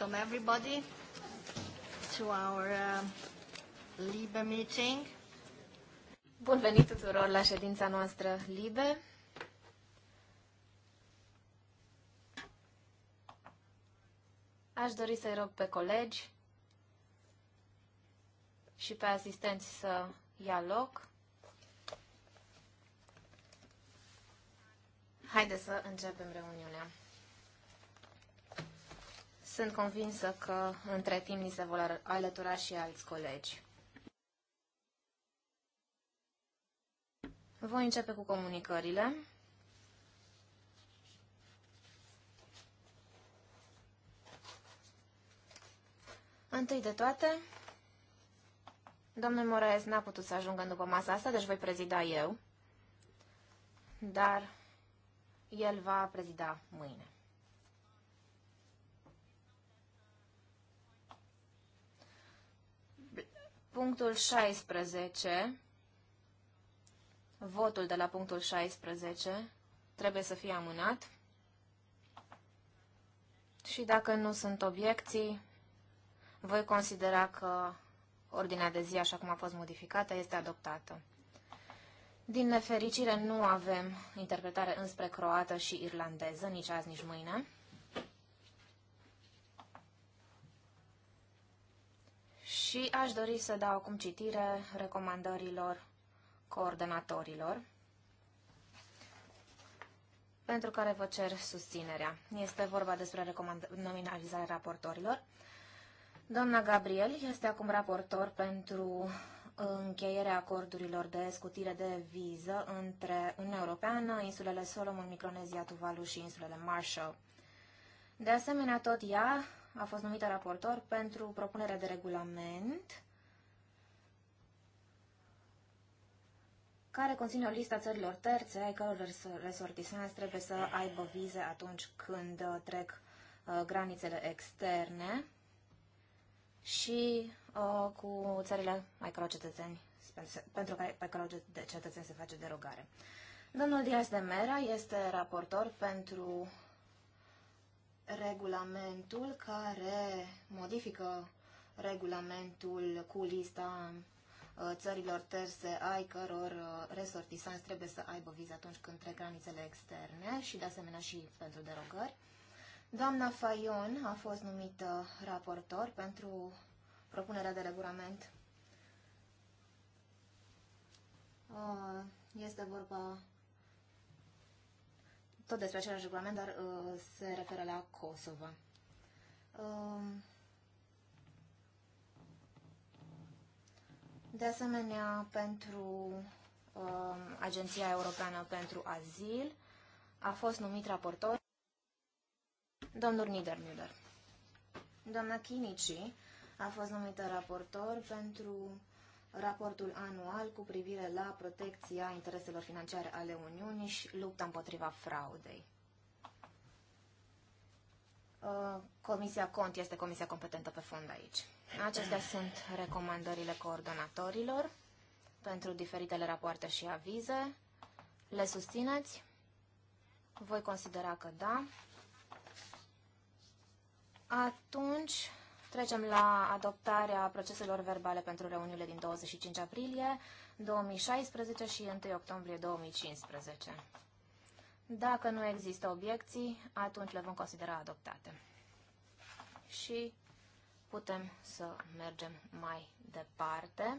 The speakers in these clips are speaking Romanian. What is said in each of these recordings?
welcome everybody to our uh, LIBE meeting. Bun venit tuturor la ședința noastră LIBE. Aș dori să-i rog pe colegi și pe asistenți să ia loc. Haideți să începem reuniunea. Sunt convinsă că între timp ni se vor alătura și alți colegi. Voi începe cu comunicările. Întâi de toate, domnul Moraes n-a putut să ajungă în după masa asta, deci voi prezida eu, dar el va prezida mâine. punctul 16, votul de la punctul 16 trebuie să fie amânat. Și dacă nu sunt obiecții, voi considera că ordinea de zi, așa cum a fost modificată, este adoptată. Din nefericire, nu avem interpretare înspre croată și irlandeză, nici azi, nici mâine. Și aș dori să dau acum citire recomandărilor coordonatorilor pentru care vă cer susținerea. Este vorba despre nominalizarea raportorilor. Doamna Gabriel este acum raportor pentru încheierea acordurilor de scutire de viză între Uniunea Europeană, insulele Solomon, Micronezia, Tuvalu și insulele Marshall. De asemenea, tot ea a fost numită raportor pentru propunerea de regulament care conține o listă a țărilor terțe ai căror resortisanți trebuie să aibă vize atunci când uh, trec uh, granițele externe și uh, cu țările mai căror cetățeni, pentru că pe căror cetățeni se face derogare. Domnul Dias de Mera este raportor pentru regulamentul care modifică regulamentul cu lista uh, țărilor terse ai căror uh, resortisanți trebuie să aibă viză, atunci când trec granițele externe și de asemenea și pentru derogări. Doamna Fayon a fost numită raportor pentru propunerea de regulament. Uh, este vorba tot despre același regulament, dar uh, se referă la Kosovo. Uh, de asemenea, pentru uh, Agenția Europeană pentru Azil a fost numit raportor domnul Niedermüller. Doamna Chinici a fost numită raportor pentru raportul anual cu privire la protecția intereselor financiare ale Uniunii și lupta împotriva fraudei. Uh, comisia CONT este comisia competentă pe fond aici. Acestea sunt recomandările coordonatorilor pentru diferitele rapoarte și avize. Le susțineți? Voi considera că da. Atunci Trecem la adoptarea proceselor verbale pentru reuniunile din 25 aprilie 2016 și 1 octombrie 2015. Dacă nu există obiecții, atunci le vom considera adoptate. Și putem să mergem mai departe.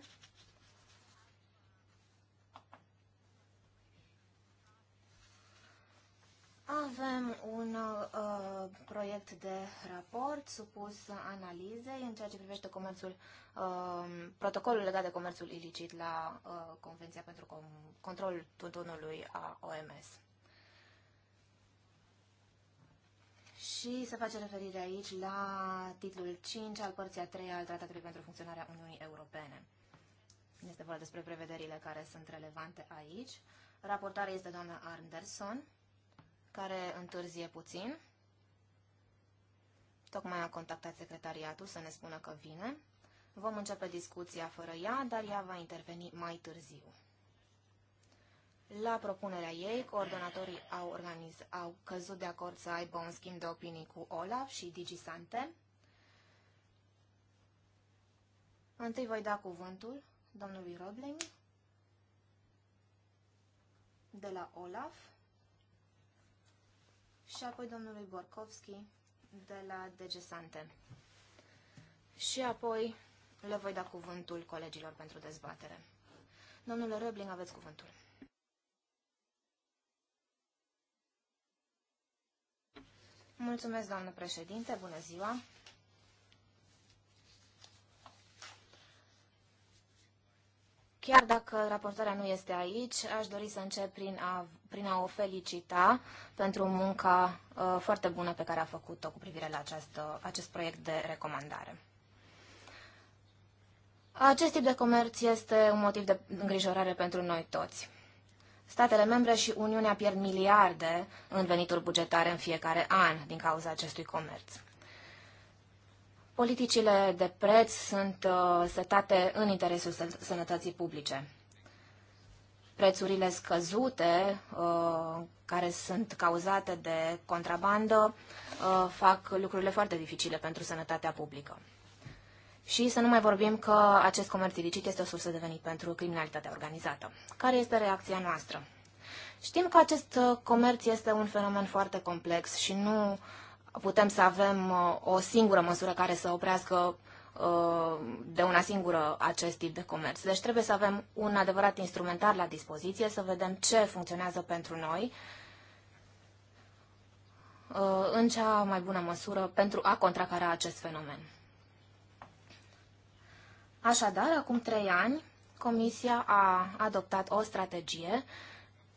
Avem un uh, proiect de raport supus analizei în ceea ce privește comerțul, uh, protocolul legat de comerțul ilicit la uh, Convenția pentru Com- Controlul Tutunului a OMS. Și se face referire aici la titlul 5 al părții a 3 al Tratatului pentru funcționarea Uniunii Europene. Este vorba despre prevederile care sunt relevante aici. Raportarea este doamna Anderson care întârzie puțin. Tocmai a contactat secretariatul să ne spună că vine. Vom începe discuția fără ea, dar ea va interveni mai târziu. La propunerea ei, coordonatorii au, organiz, au căzut de acord să aibă un schimb de opinii cu Olaf și DigiSante. Întâi voi da cuvântul domnului Robling de la Olaf și apoi domnului Borkovski de la Degesante. Și apoi le voi da cuvântul colegilor pentru dezbatere. Domnule Rebling, aveți cuvântul. Mulțumesc, doamnă președinte, bună ziua! Chiar dacă raportarea nu este aici, aș dori să încep prin a, prin a o felicita pentru munca uh, foarte bună pe care a făcut-o cu privire la uh, acest proiect de recomandare. Acest tip de comerț este un motiv de îngrijorare pentru noi toți. Statele membre și Uniunea pierd miliarde în venituri bugetare în fiecare an din cauza acestui comerț. Politicile de preț sunt uh, setate în interesul sănătății publice. Prețurile scăzute, uh, care sunt cauzate de contrabandă, uh, fac lucrurile foarte dificile pentru sănătatea publică. Și să nu mai vorbim că acest comerț ilicit este o sursă de venit pentru criminalitatea organizată. Care este reacția noastră? Știm că acest comerț este un fenomen foarte complex și nu putem să avem uh, o singură măsură care să oprească uh, de una singură acest tip de comerț. Deci trebuie să avem un adevărat instrumentar la dispoziție, să vedem ce funcționează pentru noi uh, în cea mai bună măsură pentru a contracara acest fenomen. Așadar, acum trei ani, Comisia a adoptat o strategie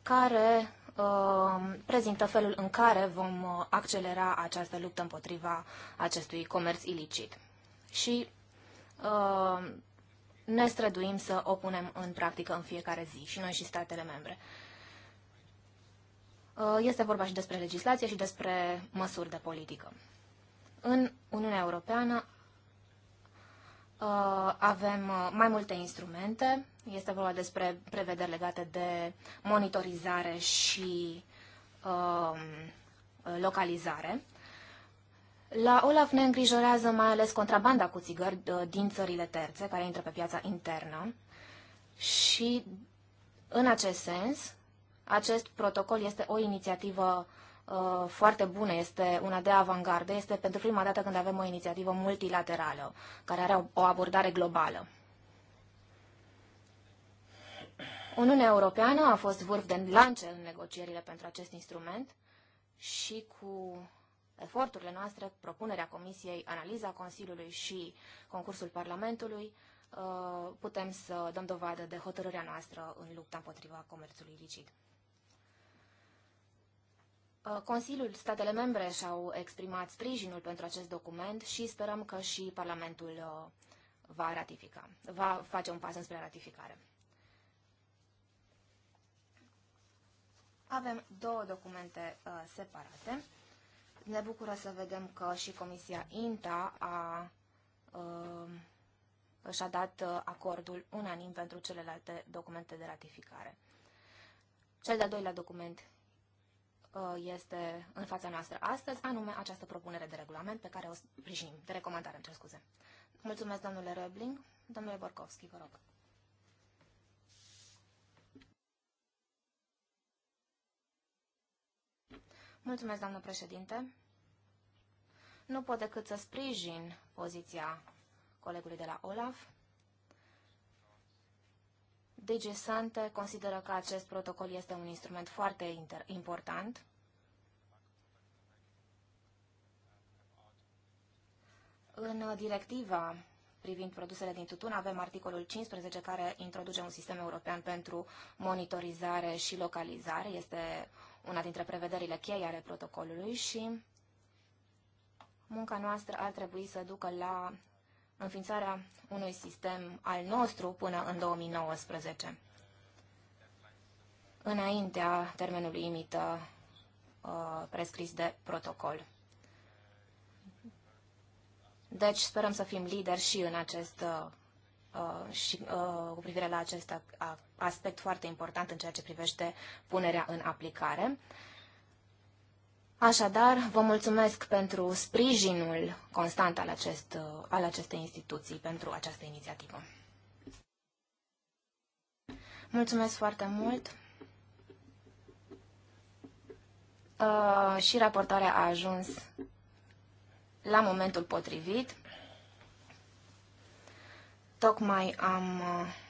care Uh, prezintă felul în care vom uh, accelera această luptă împotriva acestui comerț ilicit. Și uh, ne străduim să o punem în practică în fiecare zi, și noi și statele membre. Este vorba și despre legislație și despre măsuri de politică. În Uniunea Europeană Uh, avem uh, mai multe instrumente. Este vorba despre prevederi legate de monitorizare și um, localizare. La Olaf ne îngrijorează mai ales contrabanda cu țigări uh, din țările terțe care intră pe piața internă și în acest sens, acest protocol este o inițiativă Uh, foarte bună, este una de avangardă. Este pentru prima dată când avem o inițiativă multilaterală, care are o abordare globală. Uniunea Europeană a fost vârf de lance în negocierile pentru acest instrument și cu eforturile noastre, propunerea Comisiei, analiza Consiliului și concursul Parlamentului, uh, putem să dăm dovadă de hotărârea noastră în lupta împotriva comerțului ilicit. Uh, Consiliul, statele membre și-au exprimat sprijinul pentru acest document și sperăm că și Parlamentul uh, va ratifica, va face un pas înspre ratificare. Avem două documente uh, separate. Ne bucură să vedem că și Comisia INTA a, uh, și-a dat uh, acordul unanim pentru celelalte documente de ratificare. Cel de-al doilea document Uh, este în fața noastră astăzi, anume această propunere de regulament pe care o sprijinim, de recomandare, îmi cer scuze. Mulțumesc, domnule Rebling. Domnule Borkovski, vă rog. Mulțumesc, doamnă președinte. Nu pot decât să sprijin poziția colegului de la OLAF. DG Sante consideră că acest protocol este un instrument foarte important În directiva privind produsele din tutun avem articolul 15 care introduce un sistem european pentru monitorizare și localizare. Este una dintre prevederile cheie ale protocolului și munca noastră ar trebui să ducă la înființarea unui sistem al nostru până în 2019, înaintea termenului limită uh, prescris de protocol. Deci sperăm să fim lideri și în acest uh, uh, și cu privire la acest aspect foarte important în ceea ce privește punerea în aplicare. Așadar, vă mulțumesc pentru sprijinul constant al, acest, al acestei instituții pentru această inițiativă. Mulțumesc foarte mult! Uh, și raportarea a ajuns la momentul potrivit. Tocmai am... Uh,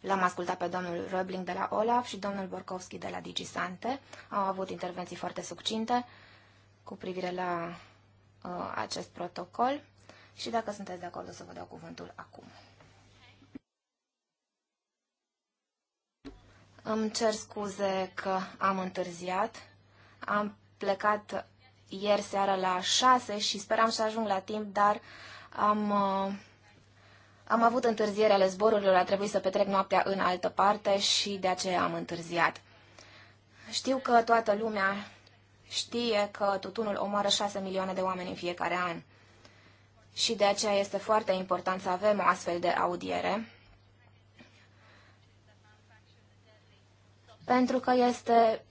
L-am ascultat pe domnul Röbling de la OLAF și domnul Borkowski de la DigiSante. Au avut intervenții foarte succinte cu privire la uh, acest protocol și dacă sunteți de acord o să vă dau cuvântul acum. Îmi cer scuze că am întârziat. Am plecat ieri seara la 6 și speram să ajung la timp, dar am... Uh, am avut întârziere ale zborurilor, a trebuit să petrec noaptea în altă parte și de aceea am întârziat. Știu că toată lumea știe că tutunul omoară 6 milioane de oameni în fiecare an. Și de aceea este foarte important să avem o astfel de audiere. Pentru că este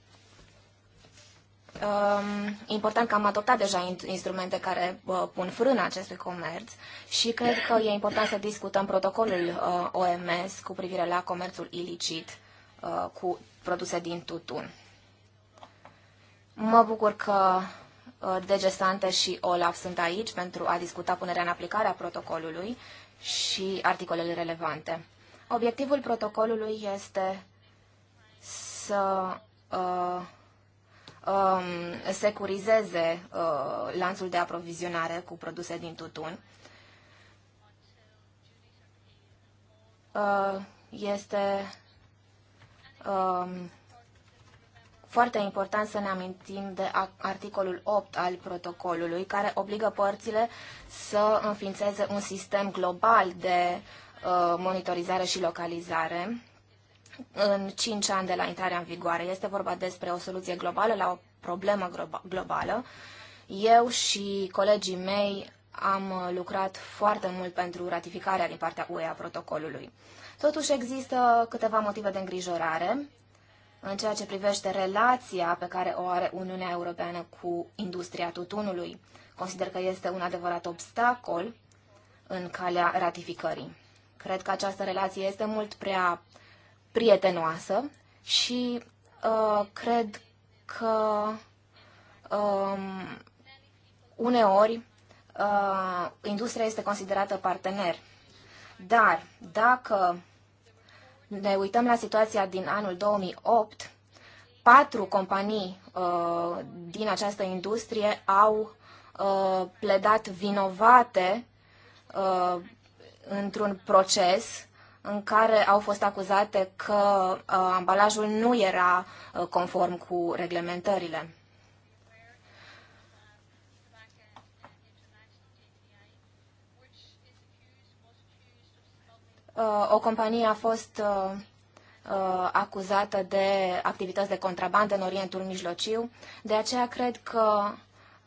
Um, important că am adoptat deja instrumente care uh, pun frână acestui comerț și cred că e important să discutăm protocolul uh, OMS cu privire la comerțul ilicit uh, cu produse din tutun. Mă bucur că Degesante și Olaf sunt aici pentru a discuta punerea în aplicare a protocolului și articolele relevante. Obiectivul protocolului este să uh, um, securizeze uh, lanțul de aprovizionare cu produse din tutun. Uh, este um, foarte important să ne amintim de articolul 8 al protocolului, care obligă părțile să înființeze un sistem global de uh, monitorizare și localizare în 5 ani de la intrarea în vigoare. Este vorba despre o soluție globală la o problemă globală. Eu și colegii mei am uh, lucrat foarte mult pentru ratificarea din partea UE a protocolului. Totuși există câteva motive de îngrijorare în ceea ce privește relația pe care o are Uniunea Europeană cu industria tutunului. Consider că este un adevărat obstacol în calea ratificării. Cred că această relație este mult prea prietenoasă și uh, cred că um, uneori uh, industria este considerată partener. Dar dacă ne uităm la situația din anul 2008, patru companii uh, din această industrie au uh, pledat vinovate uh, într-un proces în care au fost acuzate că uh, ambalajul nu era uh, conform cu reglementările. Uh, o companie a fost acuzată de activități de contrabandă în Orientul Mijlociu. De aceea cred că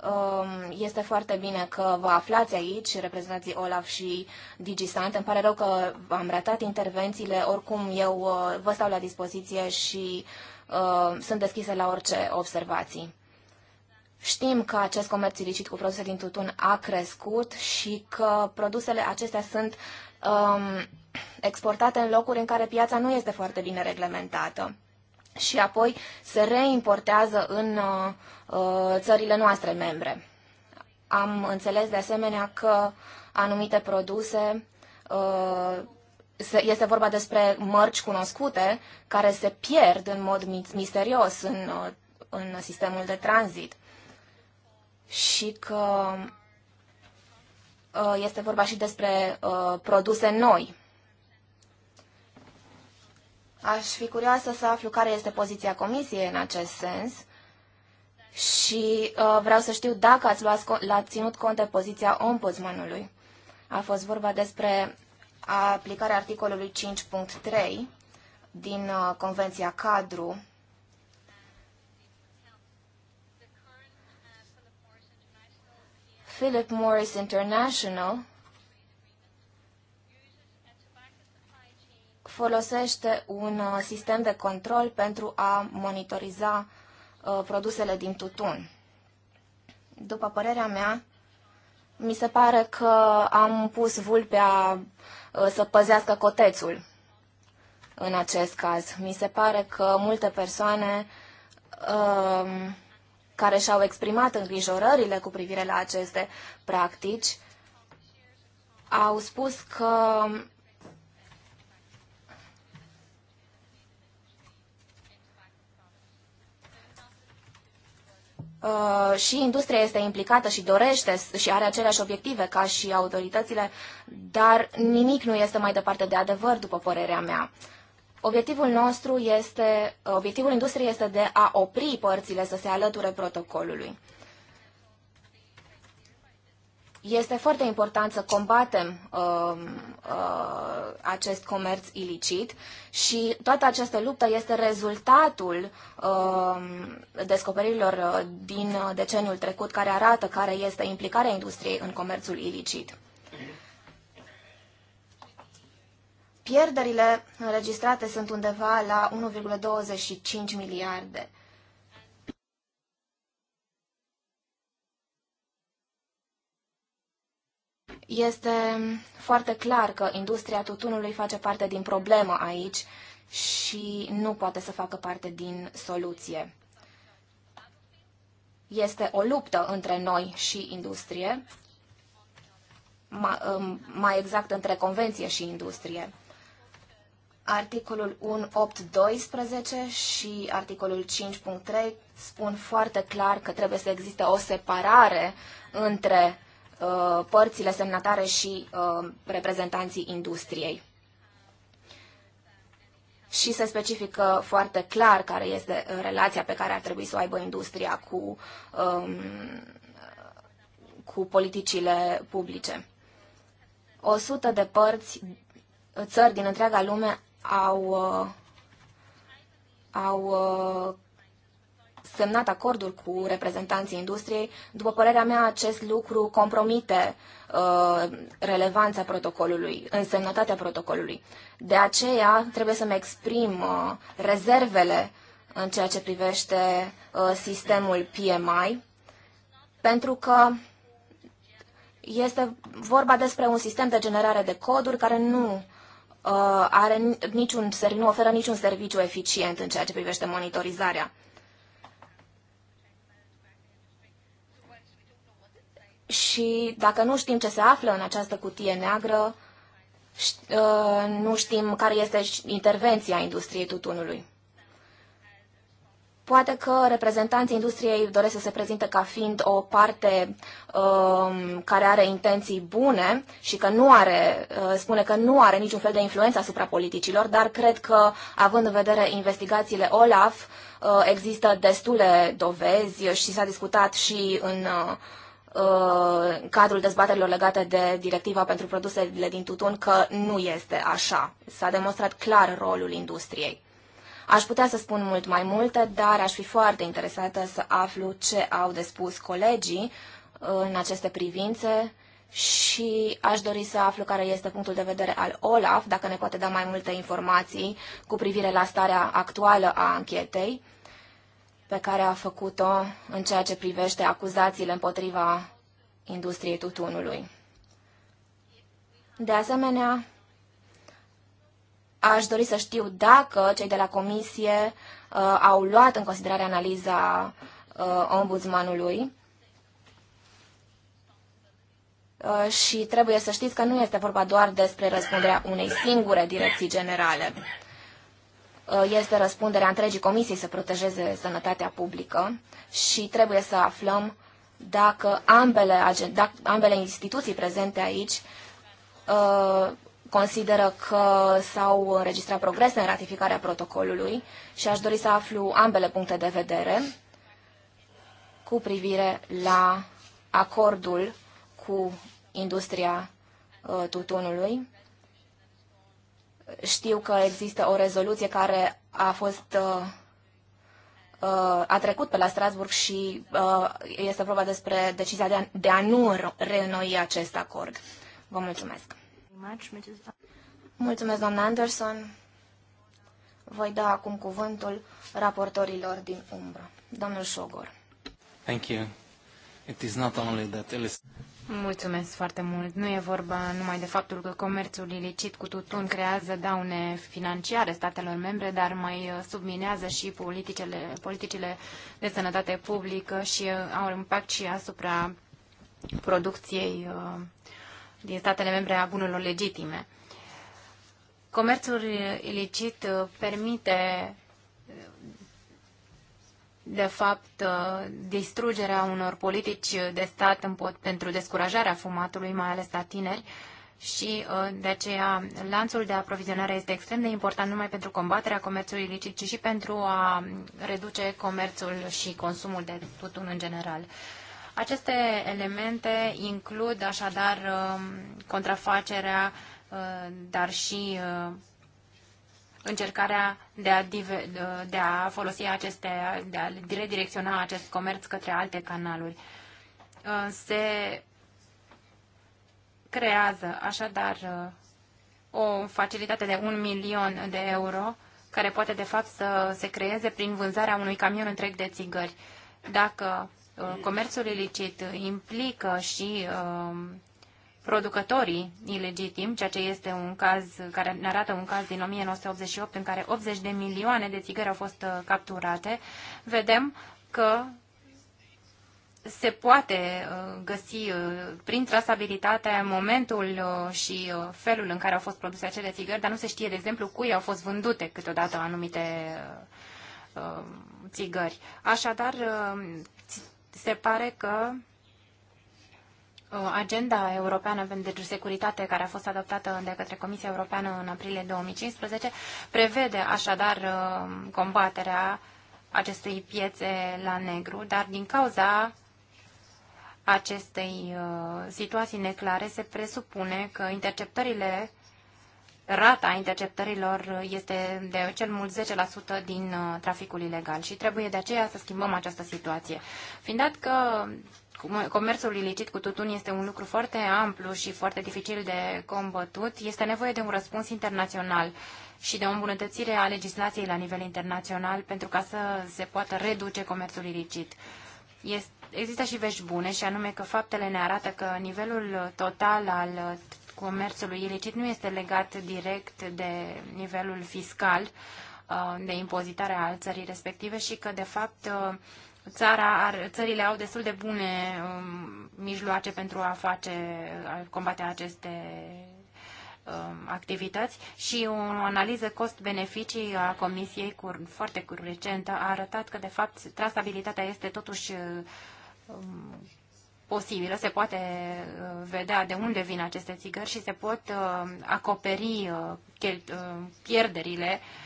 Um, este foarte bine că vă aflați aici, reprezentanții Olaf și Digisant. Îmi pare rău că am ratat intervențiile. Oricum, eu uh, vă stau la dispoziție și uh, sunt deschise la orice observații. Știm că acest comerț ilicit cu produse din tutun a crescut și că produsele acestea sunt um, exportate în locuri în care piața nu este foarte bine reglementată și apoi se reimportează în uh, uh, țările noastre membre. Am înțeles de asemenea că anumite produse, uh, este vorba despre mărci cunoscute care se pierd în mod misterios în, în sistemul de tranzit și că este vorba și despre produse noi Aș fi curioasă să aflu care este poziția Comisiei în acest sens și uh, vreau să știu dacă ați luat, l-ați ținut cont de poziția ombudsmanului. A fost vorba despre aplicarea articolului 5.3 din uh, Convenția Cadru Philip Morris International folosește un uh, sistem de control pentru a monitoriza uh, produsele din tutun. După părerea mea, mi se pare că am pus vulpea uh, să păzească cotețul în acest caz. Mi se pare că multe persoane um, care și-au exprimat îngrijorările cu privire la aceste practici au spus că uh, și industria este implicată și dorește și are aceleași obiective ca și autoritățile, dar nimic nu este mai departe de adevăr, după părerea mea. Obiectivul nostru este, uh, obiectivul industriei este de a opri părțile să se alăture protocolului. Este foarte important să combatem uh, uh, acest comerț ilicit și toată această luptă este rezultatul um, uh, descoperirilor din uh, deceniul trecut care arată care este implicarea industriei în comerțul ilicit. Pierderile înregistrate sunt undeva la 1,25 miliarde Este foarte clar că industria tutunului face parte din problemă aici și nu poate să facă parte din soluție. Este o luptă între noi și industrie, um, mai exact între convenție și industrie. Articolul 1.8.12 și articolul 5.3 spun foarte clar că trebuie să existe o separare între Uh, părțile semnatare și uh, reprezentanții industriei. Și se specifică foarte clar care este uh, relația pe care ar trebui să o aibă industria cu, um, cu politicile publice. O sută de părți, țări din întreaga lume au, au semnat acorduri cu reprezentanții industriei. După părerea mea, acest lucru compromite uh, relevanța protocolului, însemnătatea protocolului. De aceea, trebuie să-mi exprim uh, rezervele în ceea ce privește uh, sistemul PMI, pentru că este vorba despre un sistem de generare de coduri care nu uh, are niciun, nu oferă niciun serviciu eficient în ceea ce privește monitorizarea. și dacă nu știm ce se află în această cutie neagră, ă, nu știm care este intervenția industriei tutunului. Poate că reprezentanții industriei doresc să se prezinte ca fiind o parte um, care are intenții bune și că nu are, uh, spune că nu are niciun fel de influență asupra politicilor, dar cred că, având în vedere investigațiile OLAF, uh, există destule dovezi și s-a discutat și în uh, în uh, cadrul dezbaterilor legate de directiva pentru produsele din tutun că nu este așa. S-a demonstrat clar rolul industriei. Aș putea să spun mult mai multe, dar aș fi foarte interesată să aflu ce au de spus colegii în aceste privințe și aș dori să aflu care este punctul de vedere al OLAF, dacă ne poate da mai multe informații cu privire la starea actuală a anchetei pe care a făcut-o în ceea ce privește acuzațiile împotriva industriei tutunului. De asemenea, aș dori să știu dacă cei de la comisie uh, au luat în considerare analiza uh, ombudsmanului uh, și trebuie să știți că nu este vorba doar despre răspunderea unei singure direcții generale. Uh, este răspunderea întregii comisii să protejeze sănătatea publică și trebuie să aflăm dacă ambele, dacă ambele instituții prezente aici uh, consideră că s-au înregistrat progrese în ratificarea protocolului și aș dori să aflu ambele puncte de vedere cu privire la acordul cu industria uh, tutunului știu că există o rezoluție care a fost uh, uh, a trecut pe la Strasburg și uh, este vorba despre decizia de a, de a nu reînnoi acest acord. Vă mulțumesc. Mulțumesc, doamna Anderson. Voi da acum cuvântul raportorilor din umbră. Domnul Șogor. Thank you. It is not only that Mulțumesc foarte mult. Nu e vorba numai de faptul că comerțul ilicit cu tutun creează daune financiare statelor membre, dar mai uh, subminează și politicele, politicile de sănătate publică și uh, au impact și asupra producției uh, din statele membre a bunurilor legitime. Comerțul ilicit permite de fapt, uh, distrugerea unor politici de stat pentru descurajarea fumatului, mai ales la tineri, și uh, de aceea lanțul de aprovizionare este extrem de important nu numai pentru combaterea comerțului ilicit, ci și pentru a reduce comerțul și consumul de tutun în general. Aceste elemente includ așadar um, contrafacerea, uh, dar și încercarea de a, dive, de a folosi aceste, de a redirecționa acest comerț către alte canaluri. Uh, se creează așadar uh, o facilitate de un milion de euro care poate de fapt să se creeze prin vânzarea unui camion întreg de țigări. Dacă uh, comerțul ilicit implică și producătorii ilegitim, ceea ce este un caz care ne arată un caz din 1988 în care 80 de milioane de țigări au fost uh, capturate, vedem că se poate uh, găsi uh, prin trasabilitate momentul și felul în care au fost produse acele țigări, dar nu se știe, de exemplu, cui au fost vândute câteodată anumite țigări. Așadar, se pare că Uh, agenda europeană pentru securitate care a fost adoptată de către Comisia Europeană în aprilie 2015 prevede așadar uh, combaterea acestei piețe la negru, dar din cauza acestei uh, situații neclare se presupune că interceptările rata interceptărilor este de cel mult 10% din traficul ilegal și trebuie de aceea să schimbăm această situație. Fiind dat că Comerțul ilicit cu tutun este un lucru foarte amplu și foarte dificil de combătut. Este nevoie de un răspuns internațional și de o îmbunătățire a legislației la nivel internațional pentru ca să se poată reduce comerțul ilicit. Este, există și vești bune și anume că faptele ne arată că nivelul total al comerțului ilicit nu este legat direct de nivelul fiscal, uh, de impozitare al țării respective și că, de fapt, uh, țara are, țările au destul de bune um, mijloace pentru a face, a combate aceste um, activități și o analiză cost-beneficii a Comisiei cu, foarte cu recentă a arătat că, de fapt, trasabilitatea este totuși um, posibilă, se poate uh, vedea de unde vin aceste țigări și se pot uh, acoperi uh, uh pierderile uh,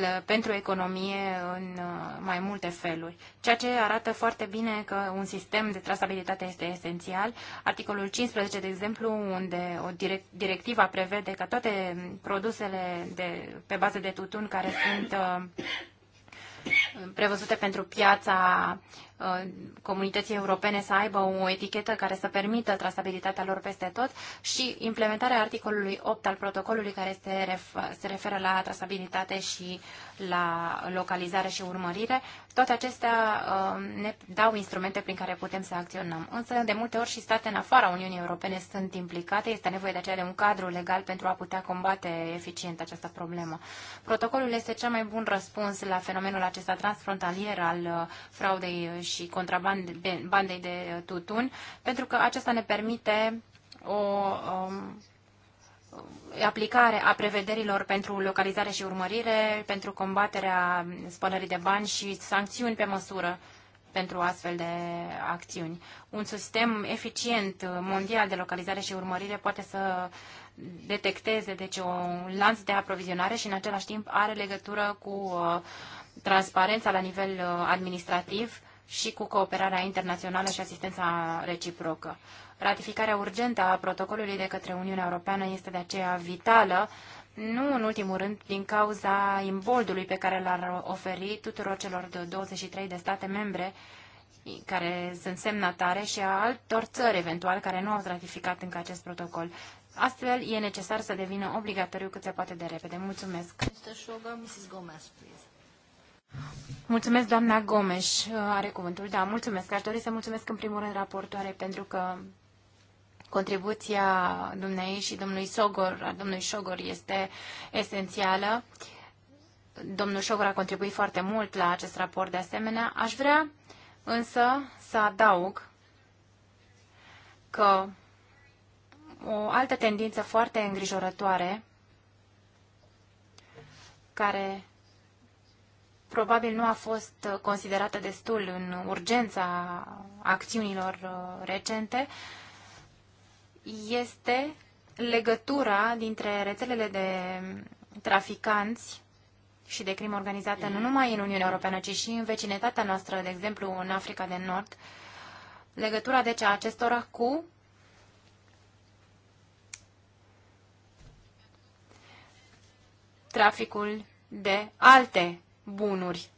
Uh, pentru economie în uh, mai multe feluri. Ceea ce arată foarte bine că un sistem de trasabilitate este esențial. Articolul 15, de exemplu, unde o direct, directiva prevede că toate produsele de, pe bază de tutun care sunt uh, prevăzute pentru piața uh, Uh, comunității europene să aibă o etichetă care să permită trasabilitatea lor peste tot și implementarea articolului 8 al protocolului care se, ref- se referă la trasabilitate și la localizare și urmărire. Toate acestea uh, ne dau instrumente prin care putem să acționăm. Însă, de multe ori și state în afara Uniunii Europene sunt implicate. Este nevoie de aceea de un cadru legal pentru a putea combate eficient această problemă. Protocolul este cel mai bun răspuns la fenomenul acesta transfrontalier al uh, fraudei și contrabandei de uh, tutun, pentru că aceasta ne permite o um, aplicare a prevederilor pentru localizare și urmărire, pentru combaterea spălării de bani și sancțiuni pe măsură pentru astfel de acțiuni. Un sistem eficient uh, mondial de localizare și urmărire poate să detecteze deci un lanț de aprovizionare și în același timp are legătură cu uh, transparența la nivel administrativ și cu cooperarea internațională și asistența reciprocă. Ratificarea urgentă a protocolului de către Uniunea Europeană este de aceea vitală, nu în ultimul rând din cauza imboldului pe care l-ar oferi tuturor celor de 23 de state membre care sunt semnatare și a altor țări eventual care nu au ratificat încă acest protocol. Astfel, e necesar să devină obligatoriu cât se poate de repede. Mulțumesc. Mr. Sugar, Mrs. Gomez, please. Mulțumesc, doamna Gomes. Uh, are cuvântul. Da, mulțumesc. Aș dori să mulțumesc în primul rând raportoare pentru că contribuția dumnei și domnului Sogor, a domnului Sogor este esențială. Domnul Sogor a contribuit foarte mult la acest raport de asemenea. Aș vrea însă să adaug că o altă tendință foarte îngrijorătoare care probabil nu a fost uh, considerată destul în urgența acțiunilor uh, recente, este legătura dintre rețelele de traficanți și de crimă organizată nu numai în Uniunea Europeană, ci și în vecinătatea noastră, de exemplu în Africa de Nord, legătura deci a acestora cu traficul de alte bunuri.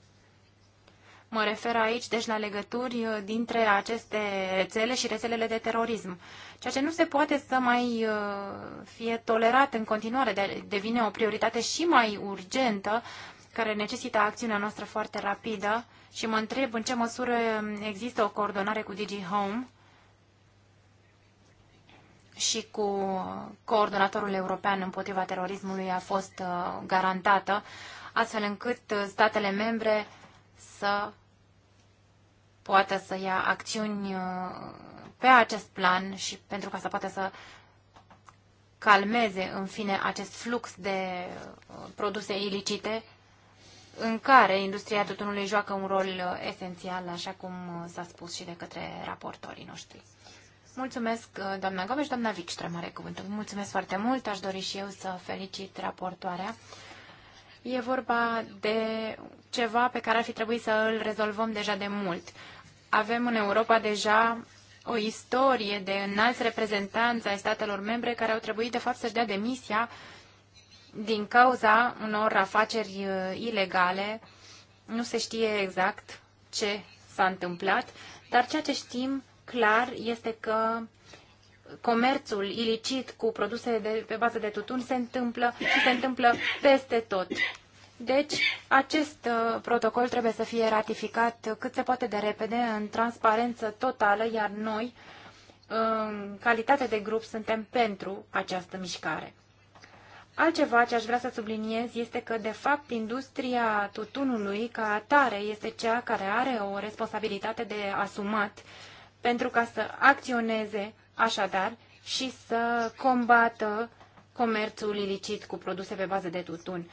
Mă refer aici, deci, la legături uh, dintre aceste rețele și rețelele de terorism. Ceea ce nu se poate să mai uh, fie tolerat în continuare, devine o prioritate și mai urgentă, care necesită acțiunea noastră foarte rapidă și mă întreb în ce măsură um, există o coordonare cu Digi Home și cu uh, coordonatorul european împotriva terorismului a fost garantată astfel încât uh, statele membre să poată să ia acțiuni uh, pe acest plan și pentru ca să poată să calmeze, în fine, acest flux de uh, produse ilicite în care industria tutunului joacă un rol esențial, așa cum s-a spus și de către raportorii noștri. Mulțumesc, doamna Gomes, doamna Vic, mare cuvântul. Mulțumesc foarte mult, aș dori și eu să felicit raportoarea E vorba de ceva pe care ar fi trebuit să îl rezolvăm deja de mult. Avem în Europa deja o istorie de înalți reprezentanți ai statelor membre care au trebuit, de fapt, să dea demisia din cauza unor afaceri uh, ilegale. Nu se știe exact ce s-a întâmplat, dar ceea ce știm clar este că comerțul ilicit cu produse de, pe bază de tutun se întâmplă și se întâmplă peste tot. Deci, acest uh, protocol trebuie să fie ratificat cât se poate de repede, în transparență totală, iar noi, în calitate de grup, suntem pentru această mișcare. Altceva ce aș vrea să subliniez este că, de fapt, industria tutunului ca atare este cea care are o responsabilitate de asumat pentru ca să acționeze așadar și să combată comerțul ilicit cu produse pe bază de tutun.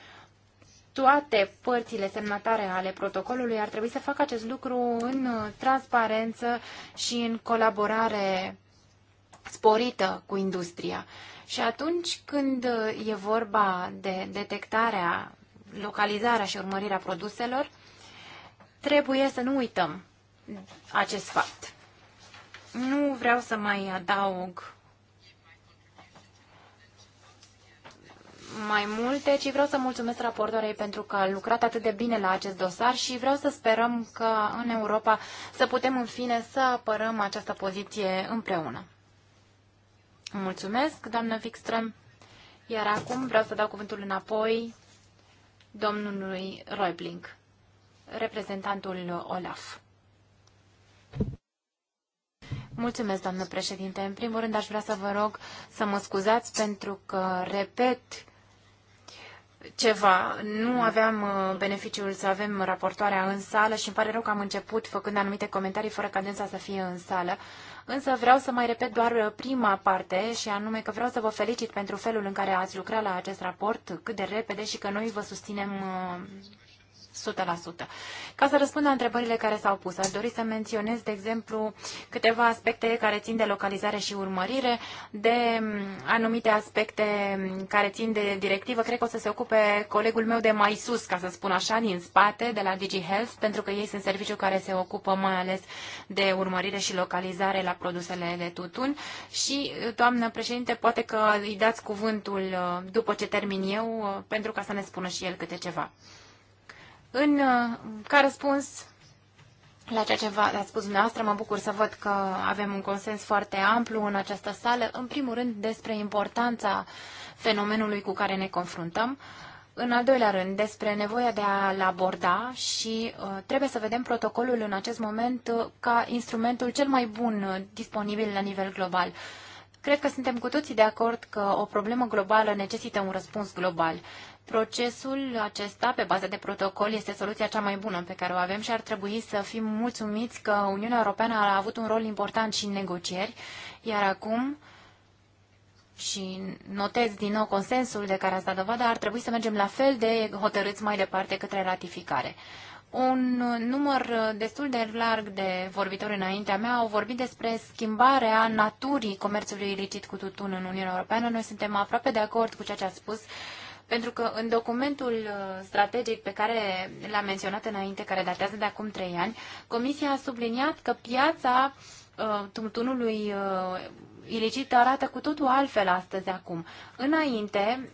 Toate părțile semnatare ale protocolului ar trebui să facă acest lucru în transparență și în colaborare sporită cu industria. Și atunci când e vorba de detectarea, localizarea și urmărirea produselor, trebuie să nu uităm acest fapt. Nu vreau să mai adaug mai multe, ci vreau să mulțumesc raportoarei pentru că a lucrat atât de bine la acest dosar și vreau să sperăm că în Europa să putem în fine să apărăm această poziție împreună. Mulțumesc, doamnă Wikström. Iar acum vreau să dau cuvântul înapoi domnului Roibling, reprezentantul OLAF. Mulțumesc, doamnă președinte. În primul rând, aș vrea să vă rog să mă scuzați pentru că repet ceva. Nu aveam uh, beneficiul să avem raportoarea în sală și îmi pare rău că am început făcând anumite comentarii fără ca dânsa să fie în sală. Însă vreau să mai repet doar uh, prima parte și anume că vreau să vă felicit pentru felul în care ați lucrat la acest raport cât de repede și că noi vă susținem uh, 100%. Ca să răspund la întrebările care s-au pus, aș dori să menționez, de exemplu, câteva aspecte care țin de localizare și urmărire, de mm, anumite aspecte mm, care țin de directivă. Cred că o să se ocupe colegul meu de mai sus, ca să spun așa, din spate, de la DigiHealth, pentru că ei sunt serviciu care se ocupă mai ales de urmărire și localizare la produsele de tutun. Și, doamnă președinte, poate că îi dați cuvântul uh, după ce termin eu, uh, pentru ca să ne spună și el câte ceva. În, uh, ca răspuns la ceea ce v a spus dumneavoastră, mă bucur să văd că avem un consens foarte amplu în această sală, în primul rând despre importanța fenomenului cu care ne confruntăm, în al doilea rând despre nevoia de a-l aborda și uh, trebuie să vedem protocolul în acest moment uh, ca instrumentul cel mai bun uh, disponibil la nivel global. Cred că suntem cu toții de acord că o problemă globală necesită un răspuns global. Procesul acesta, pe bază de protocol, este soluția cea mai bună pe care o avem și ar trebui să fim mulțumiți că Uniunea Europeană a avut un rol important și în negocieri, iar acum, și notez din nou consensul de care ați dat dovadă, ar trebui să mergem la fel de hotărâți mai departe către ratificare. Un număr destul de larg de vorbitori înaintea mea au vorbit despre schimbarea naturii comerțului ilicit cu tutun în Uniunea Europeană. Noi suntem aproape de acord cu ceea ce ați spus uh, pentru că în documentul uh, strategic pe care l-am menționat înainte, care datează de acum trei ani, Comisia a subliniat că piața uh, tunului uh, ilicit arată cu totul altfel astăzi acum. Înainte,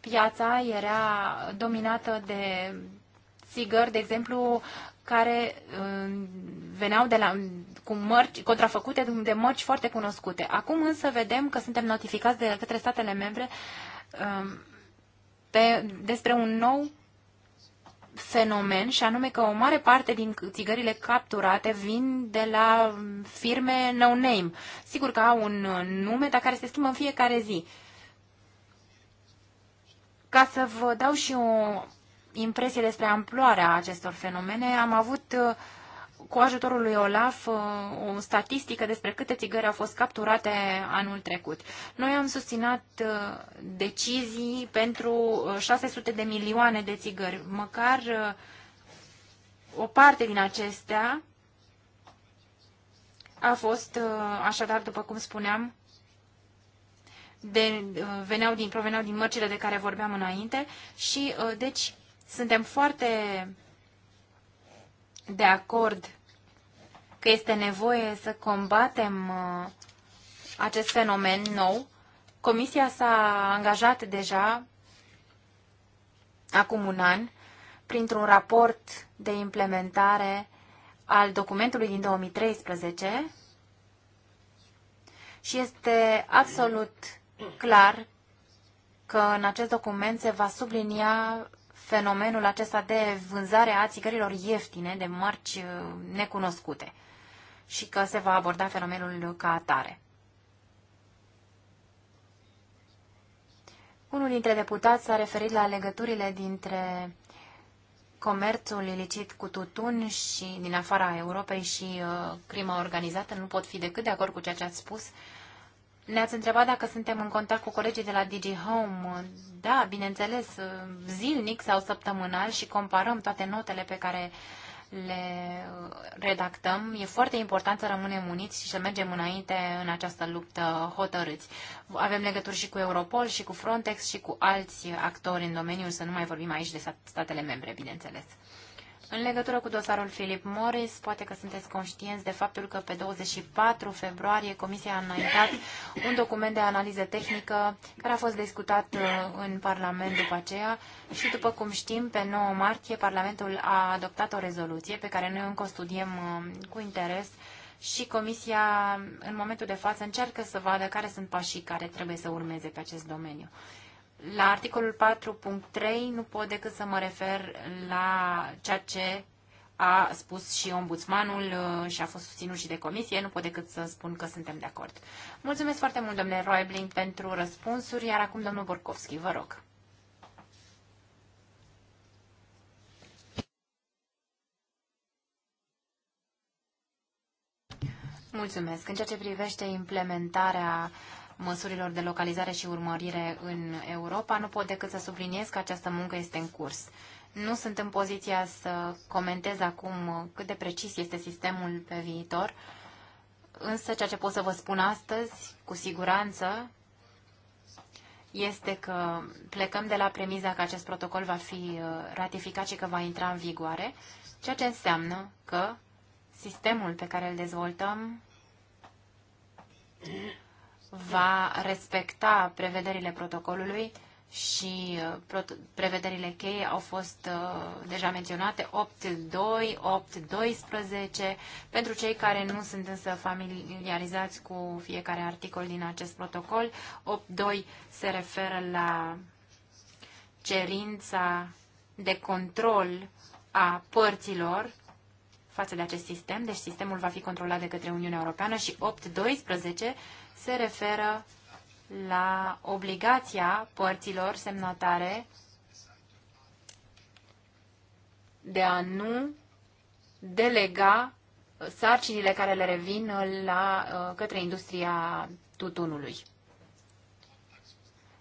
piața era dominată de țigări, de exemplu, care veneau de la, cu mărci contrafăcute de mărci foarte cunoscute. Acum însă vedem că suntem notificați de către statele membre pe, despre un nou fenomen și anume că o mare parte din țigările capturate vin de la firme no-name. Sigur că au un nume, dar care se schimbă în fiecare zi. Ca să vă dau și o impresie despre amploarea acestor fenomene, am avut uh, cu ajutorul lui Olaf uh, o statistică despre câte țigări au fost capturate anul trecut. Noi am susținut uh, decizii pentru 600 uh, de milioane de țigări, măcar o parte din acestea a fost, așadar, după cum spuneam, de, veneau din, proveneau din mărcile de care vorbeam înainte și, deci, suntem foarte de acord că este nevoie să combatem uh, acest fenomen nou. Comisia s-a angajat deja acum un an printr-un raport de implementare al documentului din 2013 și este absolut clar că în acest document se va sublinia fenomenul acesta de vânzare a țigărilor ieftine de marci uh, necunoscute și că se va aborda fenomenul ca atare. Unul dintre deputați s-a referit la legăturile dintre comerțul ilicit cu tutun și din afara Europei și uh, crima organizată. Nu pot fi decât de acord cu ceea ce ați spus. Ne-ați întrebat dacă suntem în contact cu colegii de la Digi Home. Da, bineînțeles, uh, zilnic sau săptămânal și comparăm toate notele pe care uh, le uh, redactăm. E foarte important să rămânem uniți și să mergem înainte în această luptă hotărâți. Avem legături și cu Europol, și cu Frontex, și cu alți actori în domeniul, să nu mai vorbim aici de statele membre, bineînțeles. În legătură cu dosarul Philip Morris, poate că sunteți conștienți de faptul că pe 24 februarie Comisia a înaintat un document de analiză tehnică care a fost discutat uh, în Parlament după aceea și, după cum știm, pe 9 martie Parlamentul a adoptat o rezoluție pe care noi încă o studiem uh, cu interes și Comisia, în momentul de față, încearcă să vadă care sunt pașii care trebuie să urmeze pe acest domeniu. La articolul 4.3 nu pot decât să mă refer la ceea ce a spus și ombudsmanul uh, și a fost susținut și de comisie, nu pot decât să spun că suntem de acord. Mulțumesc foarte mult, domnule Roebling, pentru răspunsuri, iar acum domnul Borkovski, vă rog. Mulțumesc. În ceea ce privește implementarea uh, măsurilor de localizare și urmărire în Europa, nu pot decât să subliniez că această muncă este în curs. Nu sunt în poziția să comentez acum cât de precis este sistemul pe viitor, însă ceea ce pot să vă spun astăzi, cu siguranță, este că plecăm de la premiza că acest protocol va fi uh, ratificat și că va intra în vigoare, ceea ce înseamnă că sistemul pe care îl dezvoltăm va respecta prevederile protocolului și uh, prevederile cheie au fost uh, deja menționate 8.2, 8.12 pentru cei care nu sunt însă familiarizați cu fiecare articol din acest protocol 8.2 se referă la cerința de control a părților față de acest sistem, deci sistemul va fi controlat de către Uniunea Europeană și 8.12 se referă la obligația părților semnatare de a nu delega sarcinile care le revin la, uh, către industria tutunului.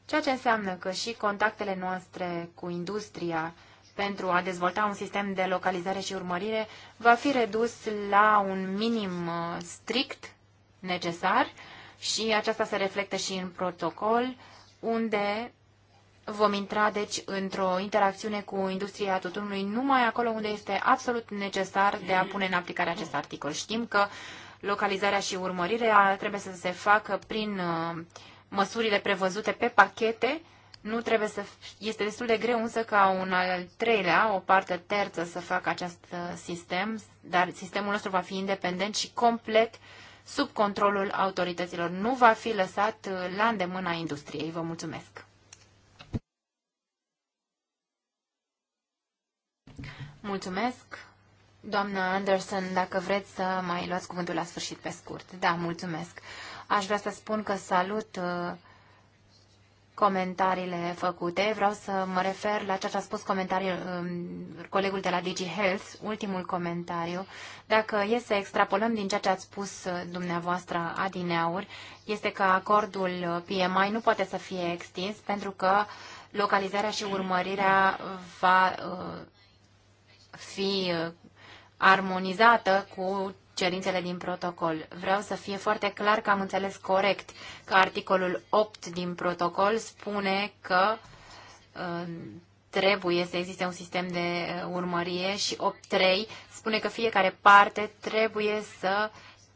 Ceea ce înseamnă că și contactele noastre cu industria pentru a dezvolta un sistem de localizare și urmărire va fi redus la un minim uh, strict necesar și aceasta se reflectă și în protocol, unde vom intra, deci, într-o interacțiune cu industria tutunului numai acolo unde este absolut necesar de a pune în aplicare acest articol. Știm că localizarea și urmărirea trebuie să se facă prin uh, măsurile prevăzute pe pachete, nu trebuie să... Este destul de greu însă ca un al treilea, o parte terță să facă acest uh, sistem, dar sistemul nostru va fi independent și complet uh, sub controlul autorităților. Nu va fi lăsat uh, la îndemâna industriei. Vă mulțumesc! Mulțumesc! Doamna Anderson, dacă vreți să mai luați cuvântul la sfârșit pe scurt. Da, mulțumesc. Aș vrea să spun că salut uh, comentariile făcute. Vreau să mă refer la ceea ce a spus comentariul, um, colegul de la DigiHealth, ultimul comentariu. Dacă e să extrapolăm din ceea ce ați spus uh, dumneavoastră adineauri, este că acordul uh, PMI nu poate să fie extins pentru că localizarea și urmărirea va uh, fi armonizată cu cerințele din protocol. Vreau să fie foarte clar că am înțeles corect că articolul 8 din protocol spune că uh, trebuie să existe un sistem de uh, urmărie și 8.3 spune că fiecare parte trebuie să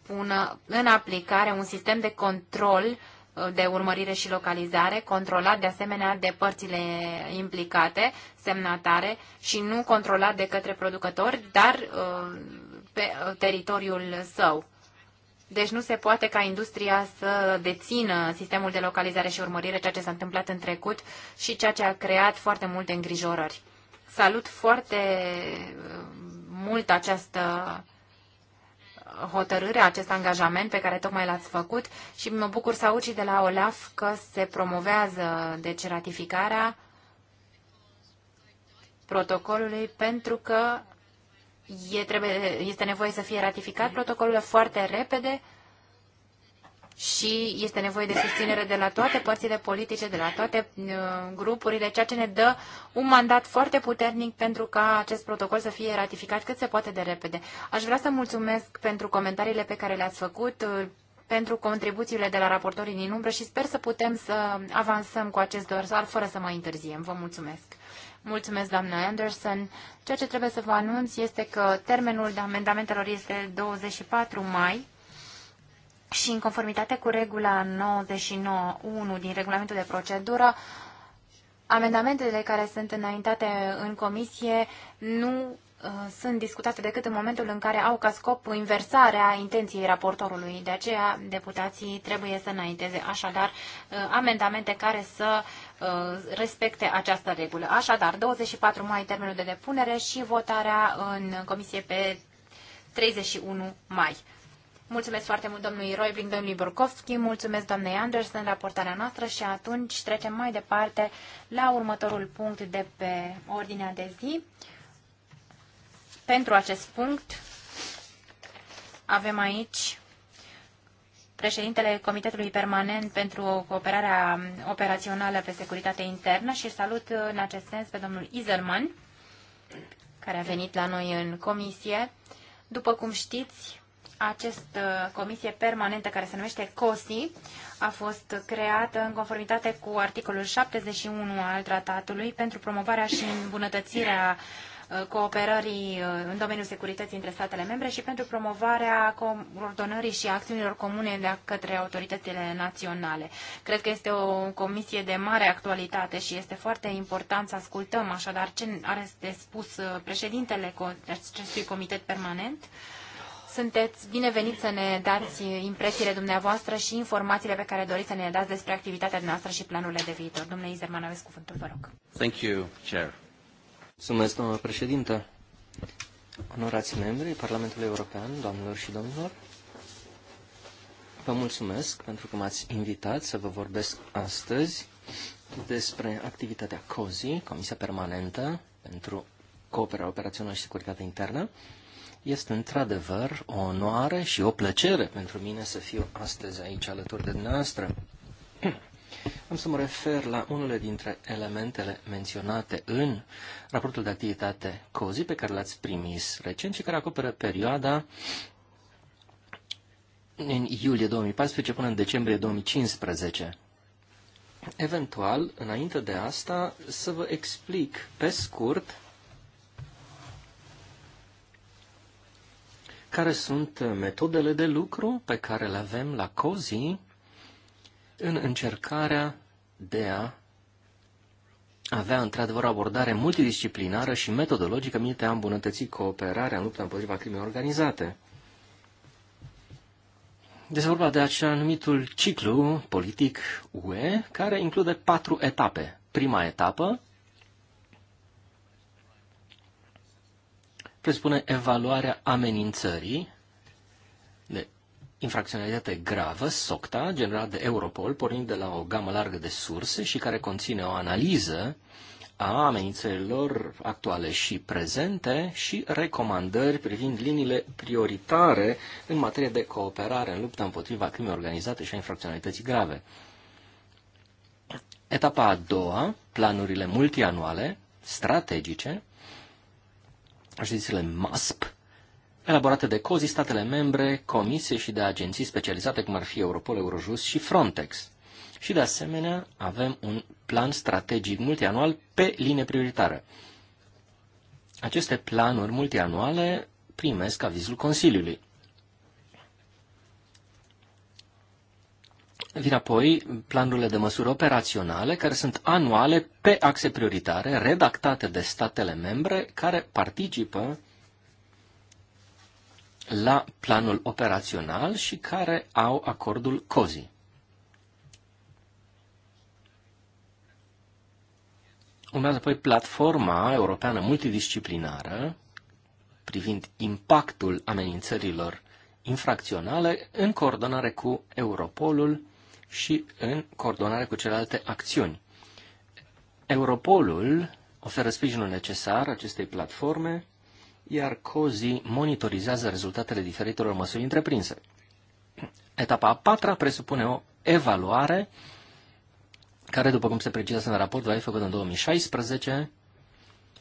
pună în aplicare un sistem de control uh, de urmărire și localizare, controlat de asemenea de părțile implicate, semnatare și nu controlat de către producători, dar uh, pe uh, teritoriul său. Deci nu se poate ca industria să dețină sistemul de localizare și urmărire, ceea ce s-a întâmplat în trecut și ceea ce a creat foarte multe îngrijorări. Salut foarte uh, mult această hotărâre, acest angajament pe care tocmai l-ați făcut și mă bucur să aud și de la OLAF că se promovează deci ratificarea protocolului pentru că e, trebuie, este nevoie să fie ratificat protocolul foarte repede și este nevoie de susținere de la toate părțile politice, de la toate uh, grupurile, ceea ce ne dă un mandat foarte puternic pentru ca acest protocol să fie ratificat cât se poate de repede. Aș vrea să mulțumesc pentru comentariile pe care le-ați făcut, uh, pentru contribuțiile de la raportorii din umbră și sper să putem să avansăm cu acest dorsar fără să mai întârziem. Vă mulțumesc! Mulțumesc, doamna Anderson. Ceea ce trebuie să vă anunț este că termenul de amendamentelor este 24 mai și în conformitate cu regula 99.1 din regulamentul de procedură, amendamentele care sunt înaintate în comisie nu uh, sunt discutate decât în momentul în care au ca scop inversarea intenției raportorului. De aceea, deputații trebuie să înainteze așadar uh, amendamente care să uh, Uh, respecte această regulă. Așadar, 24 mai termenul de depunere și votarea în comisie pe 31 mai. Mulțumesc foarte mult domnului Roibling, domnului Burkovski, mulțumesc doamnei Anderson, raportarea noastră și atunci trecem mai departe la următorul punct de pe ordinea de zi. Pentru acest punct avem aici președintele Comitetului Permanent pentru Cooperarea Operațională pe Securitate Internă și salut în acest sens pe domnul Izerman, care a venit la noi în comisie. După cum știți, această uh, comisie permanentă care se numește COSI a fost creată în conformitate cu articolul 71 al tratatului pentru promovarea și îmbunătățirea Uh, cooperării uh, în domeniul securității între statele membre și pentru promovarea coordonării și acțiunilor comune de către autoritățile naționale. Cred că este o comisie de mare actualitate și este foarte important să ascultăm așadar ce are de spus uh, președintele acestui comitet permanent sunteți binevenit să ne dați impresiile dumneavoastră și informațiile pe care doriți să ne le dați despre activitatea noastră și planurile de viitor. Domnule Izerman, aveți cuvântul, vă rog. Thank you, Chair. Mulțumesc, doamnă președintă. Onorați membrii Parlamentului European, doamnelor și domnilor, vă mulțumesc pentru că m-ați invitat să vă vorbesc astăzi despre activitatea COSI, Comisia Permanentă pentru Cooperare Operațională și Securitatea Internă. Este într-adevăr o onoare și o plăcere pentru mine să fiu astăzi aici alături de dumneavoastră. Am să mă refer la unele dintre elementele menționate în raportul de activitate COZI pe care l-ați primis recent și care acoperă perioada în iulie 2014 până în decembrie 2015. Eventual, înainte de asta, să vă explic pe scurt care sunt metodele de lucru pe care le avem la COZI în încercarea de a avea într-adevăr o abordare multidisciplinară și metodologică minte a îmbunătăți cooperarea în lupta împotriva crimei organizate. Deci vorba de acel numitul ciclu politic UE, care include patru etape. Prima etapă presupune evaluarea amenințării infracționalitate gravă, SOCTA, generat de Europol, pornind de la o gamă largă de surse și care conține o analiză a amenințărilor actuale și prezente și recomandări privind liniile prioritare în materie de cooperare în lupta împotriva crimei organizate și a infracționalității grave. Etapa a doua, planurile multianuale, strategice, așezisele MASP, elaborate de COZI, statele membre, comisie și de agenții specializate, cum ar fi Europol, Eurojust și Frontex. Și, de asemenea, avem un plan strategic multianual pe linie prioritară. Aceste planuri multianuale primesc avizul Consiliului. Vin apoi planurile de măsuri operaționale, care sunt anuale pe axe prioritare, redactate de statele membre care participă la planul operațional și care au acordul COZI. Urmează apoi platforma europeană multidisciplinară privind impactul amenințărilor infracționale în coordonare cu Europolul și în coordonare cu celelalte acțiuni. Europolul oferă sprijinul necesar acestei platforme iar COZI monitorizează rezultatele diferitelor măsuri întreprinse. Etapa a patra presupune o evaluare care, după cum se precizează în raport, va fi făcută în 2016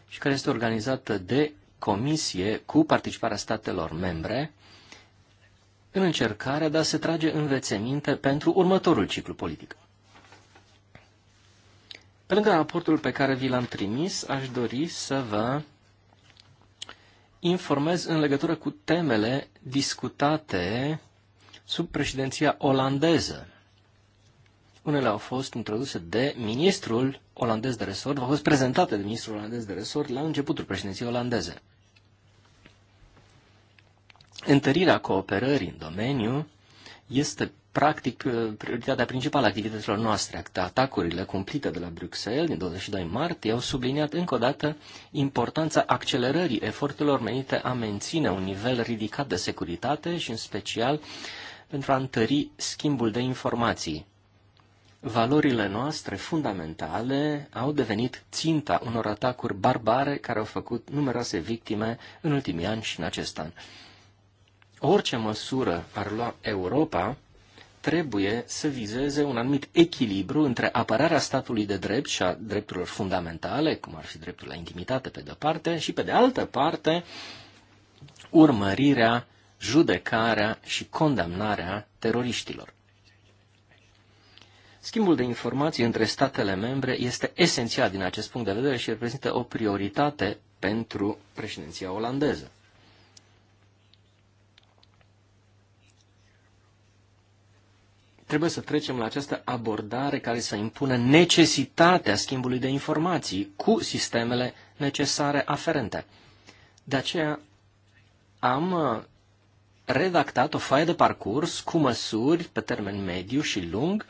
și care este organizată de comisie cu participarea statelor membre în încercarea de a se trage învețeminte pentru următorul ciclu politic. Pe lângă raportul pe care vi l-am trimis, aș dori să vă informez în legătură cu temele discutate sub președinția olandeză. Unele au fost introduse de ministrul olandez de resort, au fost prezentate de ministrul olandez de resort la începutul președinției olandeze. Întărirea cooperării în domeniu este practic uh, prioritatea principală a activităților noastre. Atacurile cumplite de la Bruxelles din 22 martie au subliniat încă o dată importanța accelerării eforturilor menite a menține un nivel ridicat de securitate și în special pentru a întări schimbul de informații. Valorile noastre fundamentale au devenit ținta unor atacuri barbare care au făcut numeroase victime în ultimii ani și în acest an. Orice măsură ar lua Europa trebuie să vizeze un anumit echilibru între apărarea statului de drept și a drepturilor fundamentale, cum ar fi dreptul la intimitate pe de-o parte, și pe de altă parte urmărirea, judecarea și condamnarea teroriștilor. Schimbul de informații între statele membre este esențial din acest punct de vedere și reprezintă o prioritate pentru președinția olandeză. Trebuie să trecem la această abordare care să impună necesitatea schimbului de informații cu sistemele necesare aferente. De aceea am uh, redactat o foaie de parcurs cu măsuri pe termen mediu și lung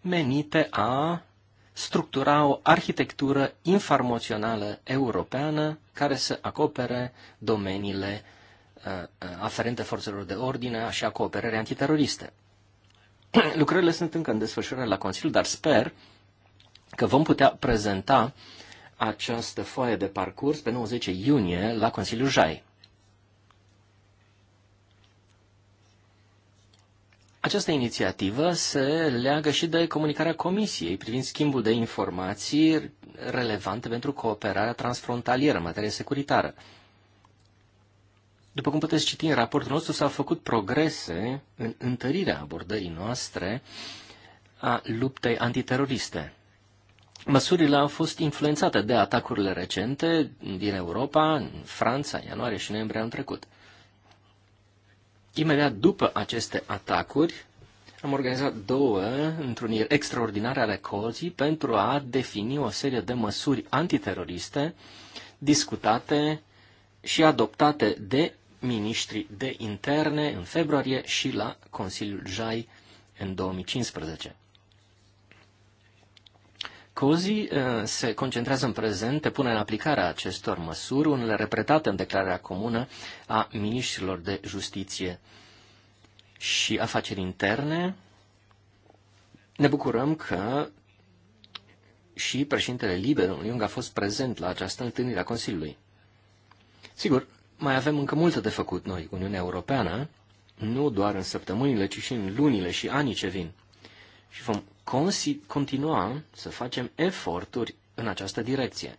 menite a structura o arhitectură informațională europeană care să acopere domeniile uh, uh, aferente forțelor de ordine și a cooperării antiteroriste. Lucrările sunt încă în desfășurare la Consiliu, dar sper că vom putea prezenta această foaie de parcurs pe 90 iunie la Consiliul Jai. Această inițiativă se leagă și de comunicarea Comisiei privind schimbul de informații relevante pentru cooperarea transfrontalieră în materie securitară. După cum puteți citi în raportul nostru, s-au făcut progrese în întărirea abordării noastre a luptei antiteroriste. Măsurile au fost influențate de atacurile recente din Europa, în Franța, în ianuarie și noiembrie anul trecut. Imediat după aceste atacuri, am organizat două întruniri extraordinare ale cozii pentru a defini o serie de măsuri antiteroriste discutate și adoptate de miniștri de interne în februarie și la Consiliul JAI în 2015. COZI uh, se concentrează în prezent pe punerea în aplicare a acestor măsuri, unele repetate în declararea comună a ministrilor de justiție și afaceri interne. Ne bucurăm că și președintele liber, Iung, a fost prezent la această întâlnire a Consiliului. Sigur, mai avem încă multe de făcut noi, Uniunea Europeană, nu doar în săptămânile, ci și în lunile și anii ce vin. Și vom continua să facem eforturi în această direcție.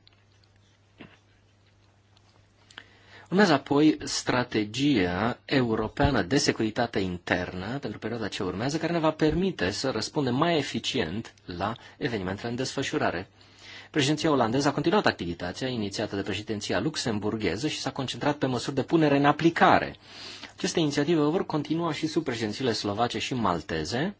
Urmează apoi strategia europeană de securitate internă pentru perioada ce urmează, care ne va permite să răspundem mai eficient la evenimentele în desfășurare. Președinția olandeză a continuat activitatea inițiată de președinția luxemburgheză și s-a concentrat pe măsuri de punere în aplicare. Aceste inițiative vor continua și sub președințiile slovace și malteze.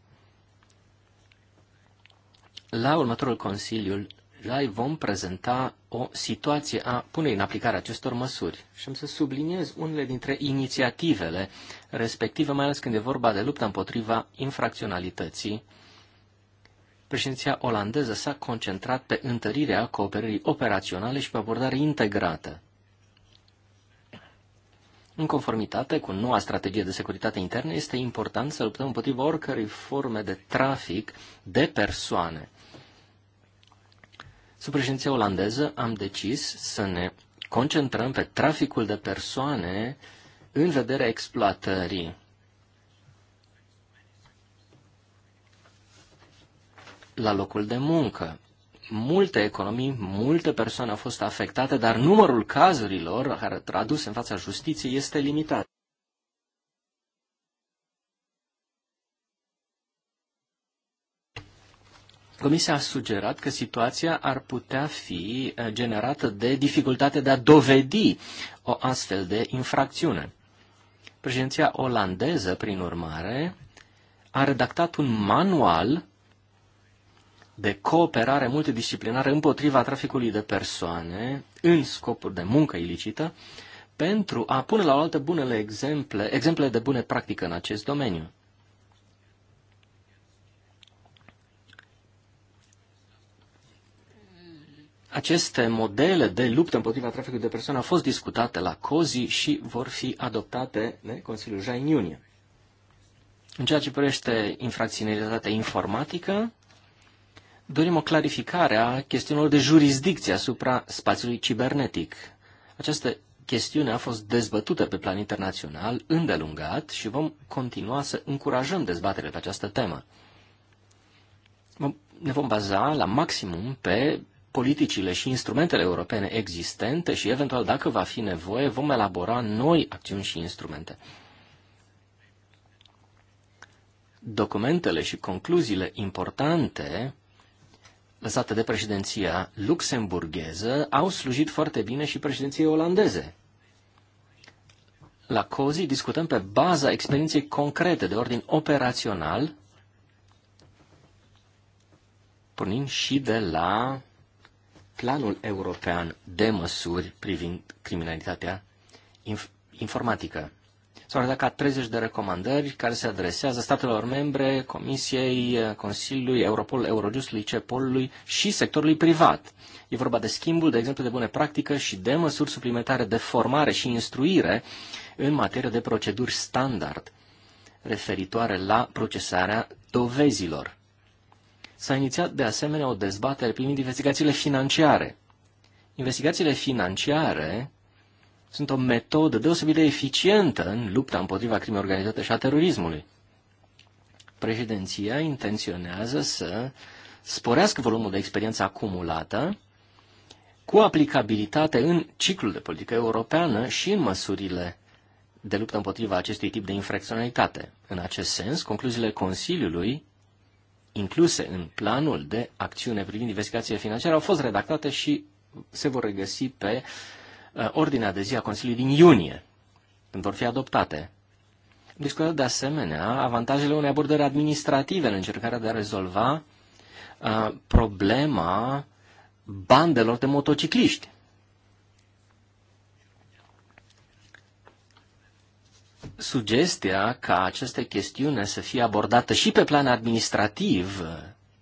La următorul Consiliu, Jai vom prezenta o situație a punerii în aplicare acestor măsuri și am să subliniez unele dintre inițiativele respective, mai ales când e vorba de lupta împotriva infracționalității președinția olandeză s-a concentrat pe întărirea cooperării operaționale și pe abordare integrată. În conformitate cu noua strategie de securitate internă, este important să luptăm împotriva oricărei forme de trafic de persoane. Sub președinția olandeză am decis să ne concentrăm pe traficul de persoane în vederea exploatării. la locul de muncă. Multe economii, multe persoane au fost afectate, dar numărul cazurilor care traduse în fața justiției este limitat. Comisia a sugerat că situația ar putea fi eh, generată de dificultatea de a dovedi o astfel de infracțiune. Președinția olandeză, prin urmare, a redactat un manual de cooperare multidisciplinară împotriva traficului de persoane în scopuri de muncă ilicită pentru a pune la oaltă bunele exemple, exemple de bune practică în acest domeniu. Aceste modele de luptă împotriva traficului de persoane au fost discutate la COZI și vor fi adoptate de Consiliul Jain Union. iunie. În ceea ce privește infracționalitatea informatică, dorim o clarificare a chestiunilor de jurisdicție asupra spațiului cibernetic. Această chestiune a fost dezbătută pe plan internațional, îndelungat, și vom continua să încurajăm dezbaterea pe această temă. Ne vom baza la maximum pe politicile și instrumentele europene existente și, eventual, dacă va fi nevoie, vom elabora noi acțiuni și instrumente. Documentele și concluziile importante lăsată de președinția luxemburgheză au slujit foarte bine și președinției olandeze. La COZI discutăm pe baza experienței concrete de ordin operațional, pornind și de la planul european de măsuri privind criminalitatea inf- informatică. S-au ca 30 de recomandări care se adresează statelor membre, Comisiei, Consiliului, Europol, Eurojust, Cepolului și sectorului privat. E vorba de schimbul, de exemplu, de bune practică și de măsuri suplimentare de formare și instruire în materie de proceduri standard referitoare la procesarea dovezilor. S-a inițiat de asemenea o dezbatere privind investigațiile financiare. Investigațiile financiare sunt o metodă deosebit de eficientă în lupta împotriva crimei organizate și a terorismului. Președinția intenționează să sporească volumul de experiență acumulată cu aplicabilitate în ciclul de politică europeană și în măsurile de luptă împotriva acestui tip de infracționalitate. În acest sens, concluziile Consiliului, incluse în planul de acțiune privind investigația financiară, au fost redactate și se vor regăsi pe uh, Uh, ordinea de zi a Consiliului din iunie, când vor fi adoptate. Discutăm deci, de asemenea avantajele unei abordări administrative în încercarea de a rezolva uh, problema bandelor de motocicliști. Sugestia ca aceste chestiune să fie abordată și pe plan administrativ,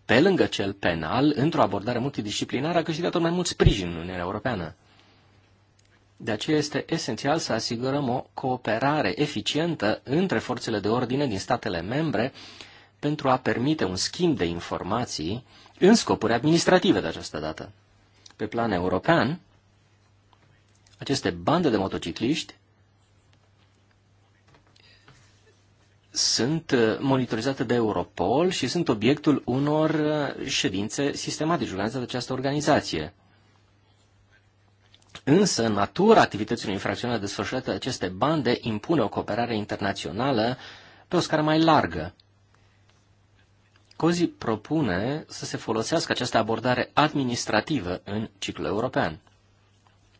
pe lângă cel penal, într-o abordare multidisciplinară, a câștigat mai mult sprijin în Uniunea Europeană. De aceea este esențial să asigurăm o cooperare eficientă între forțele de ordine din statele membre pentru a permite un schimb de informații în scopuri administrative de această dată. Pe plan european, aceste bande de motocicliști sunt uh, monitorizate de Europol și sunt obiectul unor uh, ședințe sistematice organizate de această organizație. Însă, natura activităților infracționale desfășurate de aceste bande impune o cooperare internațională pe o scară mai largă. COZI propune să se folosească această abordare administrativă în ciclul european.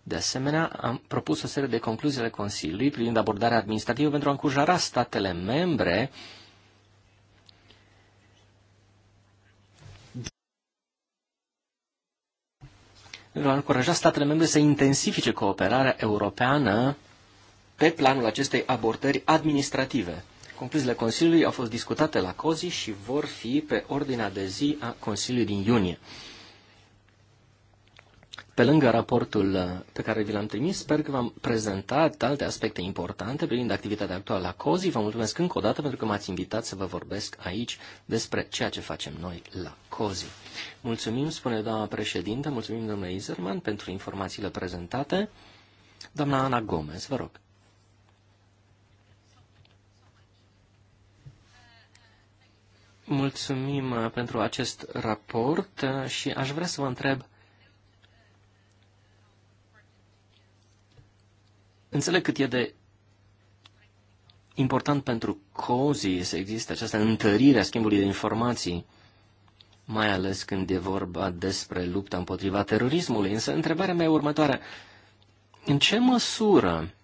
De asemenea, am propus o serie de concluzii ale Consiliului privind abordarea administrativă pentru a încurajara statele membre a încuraja statele membre să intensifice cooperarea europeană pe planul acestei abordări administrative. Concluziile Consiliului au fost discutate la COZI și vor fi pe ordinea de zi a Consiliului din iunie. Pe lângă raportul uh, pe care vi l-am trimis, sper că v-am prezentat alte aspecte importante privind activitatea actuală la COZI. Vă mulțumesc încă o dată pentru că m-ați invitat să vă vorbesc aici despre ceea ce facem noi la COZI. Mulțumim, spune doamna președintă, mulțumim domnule Izerman pentru informațiile prezentate. Doamna Ana Gomez, vă rog. Mulțumim uh, pentru acest raport uh, și aș vrea să vă întreb Înțeleg cât e de important pentru cozii să existe această întărire a schimbului de informații, mai ales când e vorba despre lupta împotriva terorismului. Însă întrebarea mea e următoarea. În ce măsură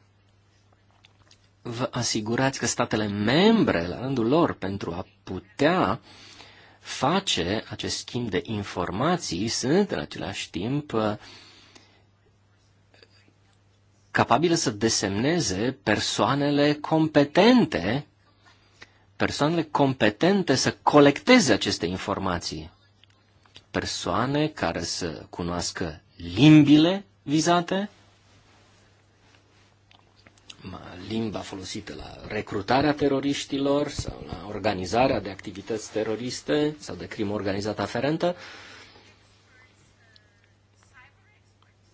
vă asigurați că statele membre, la rândul lor, pentru a putea face acest schimb de informații, sunt în același timp uh, capabile să desemneze persoanele competente, persoanele competente să colecteze aceste informații, persoane care să cunoască limbile vizate, limba folosită la recrutarea teroriștilor sau la organizarea de activități teroriste sau de crimă organizată aferentă,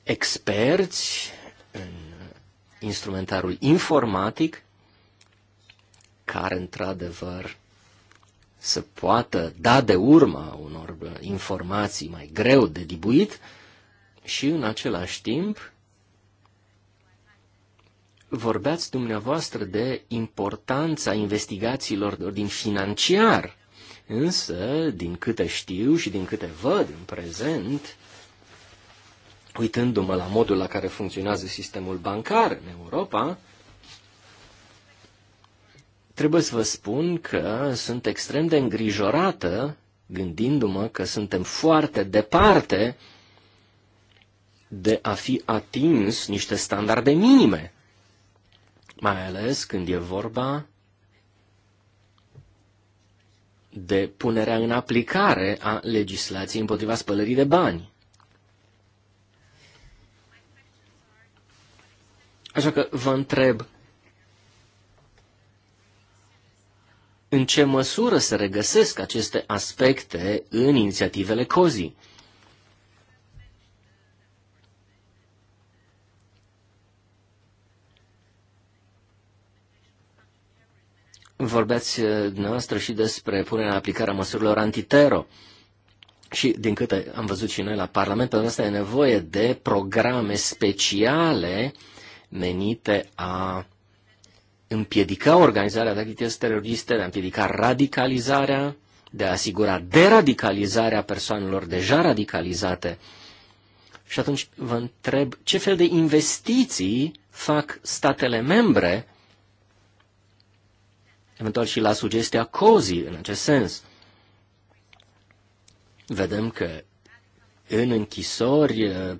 experți în instrumentarul informatic care într-adevăr să poată da de urmă unor informații mai greu de dibuit și în același timp vorbeați dumneavoastră de importanța investigațiilor de ordin financiar. Însă, din câte știu și din câte văd în prezent, uitându-mă la modul la care funcționează sistemul bancar în Europa, trebuie să vă spun că sunt extrem de îngrijorată gândindu-mă că suntem foarte departe de a fi atins niște standarde minime, mai ales când e vorba de punerea în aplicare a legislației împotriva spălării de bani. Așa că vă întreb, în ce măsură se regăsesc aceste aspecte în inițiativele COZI? Vorbeați eh, dumneavoastră și despre punerea în aplicare a măsurilor antitero. Și din câte am văzut și noi la Parlament, pentru asta e nevoie de programe speciale uh, menite a împiedica organizarea de activități teroriste, de a împiedica radicalizarea, de a asigura deradicalizarea persoanelor deja radicalizate. Și atunci vă întreb ce fel de investiții fac statele membre, eventual și la sugestia COZI în acest sens. Vedem că în închisori eh,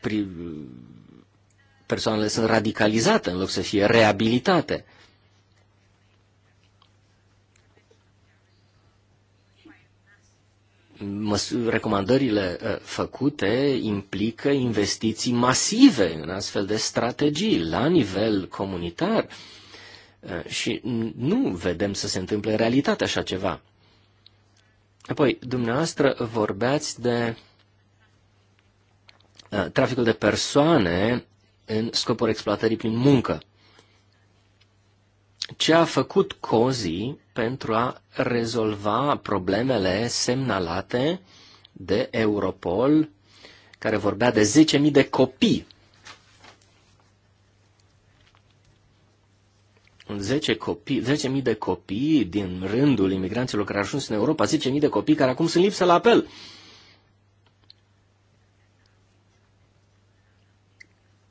pri, persoanele sunt radicalizate în loc să fie reabilitate. recomandările uh, făcute implică investiții masive în astfel de strategii la nivel comunitar uh, și nu vedem să se întâmple în realitate așa ceva. Apoi, dumneavoastră vorbeați de uh, traficul de persoane în scopul exploatării prin muncă. Ce a făcut COZI pentru a rezolva problemele semnalate de Europol, care vorbea de 10.000 de copii 10 copii, 10.000 de copii din rândul imigranților care au ajuns în Europa, 10.000 de copii care acum sunt lipsă la apel.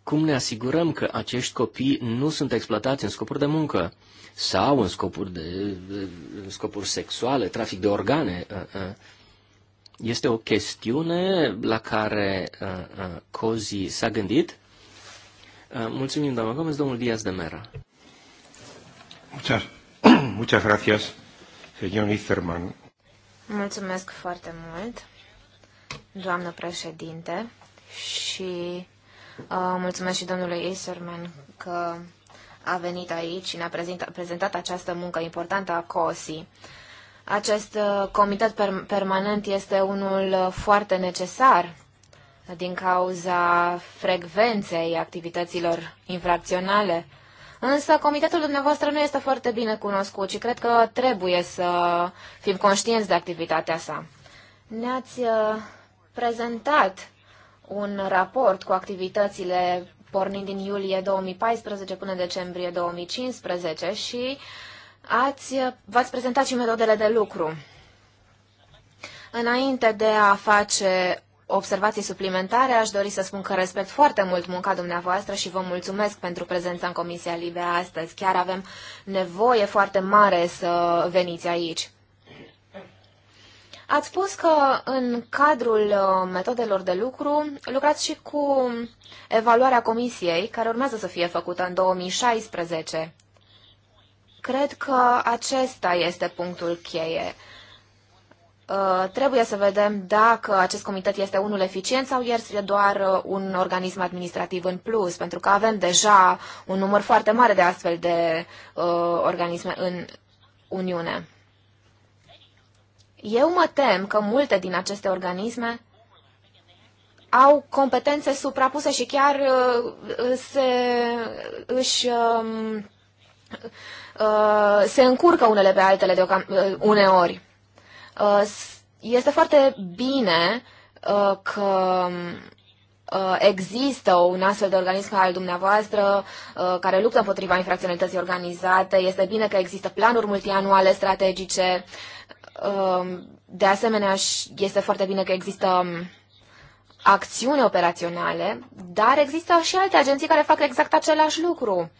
cum ne asigurăm că acești copii nu sunt exploatați în scopuri de muncă sau în scopuri, de, în scopuri sexuale, trafic de organe. Uh, uh. Este o chestiune la care uh, Cozi s-a gândit. Mulțumim, doamna Gomez, domnul Diaz de Mera. Muchas, muchas gracias, señor Izerman. Mulțumesc foarte mult, doamnă președinte, și Uh, mulțumesc și domnului Iserman că a venit aici și ne-a prezentat, această muncă importantă a COSI. Acest uh, comitet permanent este unul uh, foarte necesar din cauza frecvenței activităților infracționale. Însă comitetul dumneavoastră nu este foarte bine cunoscut și cred că trebuie să fim conștienți de activitatea sa. Ne-ați prezentat un raport cu activitățile pornind din iulie 2014 până decembrie 2015 și ați, v-ați prezentat și metodele de lucru. Înainte de a face observații suplimentare, aș dori să spun că respect foarte mult munca dumneavoastră și vă mulțumesc pentru prezența în Comisia Libe astăzi. Chiar avem nevoie foarte mare să veniți aici. Ați spus că în cadrul uh, metodelor de lucru lucrați și cu evaluarea comisiei, care urmează să fie făcută în 2016. Cred că acesta este punctul cheie. Uh, trebuie să vedem dacă acest comitet este unul eficient sau este doar uh, un organism administrativ în plus, pentru că avem deja un număr foarte mare de astfel de organisme în Uniune. Eu mă tem că multe din aceste organisme au competențe suprapuse și chiar uh, se, își, um, uh, se încurcă unele pe altele deocam, uh, uneori. Este foarte bine că um, există un astfel de organism al dumneavoastră care luptă împotriva infracționalității organizate. Este bine că există planuri multianuale strategice Um, de asemenea, este foarte bine că există um, acțiuni operaționale, dar există și alte agenții care fac exact același lucru.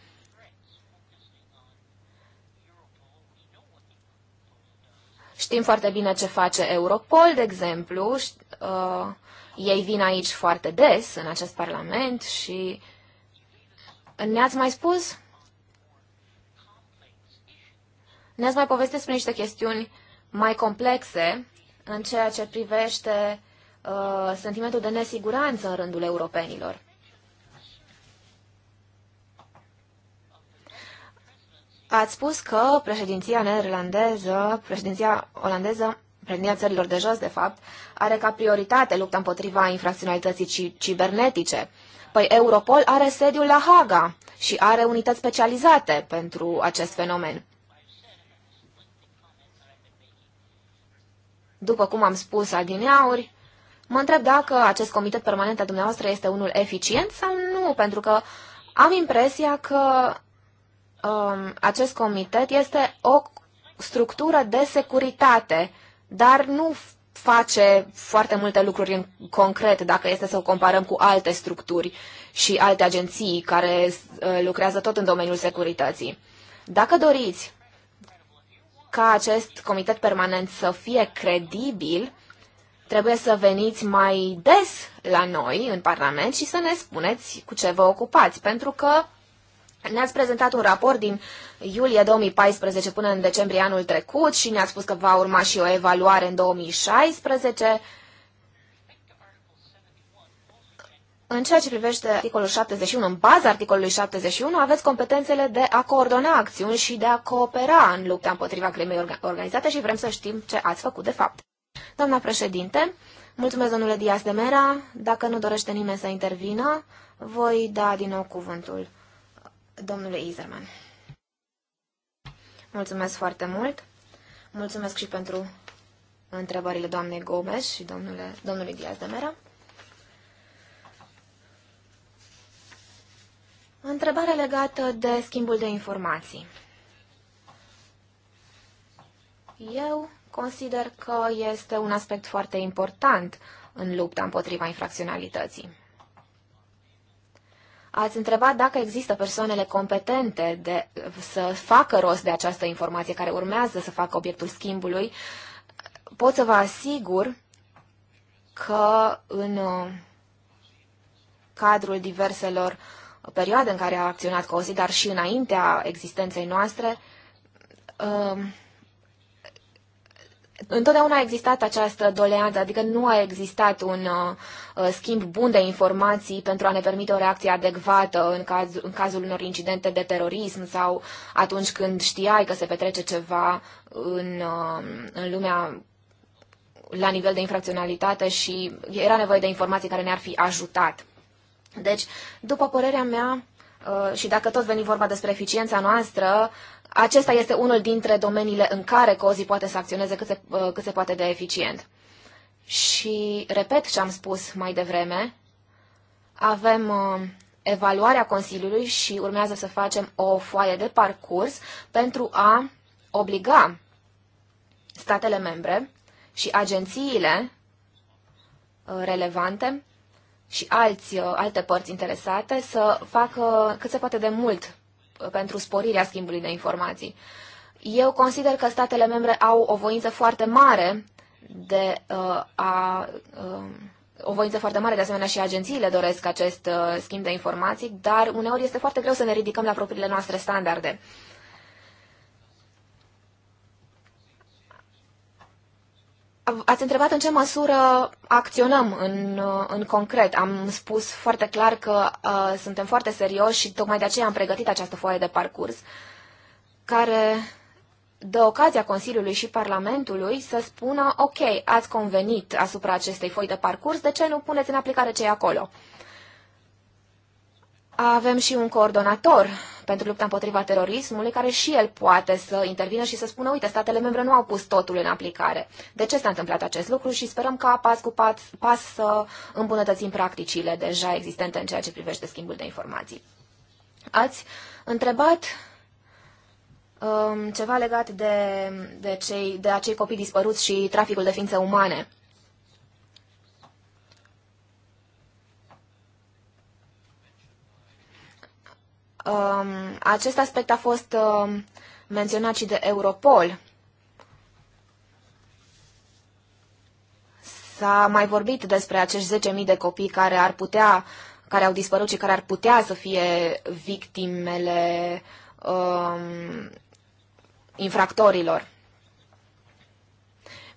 Știm foarte bine ce face Europol, de exemplu. Uh, ei vin aici foarte des, în acest Parlament, și ne-ați mai spus? Ne-ați mai povestit despre niște chestiuni mai complexe în ceea ce privește uh, sentimentul de nesiguranță în rândul europenilor. Ați spus că președinția neerlandeză, președinția olandeză, președinția țărilor de jos, de fapt, are ca prioritate lupta împotriva infracționalității cibernetice. Păi Europol are sediul la Haga și are unități specializate pentru acest fenomen. după cum am spus adineauri, mă întreb dacă acest comitet permanent al dumneavoastră este unul eficient sau nu, pentru că am impresia că um, acest comitet este o structură de securitate, dar nu face foarte multe lucruri în concret dacă este să o comparăm cu alte structuri și alte agenții care uh, lucrează tot în domeniul securității. Dacă doriți ca acest comitet permanent să fie credibil, trebuie să veniți mai des la noi în Parlament și să ne spuneți cu ce vă ocupați, pentru că ne-ați prezentat un raport din iulie 2014 până în decembrie anul trecut și ne-ați spus că va urma și o evaluare în 2016. În ceea ce privește articolul 71, în baza articolului 71, aveți competențele de a coordona acțiuni și de a coopera în lupta împotriva crimei organizate și vrem să știm ce ați făcut de fapt. Doamna președinte, mulțumesc domnule Dias de Mera. Dacă nu dorește nimeni să intervină, voi da din nou cuvântul domnului Izerman. Mulțumesc foarte mult. Mulțumesc și pentru întrebările doamnei Gomes și domnule, domnului Diaz de Mera. Întrebare legată de schimbul de informații. Eu consider că este un aspect foarte important în lupta împotriva infracționalității. Ați întrebat dacă există persoanele competente de, să facă rost de această informație care urmează să facă obiectul schimbului. Pot să vă asigur că în uh, cadrul diverselor uh, perioadă în care a acționat COSI, dar și înaintea existenței noastre, um, întotdeauna a existat această doleanță, adică nu a existat un uh, schimb bun de informații pentru a ne permite o reacție adecvată în, caz, în cazul unor incidente de terorism sau atunci când știai că se petrece ceva în, um, în lumea la nivel de infracționalitate și era nevoie de informații care ne-ar fi ajutat. Deci, după părerea mea, uh, și dacă tot veni vorba despre eficiența noastră, acesta este unul dintre domeniile în care COZI poate să acționeze cât se, uh, cât se poate de eficient. Și repet ce am spus mai devreme, avem uh, evaluarea Consiliului și urmează să facem o foaie de parcurs pentru a obliga statele membre și agențiile relevante și alți, uh, alte părți interesate să facă cât se poate de mult uh, pentru sporirea schimbului de informații. Eu consider că statele membre au o voință foarte mare de uh, a. Uh, o voință foarte mare, de asemenea și agențiile doresc acest uh, schimb de informații, dar uneori este foarte greu să ne ridicăm la propriile noastre standarde. Uh, Ați întrebat în ce măsură acționăm în, uh, în concret. Am spus foarte clar că uh, suntem foarte serioși și tocmai de aceea am pregătit această foaie de parcurs, care dă ocazia Consiliului și Parlamentului să spună, ok, ați convenit asupra acestei foi de parcurs, de ce nu puneți în aplicare ce e acolo? Avem și un coordonator pentru lupta împotriva terorismului, care și el poate să intervină și să spună, uite, statele membre nu au pus totul în aplicare. De ce s-a întâmplat acest lucru și sperăm ca pas cu pas, pas să îmbunătățim practicile deja existente în ceea ce privește schimbul de informații. Ați întrebat um, ceva legat de, de, cei, de acei copii dispăruți și traficul de ființe umane. Um, acest aspect a fost um, menționat și de Europol. S-a mai vorbit despre acești 10.000 de copii care ar putea, care au dispărut și care ar putea să fie victimele um, infractorilor.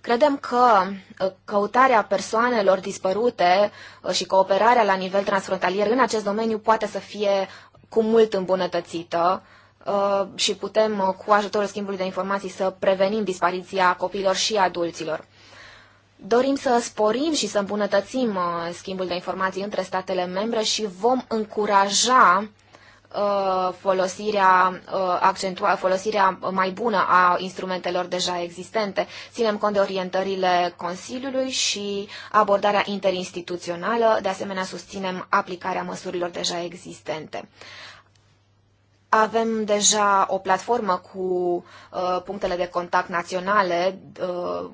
Credem că uh, căutarea persoanelor dispărute uh, și cooperarea la nivel transfrontalier în acest domeniu poate să fie cu mult îmbunătățită uh, și putem, uh, cu ajutorul schimbului de informații, să prevenim dispariția copiilor și adulților. Dorim să sporim și să îmbunătățim uh, schimbul de informații între statele membre și vom încuraja Uh, folosirea, uh, accentua, folosirea mai bună a instrumentelor deja existente. Ținem cont de orientările Consiliului și abordarea interinstituțională, de asemenea susținem aplicarea măsurilor deja existente. Avem deja o platformă cu uh, punctele de contact naționale uh,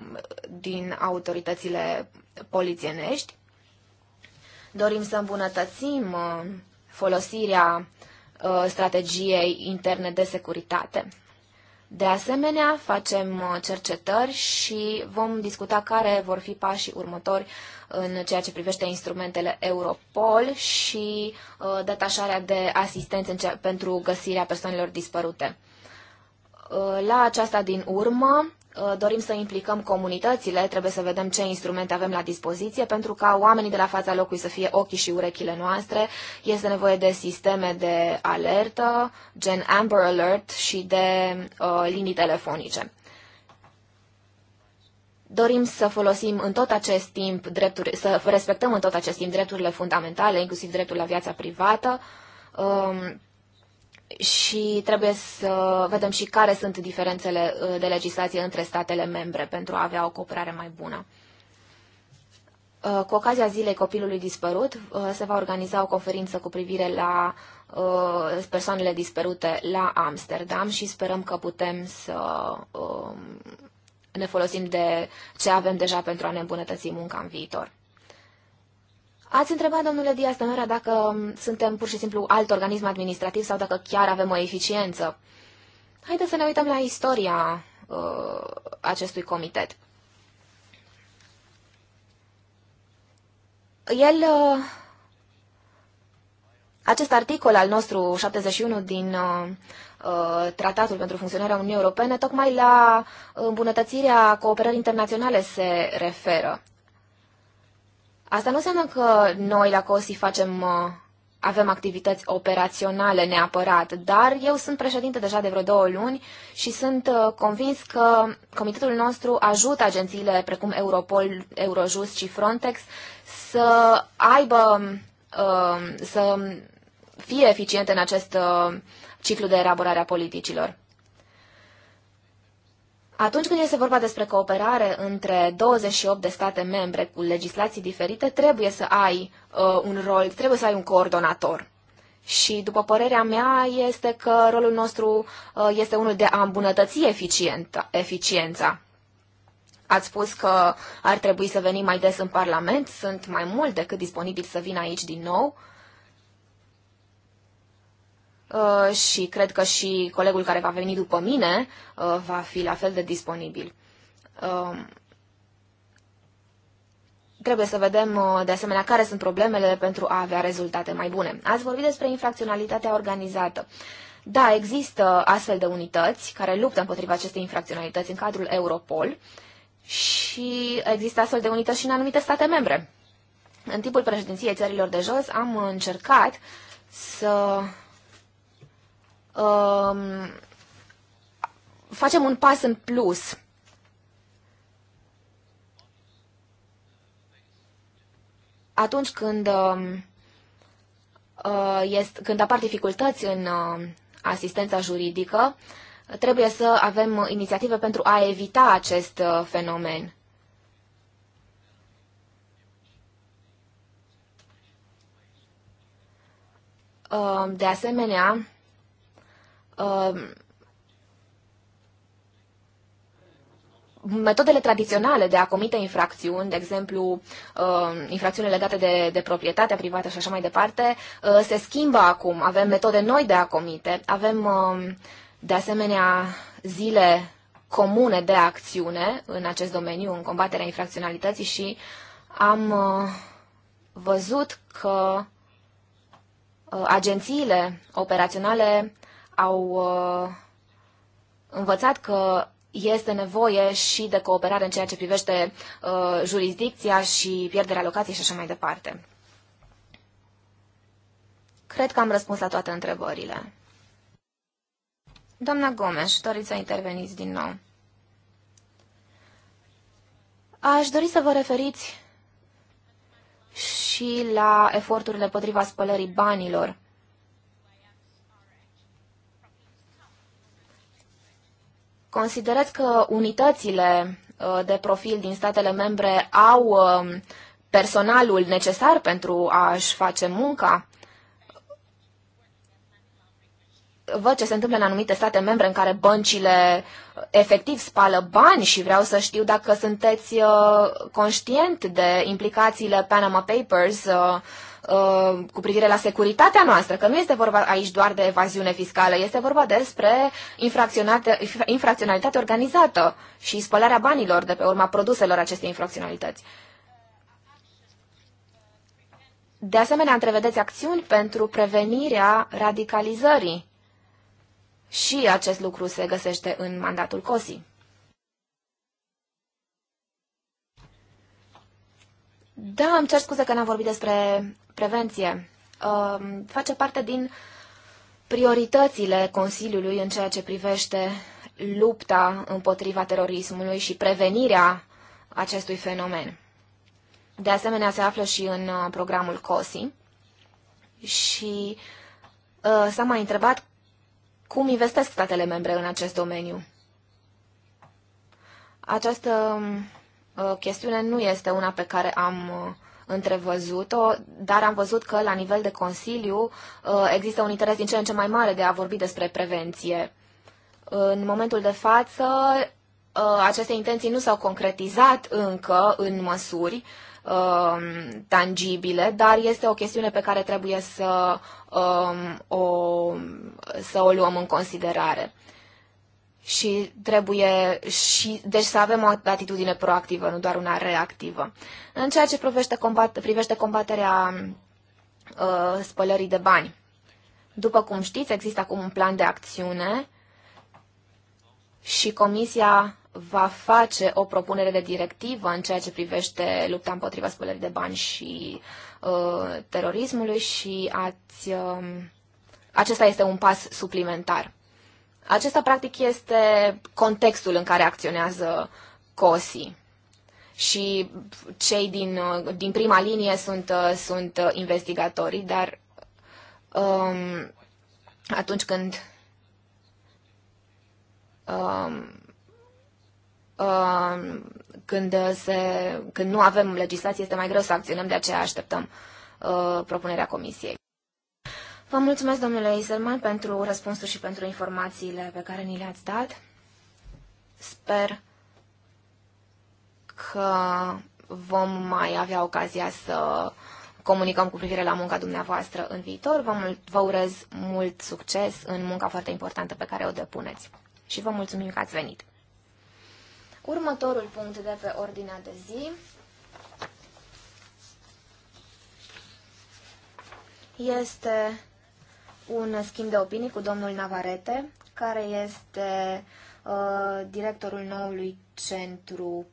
din autoritățile polițienești. Dorim să îmbunătățim uh, folosirea uh, Uh, strategiei interne de securitate. De asemenea, facem uh, cercetări și vom discuta care vor fi pașii următori în ceea ce privește instrumentele Europol și uh, detașarea de asistență pentru găsirea persoanelor dispărute. la aceasta din urmă Uh, dorim să implicăm comunitățile, trebuie să vedem ce instrumente avem la dispoziție, pentru ca oamenii de la fața locului să fie ochii și urechile noastre. Este nevoie de sisteme de alertă, gen Amber Alert și de uh, linii telefonice. Dorim să folosim în tot acest timp drepturi, să respectăm în tot acest timp drepturile fundamentale, inclusiv dreptul la viața privată, um, și trebuie să vedem și care sunt diferențele uh, de legislație între statele membre pentru a avea o cooperare mai bună. Uh, cu ocazia zilei copilului dispărut, uh, se va organiza o conferință cu privire la persoanele dispărute la Amsterdam și sperăm că putem să um, ne folosim de ce avem deja pentru a ne îmbunătăți munca în viitor. Ați întrebat, domnule Diaz Temera, dacă um, suntem pur și simplu alt organism administrativ sau dacă chiar avem o eficiență. Haideți să ne uităm la istoria uh, acestui comitet. El, uh, acest articol al nostru 71 din uh, uh, Tratatul pentru funcționarea Uniunii Europene, tocmai la îmbunătățirea cooperării internaționale se referă. Asta nu înseamnă că noi la COSI facem, uh, avem activități operaționale neapărat, dar eu sunt președinte deja de vreo două luni și sunt uh, convins că comitetul nostru ajută agențiile precum Europol, Eurojust și Frontex să aibă, uh, să fie eficiente în acest ciclu de elaborare a politicilor. Atunci când este vorba despre cooperare între 28 de state membre cu legislații diferite, trebuie să ai uh, un rol, trebuie să ai un coordonator. Și, după părerea mea, este că rolul nostru uh, este unul de a îmbunătăți eficient, eficiența. Ați spus că ar trebui să venim mai des în Parlament, sunt mai mult decât disponibil să vin aici din nou. Uh, Uh, și cred că și colegul care va veni după mine uh, va fi la fel de disponibil. Um, trebuie să vedem, uh, de asemenea, care sunt problemele pentru a avea rezultate mai bune. Ați vorbit despre infracționalitatea organizată. Da, există astfel de unități care luptă împotriva acestei infracționalități în cadrul Europol și există astfel de unități și în anumite state membre. În timpul președinției țărilor de jos am încercat să uh, facem un pas în plus. Atunci când, um, uh, este, când apar dificultăți în uh, asistența juridică, trebuie să avem inițiative pentru a evita acest uh, fenomen. De asemenea, Um, metodele tradiționale de a comite infracțiuni, de exemplu, um, infracțiuni legate de, de proprietatea privată și așa mai departe, uh, se schimbă acum. Avem metode noi de a comite, avem, um, de asemenea, zile comune de acțiune în acest domeniu, în combaterea infracționalității și am uh, văzut că uh, agențiile operaționale au uh, învățat că este nevoie și de cooperare în ceea ce privește uh, jurisdicția și pierderea locației și așa mai departe. Cred că am răspuns la toate întrebările. Doamna Gomes, doriți să interveniți din nou. Aș dori să vă referiți și la eforturile potriva spălării banilor. Considerați că unitățile uh, de profil din statele membre au um, personalul necesar pentru a-și face munca? Văd ce se întâmplă în anumite state membre în care băncile uh, efectiv spală bani și vreau să știu dacă sunteți uh, conștient de implicațiile Panama Papers Uh, cu privire la securitatea noastră, că nu este vorba aici doar de evaziune fiscală, este vorba despre infracționalitate organizată și spălarea banilor de pe urma produselor acestei infracționalități. De asemenea, întrevedeți acțiuni pentru prevenirea radicalizării. Și acest lucru se găsește în mandatul COSI. Da, îmi cer scuze că n-am vorbit despre prevenție. Uh, face parte din prioritățile Consiliului în ceea ce privește lupta împotriva terorismului și prevenirea acestui fenomen. De asemenea, se află și în uh, programul COSI și uh, s-a mai întrebat cum investesc statele membre în acest domeniu. Această um, chestiune nu este una pe care am uh, întrevăzut-o, dar am văzut că la nivel de Consiliu uh, există un interes din ce în ce mai mare de a vorbi despre prevenție. În momentul de față, uh, aceste intenții nu s-au concretizat încă în măsuri tangibile, dar este o chestiune pe care trebuie să, um, o, să o luăm în considerare și trebuie și, deci să avem o atitudine proactivă, nu doar una reactivă. În ceea ce privește, combat, privește combaterea uh, spălării de bani, după cum știți, există acum un plan de acțiune și Comisia va face o propunere de directivă în ceea ce privește lupta împotriva spălării de bani și uh, terorismului și ați, uh, acesta este un pas suplimentar. Acesta, practic, este contextul în care acționează COSI. Și cei din, din prima linie sunt, sunt investigatorii, dar um, atunci când um, um, când, se, când nu avem legislație, este mai greu să acționăm, de aceea așteptăm uh, propunerea Comisiei. Vă mulțumesc, domnule Iselman, pentru răspunsul și pentru informațiile pe care ni le-ați dat. Sper că vom mai avea ocazia să comunicăm cu privire la munca dumneavoastră în viitor. Vă, mul- vă urez mult succes în munca foarte importantă pe care o depuneți și vă mulțumim că ați venit. Următorul punct de pe ordinea de zi este un schimb de opinii cu domnul Navarete, care este uh, directorul noului Centru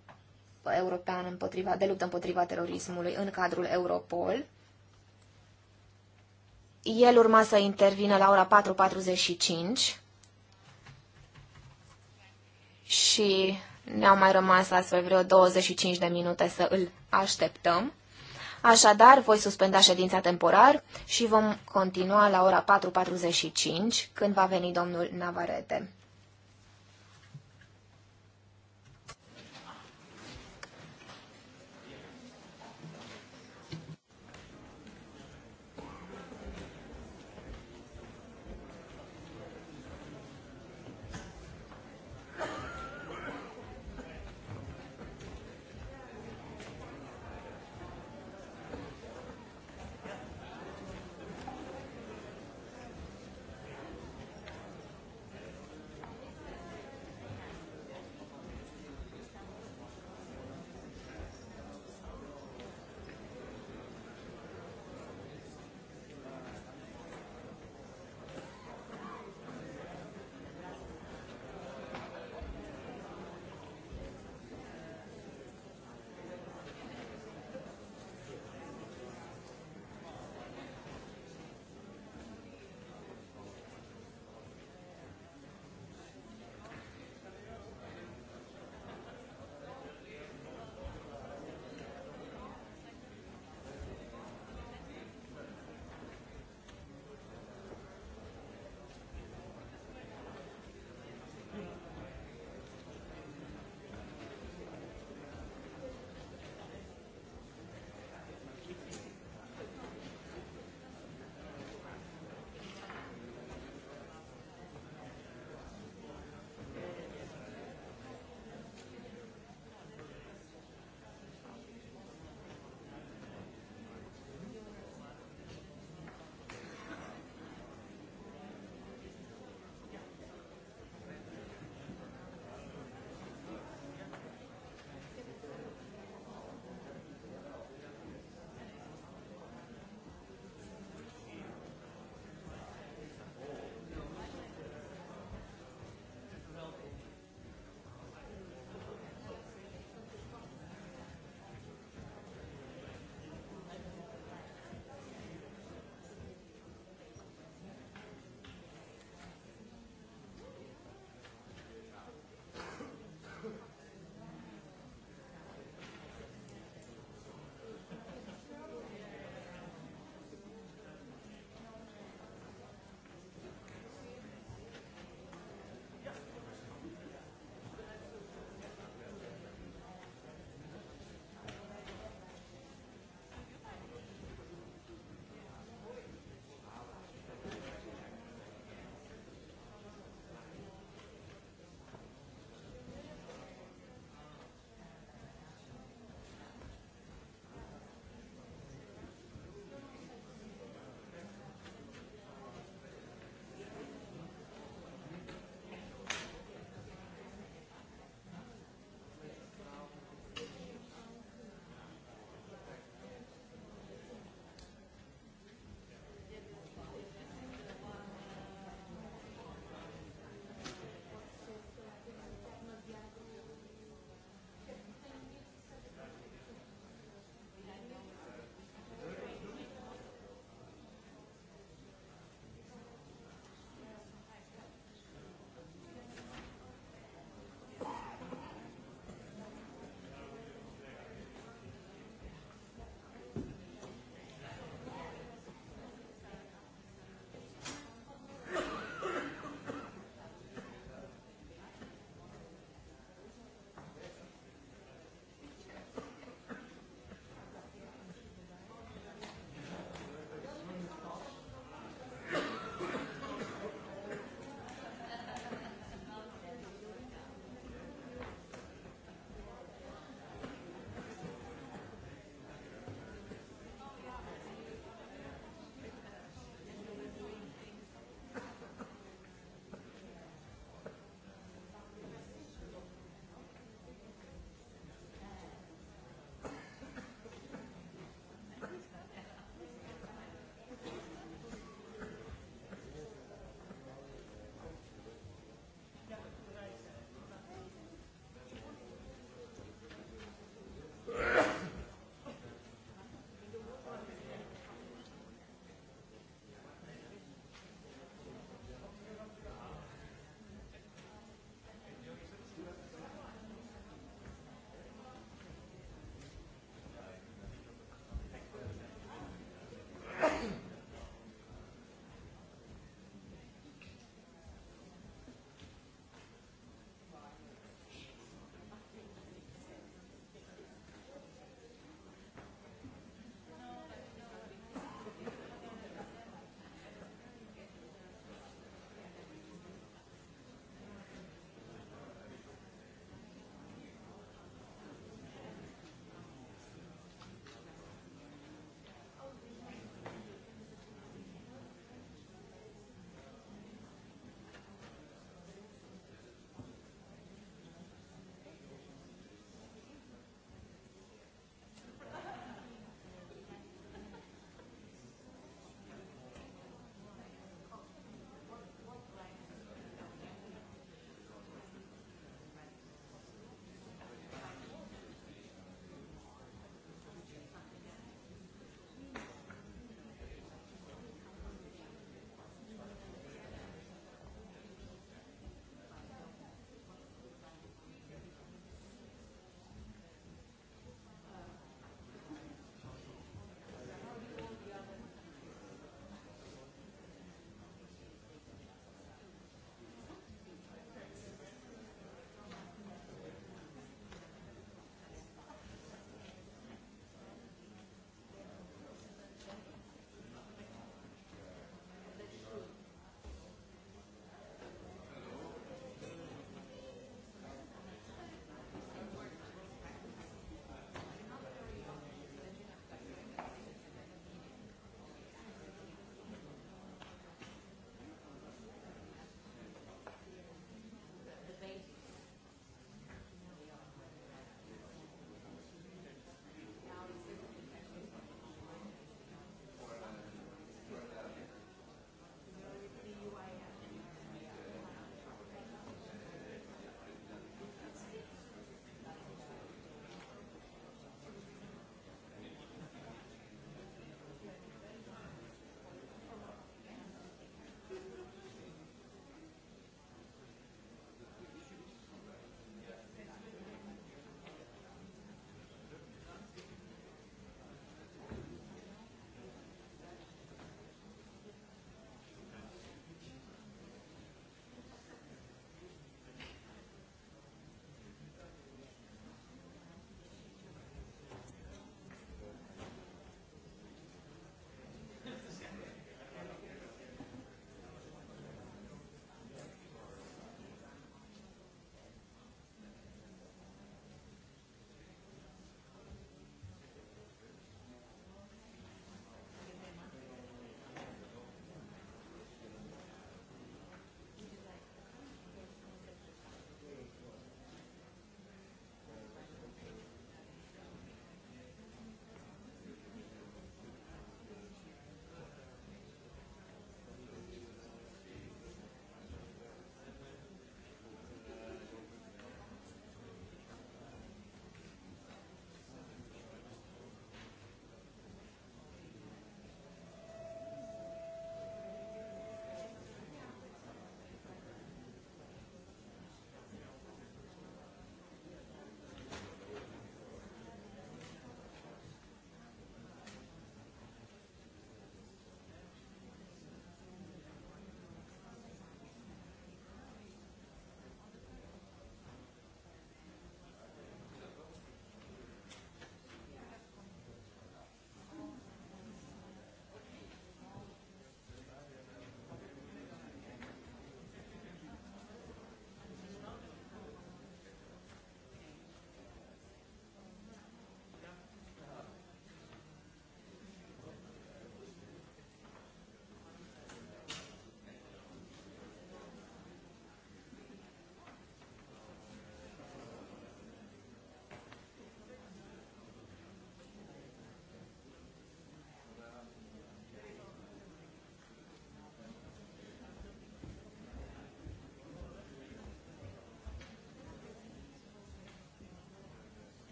European împotriva, de luptă împotriva terorismului în cadrul Europol. El urma să intervină la ora 4.45 și ne-au mai rămas astfel vreo 25 de minute să îl așteptăm. Așadar, voi suspenda ședința temporar și vom continua la ora 4.45, când va veni domnul Navarete.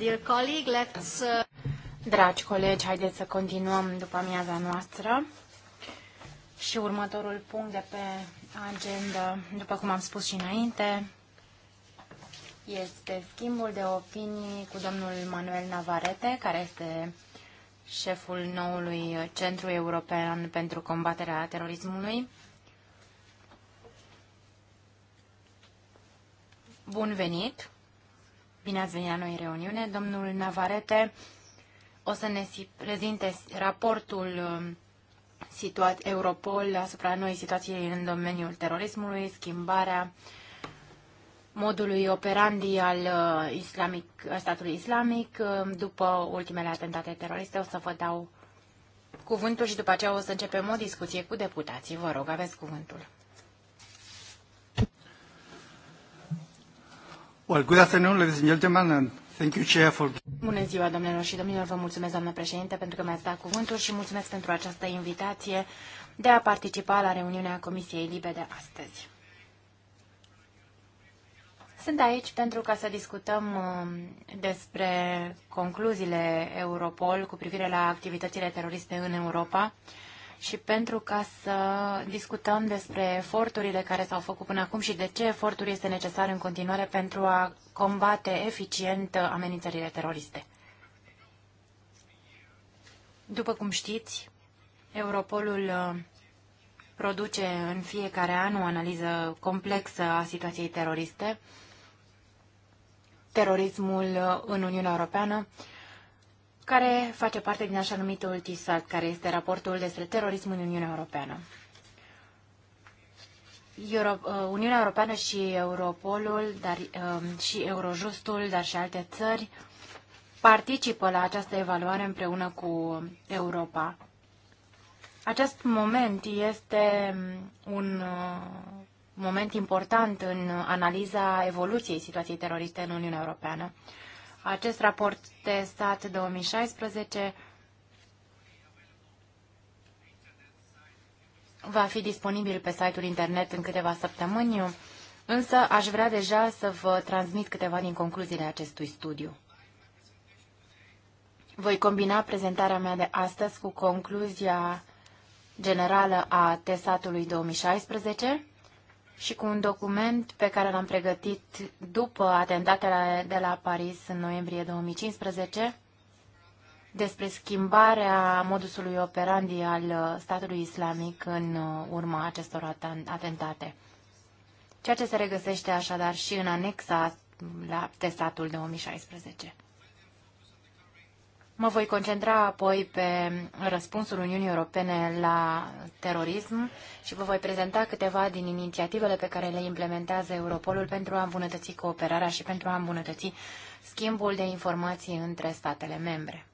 dear colleague, let's... Uh, Dragi colegi, haideți să continuăm după amiaza noastră. Și următorul punct de pe agenda, după cum am spus și înainte, este schimbul de opinii cu domnul Manuel Navarete, care este șeful noului Centru European pentru combaterea terorismului. Bun venit! Bine ați venit la noi reuniune. Domnul Navarete o să ne prezinte raportul um, situat Europol asupra noi situației în domeniul terorismului, schimbarea modului operandi al uh, islamic, statului islamic um, după ultimele atentate teroriste. O să vă dau cuvântul și după aceea o să începem o discuție cu deputații. Vă rog, aveți cuvântul. Well, good afternoon, ladies and gentlemen, and thank you, Chair, for... Bună ziua, domnilor și domnilor, vă mulțumesc, doamnă președinte, pentru că mi-ați dat cuvântul și mulțumesc pentru această invitație de a participa la reuniunea Comisiei Libe de astăzi. Sunt aici pentru ca să discutăm uh, despre concluziile Europol cu privire la activitățile teroriste în Europa, și pentru ca să discutăm despre eforturile care s-au făcut până acum și de ce eforturi este necesar în continuare pentru a combate eficient amenințările teroriste. După cum știți, Europolul uh, produce în fiecare an o analiză complexă a situației teroriste, terorismul în Uniunea Europeană, care face parte din așa numitul TISAC, care este raportul despre terorism în Uniunea Europeană. Euro, uh, Uniunea Europeană și Europolul, dar um, și Eurojustul, dar și alte țări participă la această evaluare împreună cu Europa. Acest moment este um, un uh, moment important în analiza evoluției situației teroriste în Uniunea Europeană. Acest raport stat 2016 va fi disponibil pe site-ul internet în câteva săptămâni, însă aș vrea deja să vă transmit câteva din concluziile acestui studiu. Voi combina prezentarea mea de astăzi cu concluzia generală a tesatului 2016 și cu un document pe care l-am pregătit după atentatele de la Paris în noiembrie 2015 despre schimbarea modusului operandi al uh, statului islamic în uh, urma acestor atentate. Ceea ce se regăsește așadar și în anexa la testatul 2016. Mă voi concentra apoi pe răspunsul Uniunii Europene la terorism și vă voi prezenta câteva din inițiativele pe care le implementează Europolul pentru a îmbunătăți cooperarea și pentru a îmbunătăți schimbul de informații între statele membre.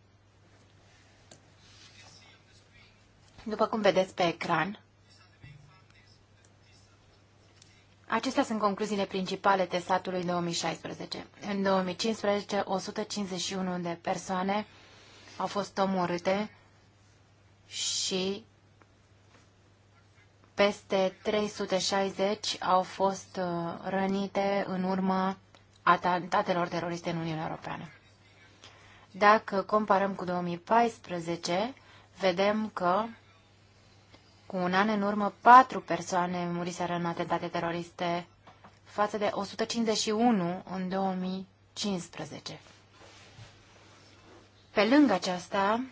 După cum vedeți pe ecran, Acestea sunt concluziile principale testatului 2016. În 2015, 151 de persoane au fost omorâte și peste 360 au fost uh, rănite în urma atentatelor teroriste în Uniunea Europeană. Dacă comparăm cu 2014, vedem că cu un an în urmă, patru persoane muriseră în atentate teroriste față de 151 în 2015. Pe lângă aceasta,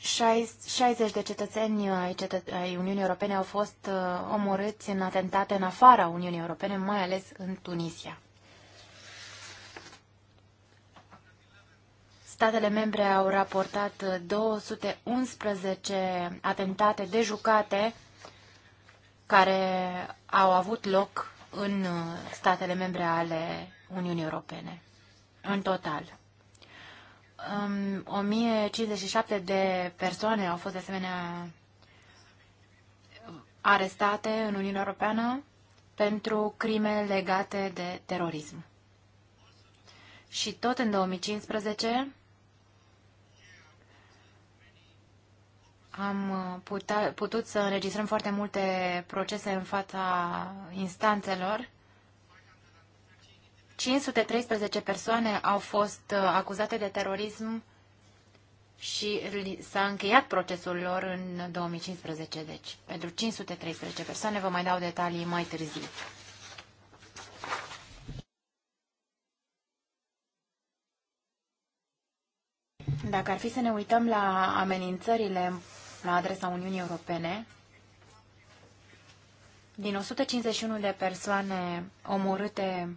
60 de cetățeni ai, cetă- ai Uniunii Europene au fost uh, omorâți în atentate în afara Uniunii Europene, mai ales în Tunisia. Statele membre au raportat 211 uh, atentate dejucate care au avut loc în uh, statele membre ale Uniunii Europene, în total. Um, 1057 de persoane au fost de asemenea arestate în Uniunea Europeană pentru crime legate de terorism. Și tot în 2015 am putea, putut să înregistrăm foarte multe procese în fața instanțelor 513 persoane au fost uh, acuzate de terorism și s-a încheiat procesul lor în 2015, deci pentru 513 persoane vă mai dau detalii mai târziu. Dacă ar fi să ne uităm la amenințările la adresa Uniunii Europene, din 151 de persoane omorâte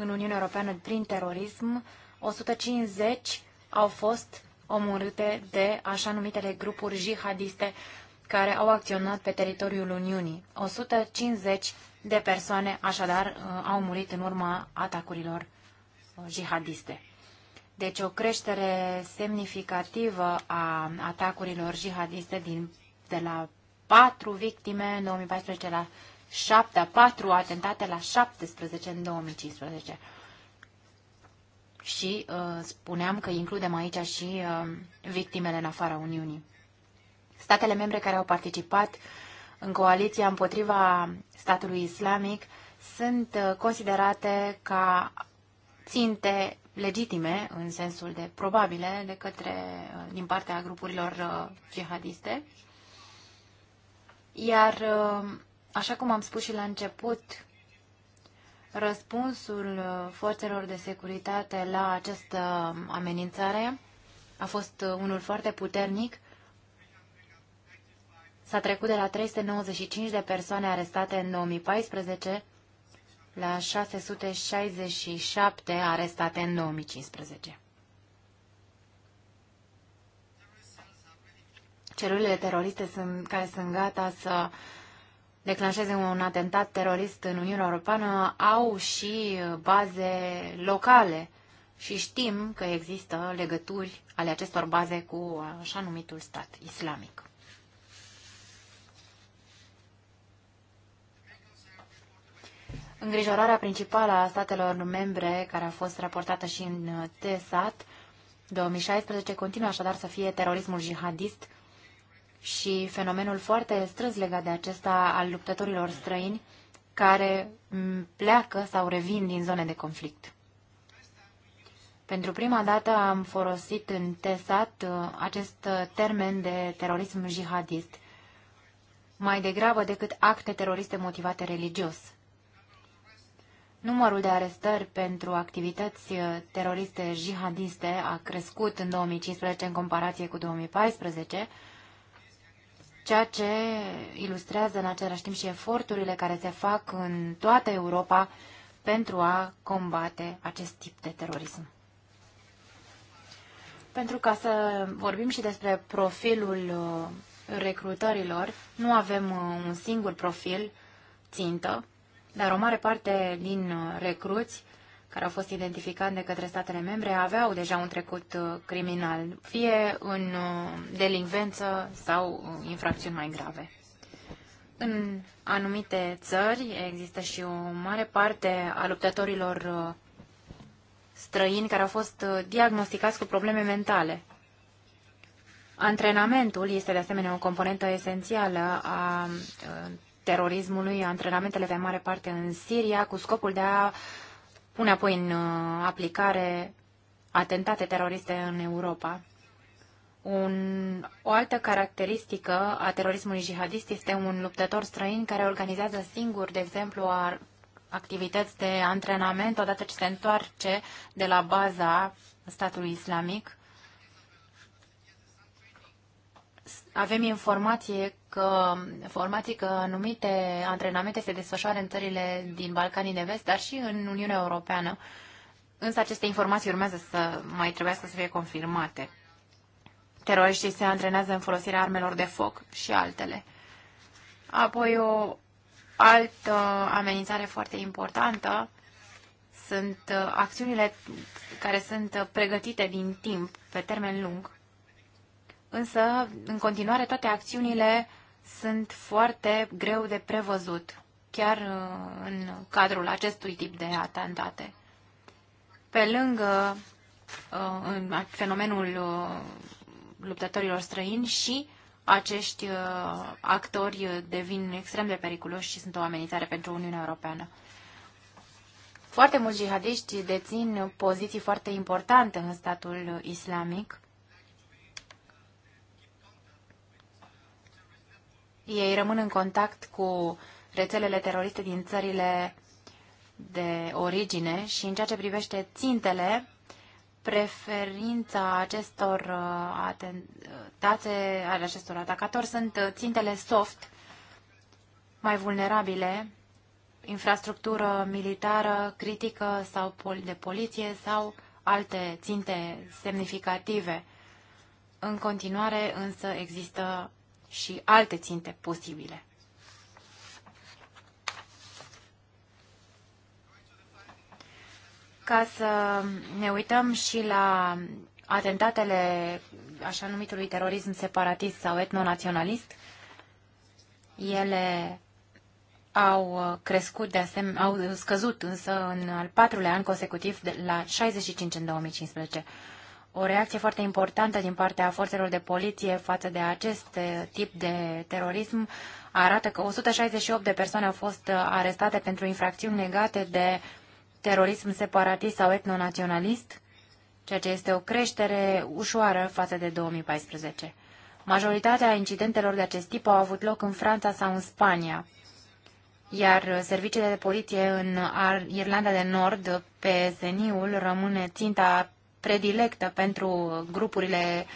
în Uniunea Europeană prin terorism, 150 au fost omorâte de așa numitele grupuri jihadiste care au acționat pe teritoriul Uniunii. 150 de persoane așadar uh, au murit în urma atacurilor uh, jihadiste. Deci o creștere semnificativă a atacurilor jihadiste din, de la 4 victime în 2014 la 7, a 4 atentate la 17 în 2015. Și uh, spuneam că includem aici și uh, victimele în afara Uniunii. Statele membre care au participat în coaliția împotriva statului islamic sunt uh, considerate ca ținte legitime, în sensul de probabile, de către, uh, din partea grupurilor uh, jihadiste. Iar uh, Așa cum am spus și la început, răspunsul uh, forțelor de securitate la această amenințare a fost uh, unul foarte puternic. S-a trecut de la 395 de persoane arestate în 2014 la 667 arestate în 2015. Celulele teroriste sunt, care sunt gata să declanșeze un atentat terorist în Uniunea Europeană au și baze locale și știm că există legături ale acestor baze cu așa numitul stat islamic. Îngrijorarea principală a statelor membre, care a fost raportată și în TESAT 2016, continuă așadar să fie terorismul jihadist, și fenomenul foarte strâns legat de acesta al luptătorilor străini care pleacă sau revin din zone de conflict. Pentru prima dată am folosit în TESAT uh, acest uh, termen de terorism jihadist, mai degrabă decât acte teroriste motivate religios. Numărul de arestări pentru activități uh, teroriste jihadiste a crescut în 2015 în comparație cu 2014, ceea ce ilustrează în același timp și eforturile care se fac în toată Europa pentru a combate acest tip de terorism. Pentru ca să vorbim și despre profilul uh, recrutărilor, nu avem uh, un singur profil țintă, dar o mare parte din uh, recruți care au fost identificate de către statele membre aveau deja un trecut uh, criminal, fie în uh, delinvență sau uh, infracțiuni mai grave. În anumite țări există și o mare parte a luptătorilor străini care au fost diagnosticați cu probleme mentale. Antrenamentul este de asemenea o componentă esențială a terorismului, antrenamentele pe mare parte în Siria, cu scopul de a pune apoi în uh, aplicare atentate teroriste în Europa. Un, o altă caracteristică a terorismului jihadist este un luptător străin care organizează singur, de exemplu, a activități de antrenament odată ce se întoarce de la baza statului islamic avem informație că, informații că anumite antrenamente se desfășoară în țările din Balcanii de Vest, dar și în Uniunea Europeană. Însă aceste informații urmează să mai trebuiască să fie confirmate. Teroriștii se antrenează în folosirea armelor de foc și altele. Apoi o altă amenințare foarte importantă sunt acțiunile care sunt pregătite din timp, pe termen lung, însă, în continuare, toate acțiunile sunt foarte greu de prevăzut, chiar uh, în cadrul acestui tip de atentate. Pe lângă uh, fenomenul uh, luptătorilor străini și acești actori devin extrem de periculoși și sunt o amenințare pentru Uniunea Europeană. Foarte mulți jihadiști dețin poziții foarte importante în statul islamic Ei rămân în contact cu rețelele teroriste din țările de origine și în ceea ce privește țintele, preferința acestor uh, atentate, ale acestor atacatori sunt uh, țintele soft, mai vulnerabile, infrastructură militară, critică sau de poliție sau alte ținte semnificative. În continuare, însă, există și alte ținte posibile. Ca să ne uităm și la atentatele așa numitului terorism separatist sau etnonaționalist, ele au crescut de asemenea, au scăzut însă în al patrulea an consecutiv de la 65 în 2015 o reacție foarte importantă din partea forțelor de poliție față de acest eh, tip de terorism arată că 168 de persoane au fost eh, arestate pentru infracțiuni legate de terorism separatist sau etnonaționalist, ceea ce este o creștere ușoară față de 2014. Majoritatea incidentelor de acest tip au avut loc în Franța sau în Spania, iar eh, serviciile de poliție în Irlanda de Nord, pe Zeniul, rămâne ținta predilectă pentru grupurile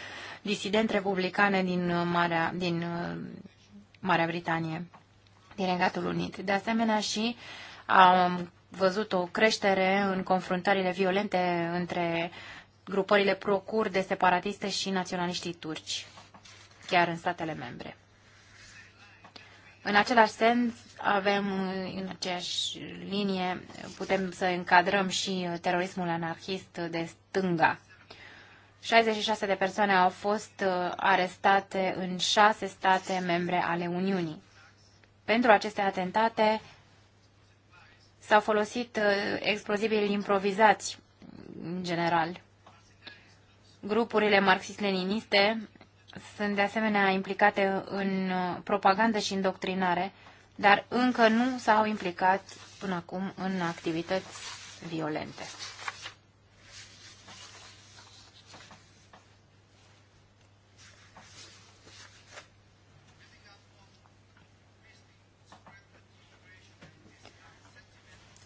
disident republicane din Marea, din uh, Marea Britanie, din Regatul Unit. De asemenea și am văzut o creștere în confruntările violente între grupările de separatiste și naționaliștii turci, chiar în statele membre. În același sens, avem în aceeași linie, putem să încadrăm și terorismul anarhist de stânga. 66 de persoane au fost uh, arestate în șase state membre ale Uniunii. Pentru aceste atentate s-au folosit uh, explozibili improvizați, în general. Grupurile marxist-leniniste sunt de asemenea implicate în propagandă și îndoctrinare, dar încă nu s-au implicat până acum în activități violente.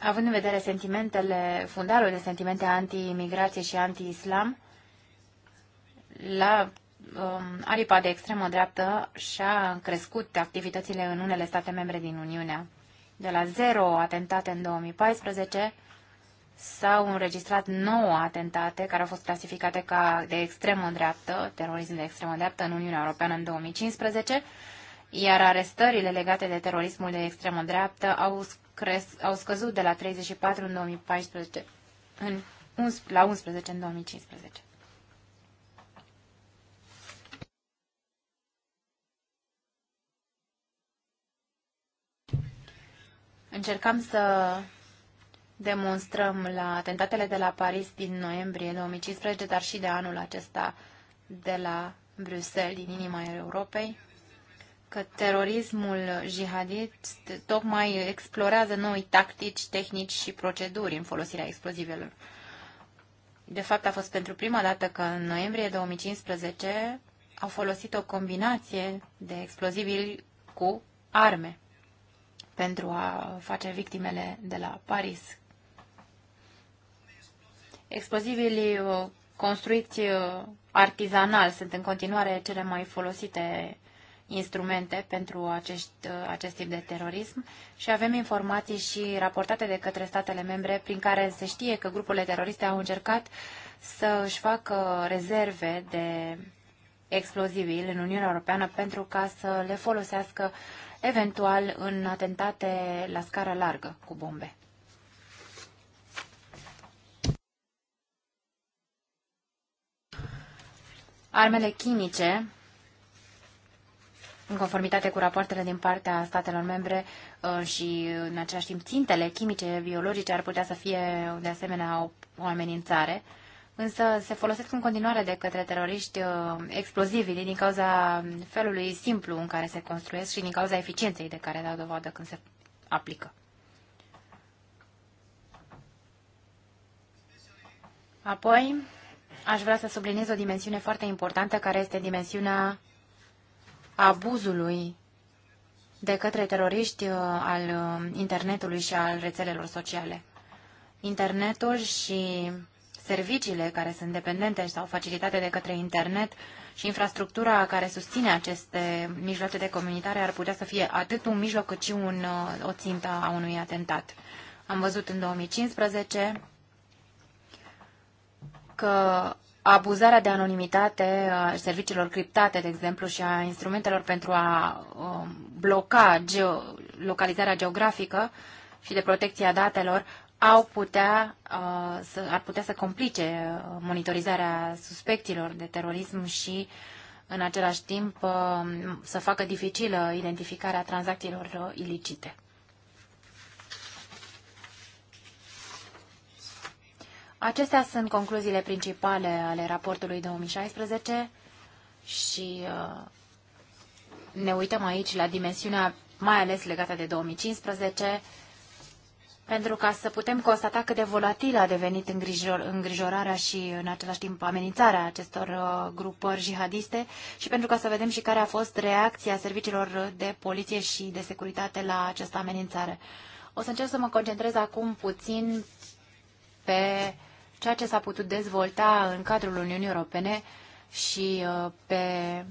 Având în vedere sentimentele, fundalul de sentimente anti-imigrație și anti-islam, la Um, aripa de extremă dreaptă și-a crescut activitățile în unele state membre din Uniunea. De la zero atentate în 2014 s-au înregistrat nouă atentate care au fost clasificate ca de extremă dreaptă, terorism de extremă dreaptă în Uniunea Europeană în 2015, iar arestările legate de terorismul de extremă dreaptă au, cres, au scăzut de la 34 în 2014 în, la 11 în 2015. Încercam să demonstrăm la atentatele de la Paris din noiembrie 2015, dar și de anul acesta de la Bruxelles, din inima Europei, că terorismul jihadist tocmai explorează noi tactici, tehnici și proceduri în folosirea explozivelor. De fapt, a fost pentru prima dată că în noiembrie 2015 au folosit o combinație de explozibili cu arme pentru a face victimele de la Paris. Explozivii construiți uh, artizanal sunt în continuare cele mai folosite instrumente pentru acest, uh, acest tip de terorism și avem informații și raportate de către statele membre prin care se știe că grupurile teroriste au încercat să își facă rezerve de explozibili în Uniunea Europeană pentru ca să le folosească eventual în atentate la scară largă cu bombe. Armele chimice, în conformitate cu rapoartele din partea statelor membre uh, și, în același timp, țintele chimice, biologice ar putea să fie, de asemenea, o, o amenințare însă se folosesc în continuare de către teroriști uh, explozivi din cauza felului simplu în care se construiesc și din cauza eficienței de care dau dovadă când se aplică. Apoi, aș vrea să subliniez o dimensiune foarte importantă, care este dimensiunea abuzului de către teroriști uh, al uh, internetului și al rețelelor sociale. Internetul și serviciile care sunt dependente sau facilitate de către internet și infrastructura care susține aceste mijloace de comunicare ar putea să fie atât un mijloc cât și un, uh, o țintă a unui atentat. Am văzut în 2015 că abuzarea de anonimitate a serviciilor criptate, de exemplu, și a instrumentelor pentru a uh, bloca geo, localizarea geografică și de protecția datelor au putea, uh, să, ar putea să complice uh, monitorizarea suspecților de terorism și în același timp uh, să facă dificilă identificarea tranzacțiilor uh, ilicite. Acestea sunt concluziile principale ale raportului 2016 și uh, ne uităm aici la dimensiunea mai ales legată de 2015 pentru ca să putem constata cât de volatilă a devenit îngrijor, îngrijorarea și, în același timp, amenințarea acestor uh, grupări jihadiste și pentru ca să vedem și care a fost reacția serviciilor de poliție și de securitate la această amenințare. O să încerc să mă concentrez acum puțin pe ceea ce s-a putut dezvolta în cadrul Uniunii Europene și uh, pe uh,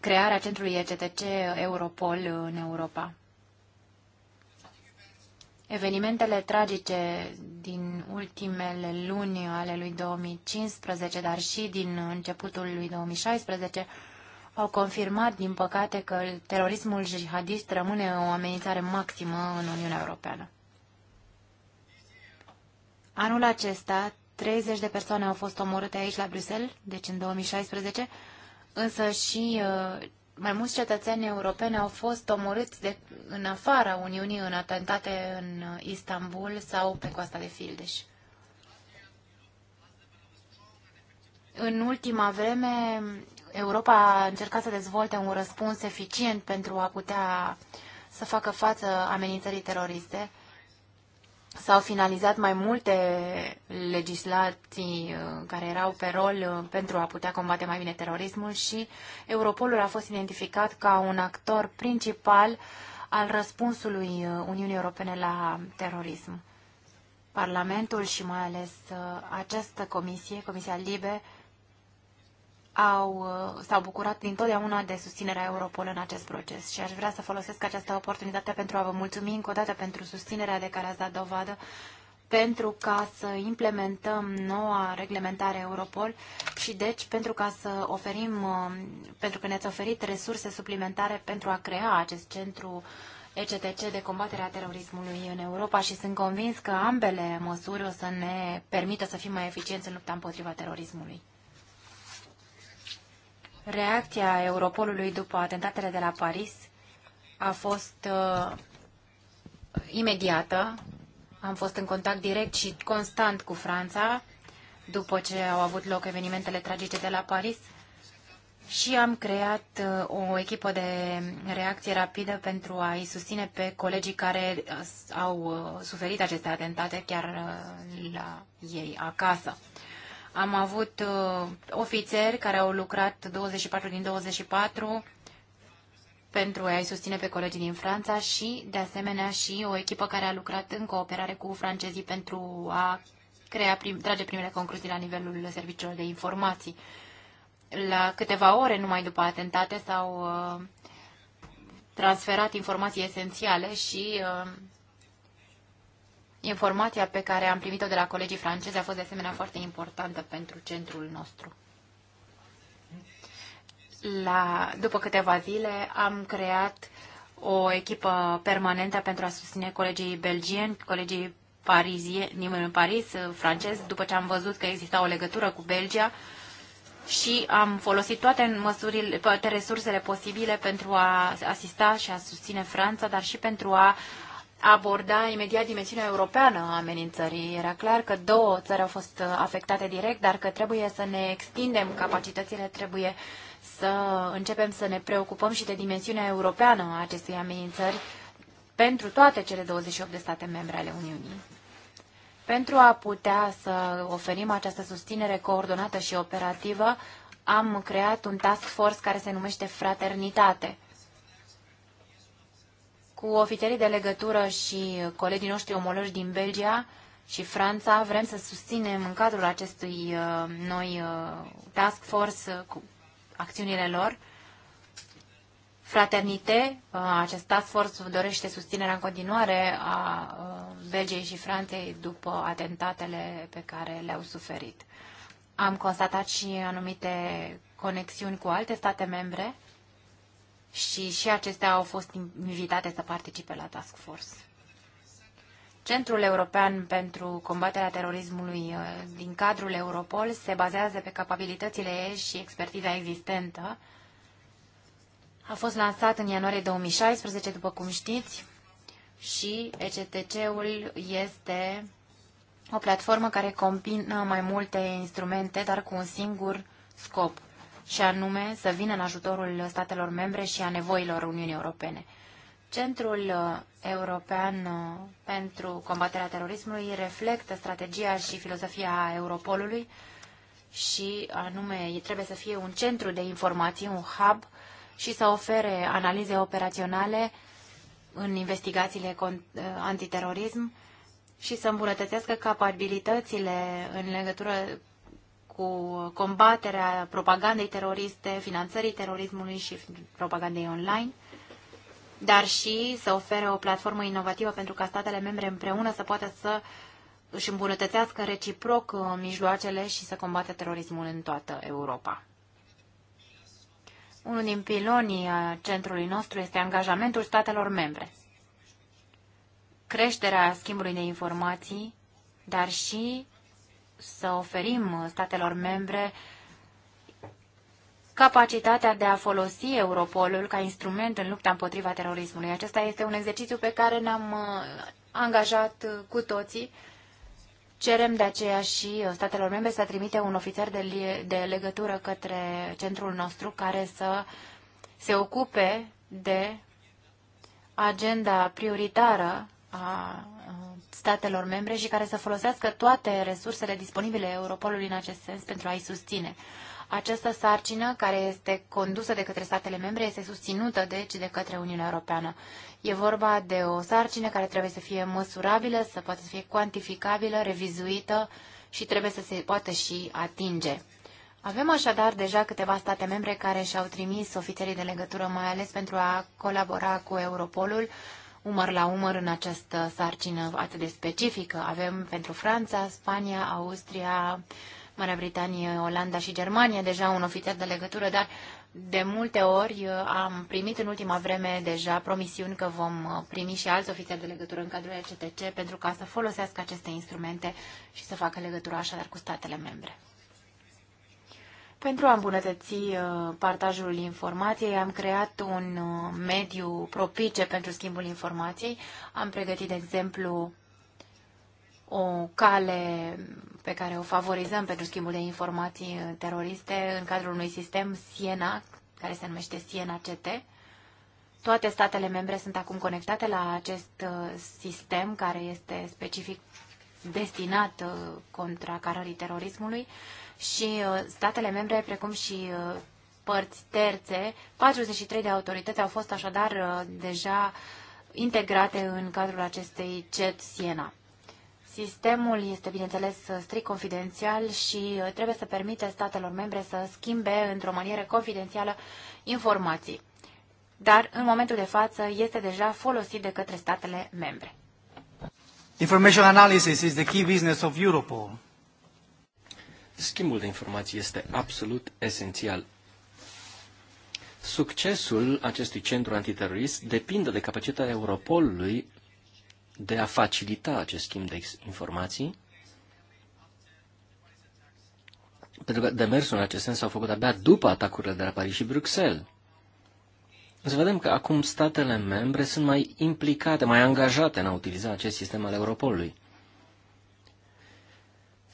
crearea centrului ECTC Europol în Europa. Evenimentele tragice din ultimele luni ale lui 2015, dar și din începutul lui 2016, au confirmat, din păcate, că terorismul jihadist rămâne o amenințare maximă în Uniunea Europeană. Anul acesta, 30 de persoane au fost omorâte aici la Bruxelles, deci în 2016, însă și uh, mai mulți cetățeni europeni au fost omorâți de, în afara Uniunii în atentate în Istanbul sau pe coasta de Fildeș. În ultima vreme, Europa a încercat să dezvolte un răspuns eficient pentru a putea să facă față amenințării teroriste S-au finalizat mai multe legislații uh, care erau pe rol uh, pentru a putea combate mai bine terorismul și Europolul a fost identificat ca un actor principal al răspunsului uh, Uniunii Europene la terorism. Parlamentul și mai ales această comisie, Comisia Libe, au, uh, s-au bucurat dintotdeauna de susținerea Europol în acest proces și aș vrea să folosesc această oportunitate pentru a vă mulțumi încă o dată pentru susținerea de care ați dat dovadă pentru ca să implementăm noua reglementare Europol și deci pentru ca să oferim, uh, pentru că ne-ați oferit resurse suplimentare pentru a crea acest centru ECTC de combatere a terorismului în Europa și sunt convins că ambele măsuri o să ne permită să fim mai eficienți în lupta împotriva terorismului. Reacția Europolului după atentatele de la Paris a fost uh, imediată. Am fost în contact direct și constant cu Franța după ce au avut loc evenimentele tragice de la Paris și am creat uh, o echipă de reacție rapidă pentru a-i susține pe colegii care uh, au uh, suferit aceste atentate chiar la ei acasă. Am avut uh, ofițeri care au lucrat 24 din 24 pentru a-i susține pe colegii din Franța și, de asemenea, și o echipă care a lucrat în cooperare cu francezii pentru a crea prim, trage primele concluzii la nivelul serviciilor de informații. La câteva ore numai după atentate s-au uh, transferat informații esențiale și uh, Informația pe care am primit-o de la colegii francezi a fost de asemenea foarte importantă pentru centrul nostru. La, după câteva zile am creat o echipă permanentă pentru a susține colegii belgieni, colegii parizieni în Paris, eh, francezi, după ce am văzut că exista o legătură cu Belgia și am folosit toate, măsurile, toate resursele posibile pentru a asista și a susține Franța, dar și pentru a aborda imediat dimensiunea europeană a amenințării. Era clar că două țări au fost uh, afectate direct, dar că trebuie să ne extindem capacitățile, trebuie să începem să ne preocupăm și de dimensiunea europeană a acestei amenințări pentru toate cele 28 de state membre ale Uniunii. Pentru a putea să oferim această susținere coordonată și operativă, am creat un task force care se numește Fraternitate – cu ofițerii de legătură și colegii noștri omologi din Belgia și Franța vrem să susținem în cadrul acestui uh, noi uh, task force uh, cu acțiunile lor. Fraternite, acest task force dorește susținerea în continuare a Belgiei și Franței după atentatele pe care le-au suferit. Am constatat și anumite conexiuni cu alte state membre și și acestea au fost invitate să participe la task force. Centrul European pentru combaterea terorismului uh, din cadrul Europol se bazează pe capabilitățile și expertiza existentă. A fost lansat în ianuarie 2016, după cum știți, și ECTC-ul este o platformă care combină mai multe instrumente, dar cu un singur scop, și anume să vină în ajutorul statelor membre și a nevoilor Uniunii Europene. Centrul uh, European uh, pentru combaterea terorismului reflectă strategia și filozofia Europolului și anume trebuie să fie un centru de informații, un hub și să ofere analize operaționale în investigațiile uh, antiterorism și să îmbunătățească capabilitățile în legătură cu combaterea propagandei teroriste, finanțării terorismului și propagandei online, dar și să ofere o platformă inovativă pentru ca statele membre împreună să poată să își îmbunătățească reciproc uh, mijloacele și să combată terorismul în toată Europa. Unul din pilonii uh, centrului nostru este angajamentul statelor membre. Creșterea schimbului de informații, dar și să oferim statelor membre capacitatea de a folosi Europolul ca instrument în lupta împotriva terorismului. Acesta este un exercițiu pe care ne-am uh, angajat uh, cu toții. Cerem de aceea și uh, statelor membre să trimite un ofițer de, de legătură către centrul nostru care să se ocupe de agenda prioritară a statelor membre și care să folosească toate resursele disponibile Europolului în acest sens pentru a-i susține. Această sarcină, care este condusă de către statele membre, este susținută, deci, de către Uniunea Europeană. E vorba de o sarcină care trebuie să fie măsurabilă, să poată să fie cuantificabilă, revizuită și trebuie să se poată și atinge. Avem așadar deja câteva state membre care și-au trimis ofițerii de legătură, mai ales pentru a colabora cu Europolul, umăr la umăr în această sarcină atât de specifică. Avem pentru Franța, Spania, Austria, Marea Britanie, Olanda și Germania deja un ofițer de legătură, dar de multe ori uh, am primit în ultima vreme deja promisiuni că vom uh, primi și alți ofițeri de legătură în cadrul ECTC pentru ca să folosească aceste instrumente și să facă legătura așadar cu statele membre. Pentru a îmbunătăți uh, partajul informației, am creat un uh, mediu propice pentru schimbul informației. Am pregătit, de exemplu, o cale pe care o favorizăm pentru schimbul de informații uh, teroriste în cadrul unui sistem Siena, care se numește Siena CT. Toate statele membre sunt acum conectate la acest sistem care este specific destinat contra contracarării terorismului și uh, statele membre, precum și uh, părți terțe. 43 de autorități au fost așadar uh, deja integrate în cadrul acestei CET Siena. Sistemul este, bineînțeles, strict confidențial și trebuie să permite statelor membre să schimbe într-o manieră confidențială informații. Dar, în momentul de față, este deja folosit de către statele membre. Information analysis is the key business of Europol. Schimbul de informații este absolut esențial. Succesul acestui centru antiterorist depinde de capacitatea Europolului de a facilita acest schimb de informații, pentru că demersul în acest sens s-au făcut abia după atacurile de la Paris și Bruxelles. Să vedem că acum statele membre sunt mai implicate, mai angajate în a utiliza acest sistem al Europolului.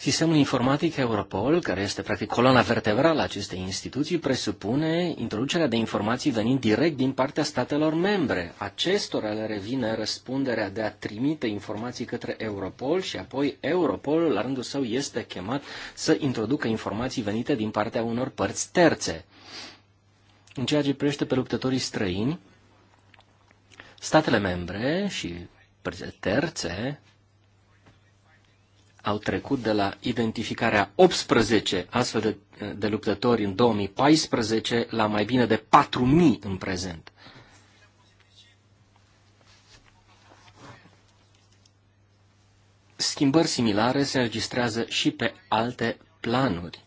Sistemul informatic Europol, care este practic coloana vertebrală a acestei instituții, presupune introducerea de informații venind direct din partea statelor membre. Acestora le revine răspunderea de a trimite informații către Europol și apoi Europol, la rândul său, este chemat să introducă informații venite din partea unor părți terțe. În ceea ce privește pe luptătorii străini, statele membre și părțile terțe au trecut de la identificarea 18 astfel de, de luptători în 2014 la mai bine de 4.000 în prezent. Schimbări similare se înregistrează și pe alte planuri.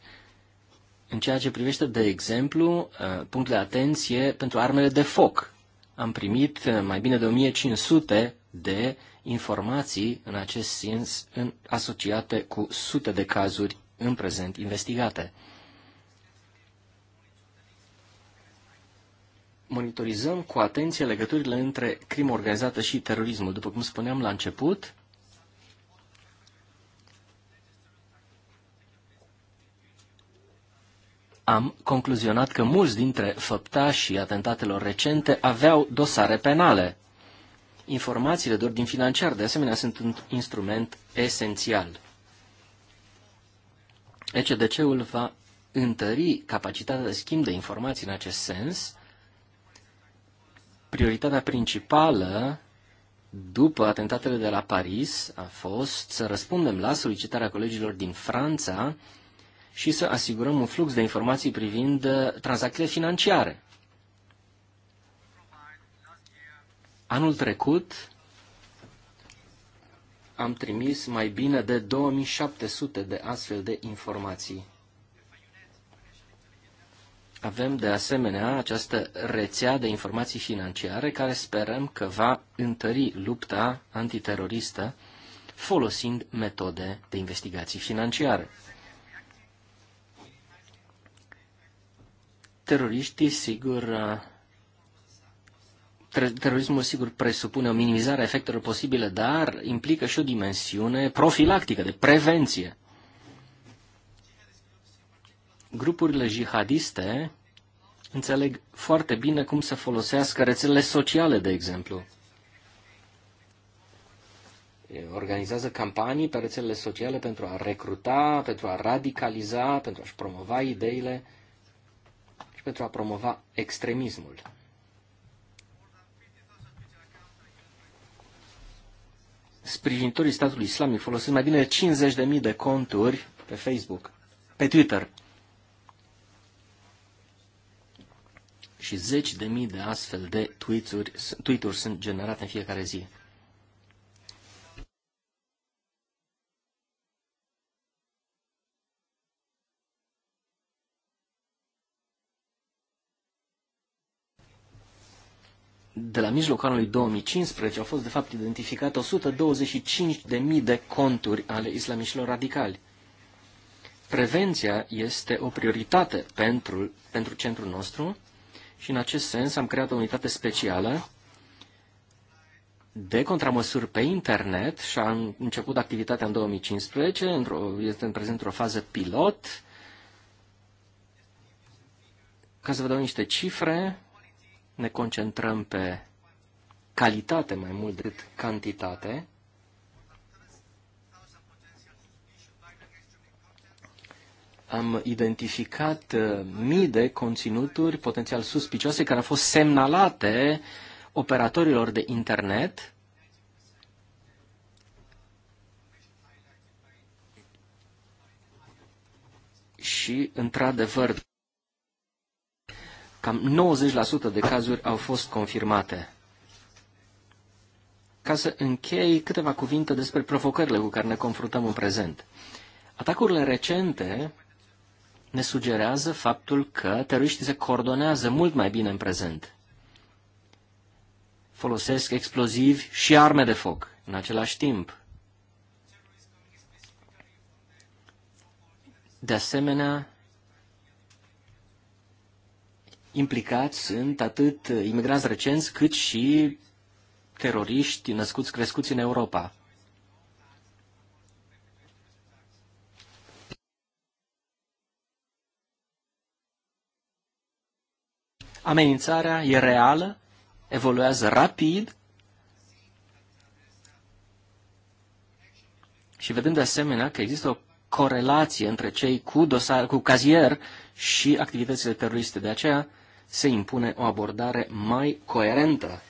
În ceea ce privește, de exemplu, uh, punctul de atenție pentru armele de foc am primit mai bine de 1500 de informații în acest sens în, asociate cu sute de cazuri în prezent investigate. Monitorizăm cu atenție legăturile între crimă organizată și terorismul. După cum spuneam la început, am concluzionat că mulți dintre făptașii atentatelor recente aveau dosare penale. Informațiile doar din financiar, de asemenea, sunt un instrument esențial. ECDC-ul va întări capacitatea de schimb de informații în acest sens. Prioritatea principală după atentatele de la Paris a fost să răspundem la solicitarea colegilor din Franța și să asigurăm un flux de informații privind uh, tranzacțiile financiare. Anul trecut am trimis mai bine de 2700 de astfel de informații. Avem de asemenea această rețea de informații financiare care sperăm că va întări lupta antiteroristă folosind metode de investigații financiare. teroriștii, sigur, uh, terorismul sigur presupune o minimizare a efectelor posibile, dar implică și o dimensiune profilactică, de prevenție. Grupurile jihadiste înțeleg foarte bine cum să folosească rețelele sociale, de exemplu. Organizează campanii pe rețelele sociale pentru a recruta, pentru a radicaliza, pentru a-și promova ideile pentru a promova extremismul. Sprijinitorii statului islamic folosesc mai bine 50.000 de conturi pe Facebook, pe Twitter și zeci de mii de astfel de tweet-uri, tweet-uri sunt generate în fiecare zi. de la mijlocul anului 2015 au fost de fapt identificate 125.000 de conturi ale islamiștilor radicali. Prevenția este o prioritate pentru, pentru centrul nostru și în acest sens am creat o unitate specială de contramăsuri pe internet și am început activitatea în 2015, într-o, este în prezent într-o fază pilot. Ca să vă dau niște cifre, ne concentrăm pe calitate mai mult decât cantitate. Am identificat uh, mii de conținuturi potențial suspicioase care au fost semnalate operatorilor de internet și, într-adevăr, Cam 90% de cazuri au fost confirmate. Ca să închei câteva cuvinte despre provocările cu care ne confruntăm în prezent. Atacurile recente ne sugerează faptul că teroriștii se coordonează mult mai bine în prezent. Folosesc explozivi și arme de foc în același timp. De asemenea, implicați sunt atât imigranți recenți cât și teroriști născuți, crescuți în Europa. Amenințarea e reală, evoluează rapid și vedem de asemenea că există o corelație între cei cu, dosar, cu cazier și activitățile teroriste. De aceea, se impune o abordare mai coerentă.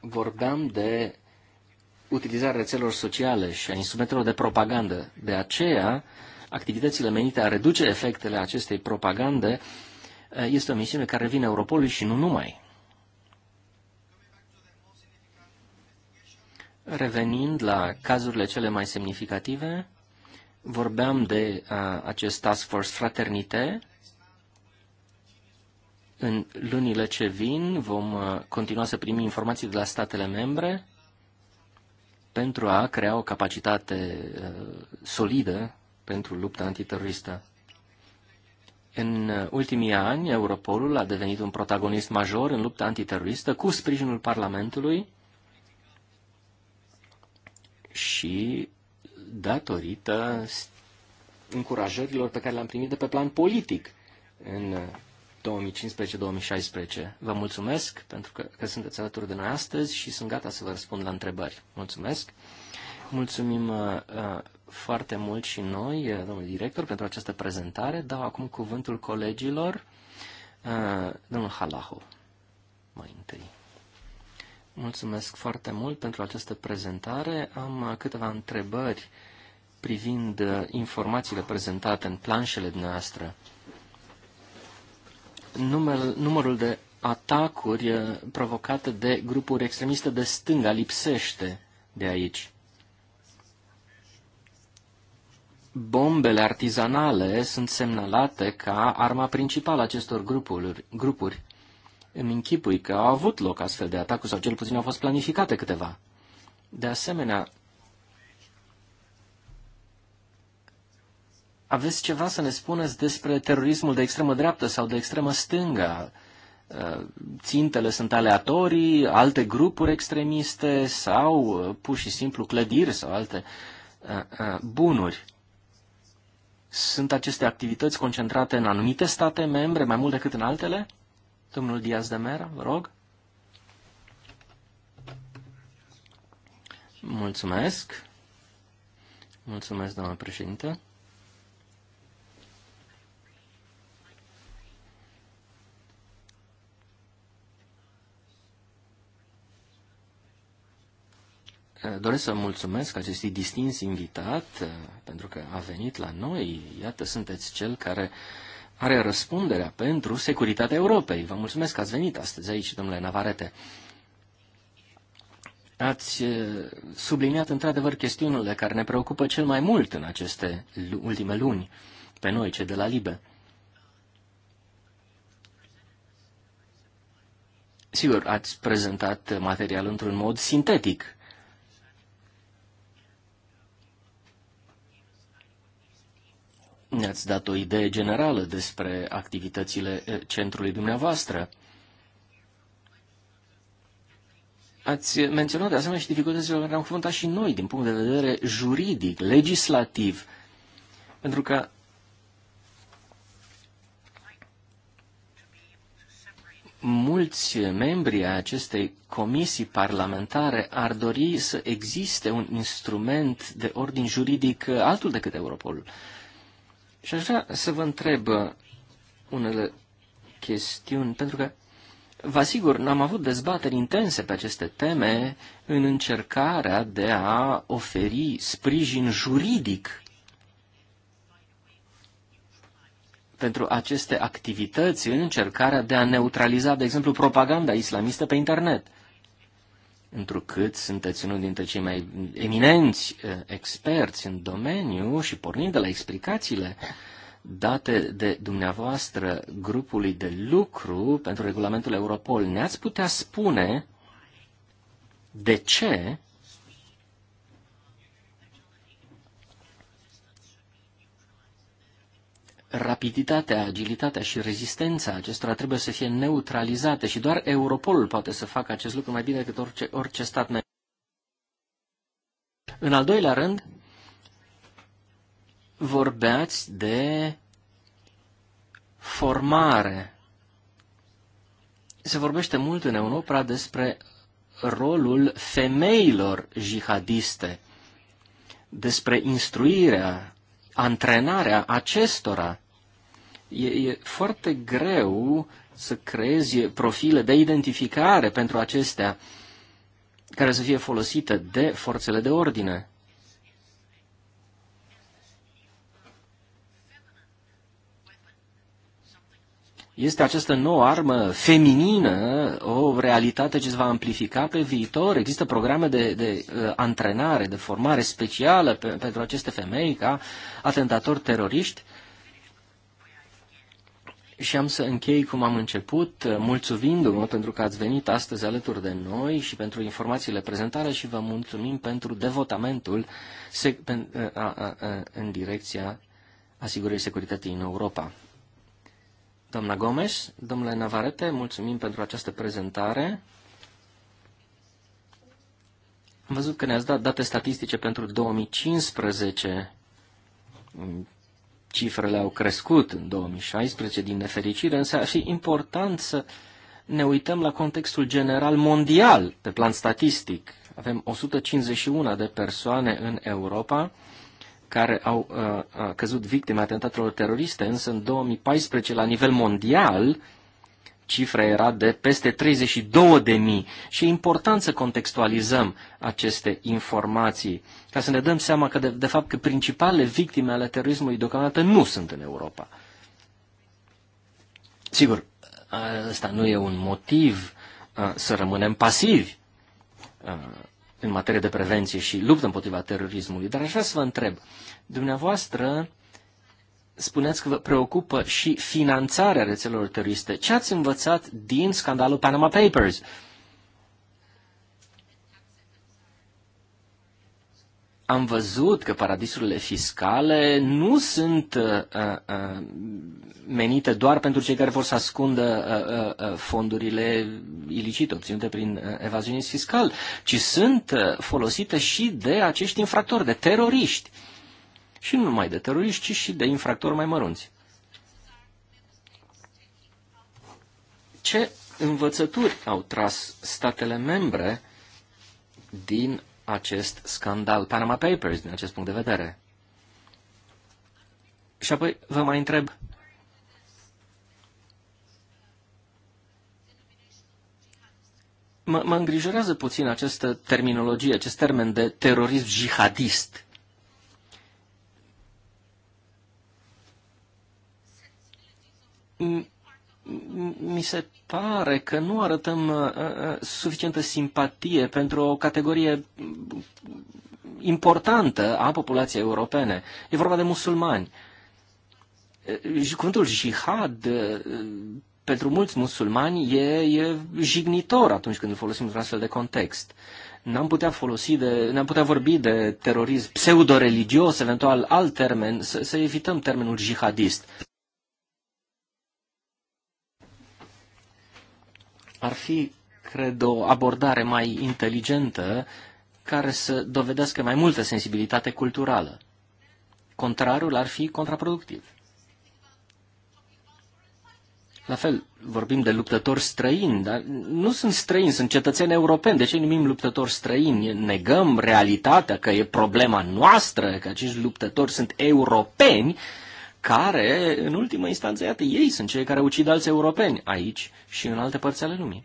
Vorbeam de utilizarea rețelor sociale și a instrumentelor de propagandă. De aceea, activitățile menite a reduce efectele acestei propagande eh, este o misiune care vine Europolului și nu numai. Revenind la cazurile cele mai semnificative, vorbeam de a, eh, acest task force fraternite, în lunile ce vin vom uh, continua să primim informații de la statele membre pentru a crea o capacitate uh, solidă pentru lupta antiteroristă. În uh, ultimii ani, Europolul a devenit un protagonist major în lupta antiteroristă cu sprijinul Parlamentului și datorită încurajărilor pe care le-am primit de pe plan politic în 2015-2016. Vă mulțumesc pentru că, că sunteți alături de noi astăzi și sunt gata să vă răspund la întrebări. Mulțumesc! Mulțumim uh, uh foarte mult și noi, uh, domnul director, pentru această prezentare. Dau acum cuvântul colegilor. Uh, domnul Halahu, mai întâi. Mulțumesc foarte mult pentru această prezentare. Am uh, câteva întrebări privind uh, informațiile prezentate în planșele dumneavoastră numel, numărul de atacuri eh, provocate de grupuri extremiste de stânga lipsește de aici. Bombele artizanale sunt semnalate ca arma principală acestor grupuri. grupuri. Îmi închipui că au avut loc astfel de atacuri, sau cel puțin au fost planificate câteva. De asemenea, aveți ceva să ne spuneți despre terorismul de extremă dreaptă sau de extremă stângă? Uh, țintele sunt aleatorii, alte grupuri extremiste sau uh, pur și simplu clădiri sau alte uh, bunuri. Sunt aceste activități concentrate în anumite state membre mai mult decât în altele? Domnul Diaz de Mera, vă rog. Mulțumesc. Mulțumesc, doamnă președinte. Eh, doresc să mulțumesc acestui distins invitat eh, pentru că a venit la noi. Iată, sunteți cel care are răspunderea pentru securitatea Europei. Vă mulțumesc că ați venit astăzi aici, domnule Navarete. Ați eh, subliniat într-adevăr chestiunile care ne preocupă cel mai mult în aceste ultime luni pe noi, cei de la Libe. Sigur, ați prezentat material într-un mod sintetic, Ne-ați dat o idee generală despre activitățile eh, centrului dumneavoastră. Ați menționat de asemenea și dificultățile care am confruntat și noi din punct de vedere juridic, legislativ, pentru că mulți membri ai acestei comisii parlamentare ar dori să existe un instrument de ordin juridic altul decât Europolul. Și aș vrea să vă întreb uh, unele chestiuni, pentru că, vă asigur, am avut dezbateri intense pe aceste teme în încercarea de a oferi sprijin juridic pentru aceste activități în încercarea de a neutraliza, de exemplu, propaganda islamistă pe internet întrucât sunteți unul dintre cei mai eminenți uh, experți în domeniu și pornind de la explicațiile date de dumneavoastră grupului de lucru pentru regulamentul Europol, ne-ați putea spune de ce rapiditatea, agilitatea și rezistența acestora trebuie să fie neutralizate și doar Europolul poate să facă acest lucru mai bine decât orice, orice stat mai. În al doilea rând, vorbeați de formare. Se vorbește mult în Europa despre rolul femeilor jihadiste, despre instruirea, antrenarea acestora E, e foarte greu să creezi profile de identificare pentru acestea care să fie folosite de forțele de ordine. Este această nouă armă feminină o realitate ce se va amplifica pe viitor? Există programe de, de uh, antrenare, de formare specială pe, pentru aceste femei ca atentatori teroriști? Și am să închei cum am început, eh, mulțumindu-vă pentru că ați venit astăzi alături de noi și pentru informațiile prezentare și vă mulțumim pentru devotamentul eh, în direcția asigurării securității în Europa. Doamna Gomes, domnule Navarete, mulțumim pentru această prezentare. Am văzut că ne-ați dat date statistice pentru 2015 Cifrele au crescut în 2016, din nefericire, însă ar fi important să ne uităm la contextul general mondial, pe plan statistic. Avem 151 de persoane în Europa care au uh, căzut victime atentatelor teroriste, însă în 2014, la nivel mondial, cifra era de peste 32.000 și e important să contextualizăm aceste informații ca să ne dăm seama că, de, de fapt, că principalele victime ale terorismului deocamdată nu sunt în Europa. Sigur, ăsta nu e un motiv uh, să rămânem pasivi uh, în materie de prevenție și luptă împotriva terorismului, dar aș vrea să vă întreb, dumneavoastră spuneți că vă preocupă și finanțarea rețelelor teroriste. Ce ați învățat din scandalul Panama Papers? Am văzut că paradisurile fiscale nu sunt uh, uh, uh menite doar pentru cei care vor să ascundă uh, uh, uh fondurile ilicite obținute prin uh, evaziune fiscal, ci sunt uh, folosite și de acești infractori, de teroriști. Uh, și nu numai de teroriști, ci și de infractori mai mărunți. Ce învățături au tras statele membre din acest scandal Panama Papers, din acest punct de vedere? Și apoi vă mai întreb, mă, mă îngrijorează puțin această terminologie, acest termen de terorism jihadist. mi se pare că nu arătăm uh, uh, suficientă simpatie pentru o categorie importantă a populației europene. E vorba de musulmani. Uh, cuvântul jihad pentru mulți musulmani e, e jignitor atunci când îl folosim într-un astfel de context. N-am putea folosi de, n-am putea vorbi de terorism pseudo-religios, eventual alt termen, să, să evităm termenul jihadist. ar fi, cred, o abordare mai inteligentă care să dovedească mai multă sensibilitate culturală. Contrarul ar fi contraproductiv. La fel, vorbim de luptători străini, dar nu sunt străini, sunt cetățeni europeni. De ce numim luptători străini? Negăm realitatea că e problema noastră, că acești luptători sunt europeni care, în ultimă instanță, iată, ei sunt cei care ucid alți europeni aici și în alte părți ale lumii.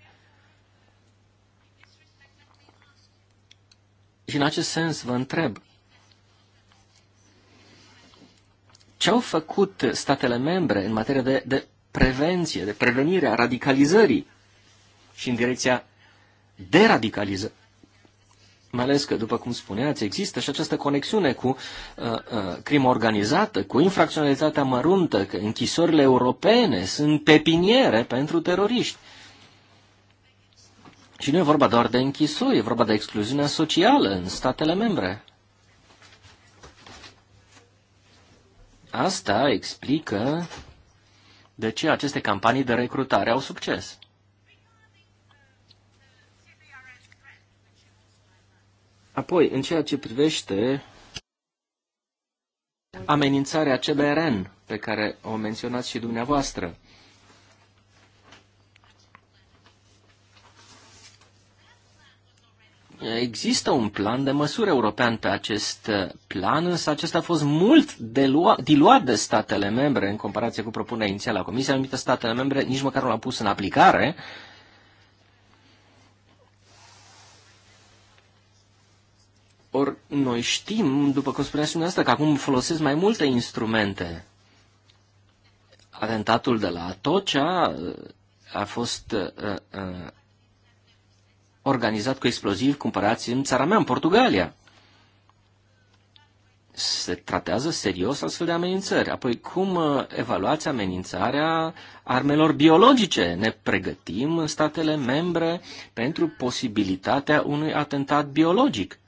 Și în acest sens vă întreb, ce au făcut statele membre în materie de, de prevenție, de prevenire a radicalizării și în direcția deradicalizării? mai ales că, după cum spuneați, există și această conexiune cu uh, uh, crimă organizată, cu infracționalitatea măruntă, că închisorile europene sunt pepiniere pentru teroriști. Și nu e vorba doar de închisori, e vorba de excluziunea socială în statele membre. Asta explică de ce aceste campanii de recrutare au succes. Apoi, în ceea ce privește amenințarea CBRN, pe care o menționați și dumneavoastră, Există un plan de măsuri european pe acest plan, însă acesta a fost mult diluat de statele membre în comparație cu propunerea inițială a Comisiei. Anumite statele membre nici măcar nu l-au pus în aplicare Ori noi știm, după cum spuneați dumneavoastră, că acum folosesc mai multe instrumente. Atentatul de la Atocea uh, a fost uh, uh, organizat cu exploziv cumpărați în țara mea, în Portugalia. Se tratează serios astfel de amenințări. Apoi, cum uh, evaluați amenințarea armelor biologice? Ne pregătim în statele membre pentru posibilitatea unui atentat biologic.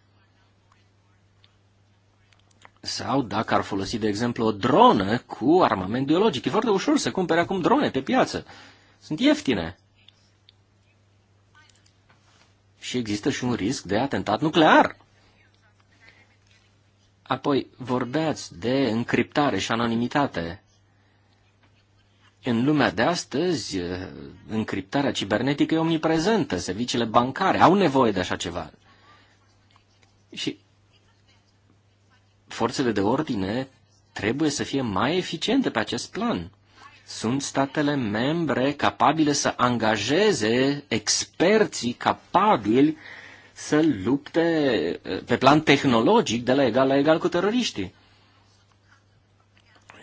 Sau dacă ar folosi, de exemplu, o dronă cu armament biologic. E foarte ușor să cumpere acum drone pe piață. Sunt ieftine. Și există și un risc de atentat nuclear. Apoi, vorbeați de încriptare și anonimitate. În lumea de astăzi, încriptarea cibernetică e omniprezentă, serviciile bancare au nevoie de așa ceva. Și forțele de ordine trebuie să fie mai eficiente pe acest plan. Sunt statele membre capabile să angajeze experții capabili să lupte eh, pe plan tehnologic de la egal la egal cu teroriștii.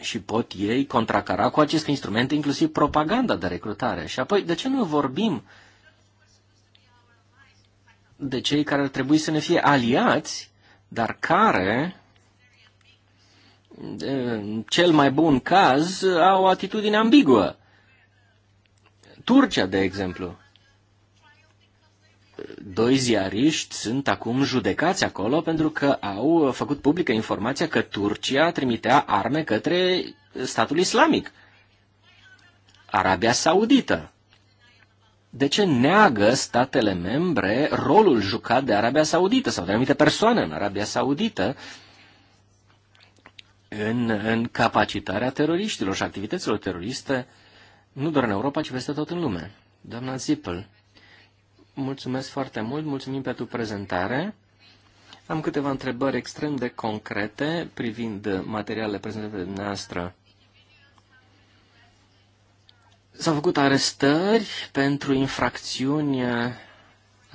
Și pot ei contracara cu aceste instrumente inclusiv propaganda de recrutare. Și apoi, de ce nu vorbim de cei care ar trebui să ne fie aliați, dar care în cel mai bun caz, au o atitudine ambiguă. Turcia, de exemplu. Doi ziariști sunt acum judecați acolo pentru că au făcut publică informația că Turcia trimitea arme către statul islamic. Arabia Saudită. De ce neagă statele membre rolul jucat de Arabia Saudită sau de anumite persoane în Arabia Saudită uh, în, în capacitarea teroriștilor și activităților teroriste, nu doar în Europa, ci peste tot în lume. Doamna Zippel, mulțumesc foarte mult, mulțumim pentru prezentare. Am câteva întrebări extrem de concrete privind materialele prezentate de dumneavoastră. S-au făcut arestări pentru infracțiuni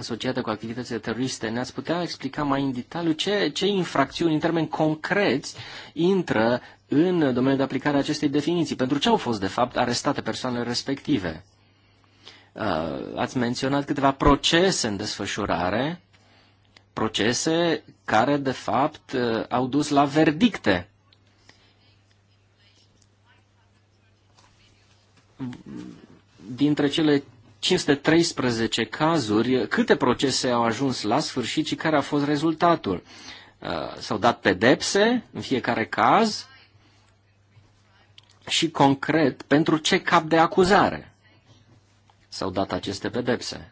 asociate cu activitățile teroriste. Ne-ați putea explica mai în detaliu ce, ce infracțiuni în termeni concreți intră în domeniul de aplicare a acestei definiții? Pentru ce au fost, de fapt, arestate persoanele respective? Uh, ați menționat câteva procese în desfășurare, procese care, de fapt, uh, au dus la verdicte. Dintre cele 513 cazuri, câte procese au ajuns la sfârșit și care a fost rezultatul. Uh, s-au dat pedepse în fiecare caz și concret pentru ce cap de acuzare s-au dat aceste pedepse.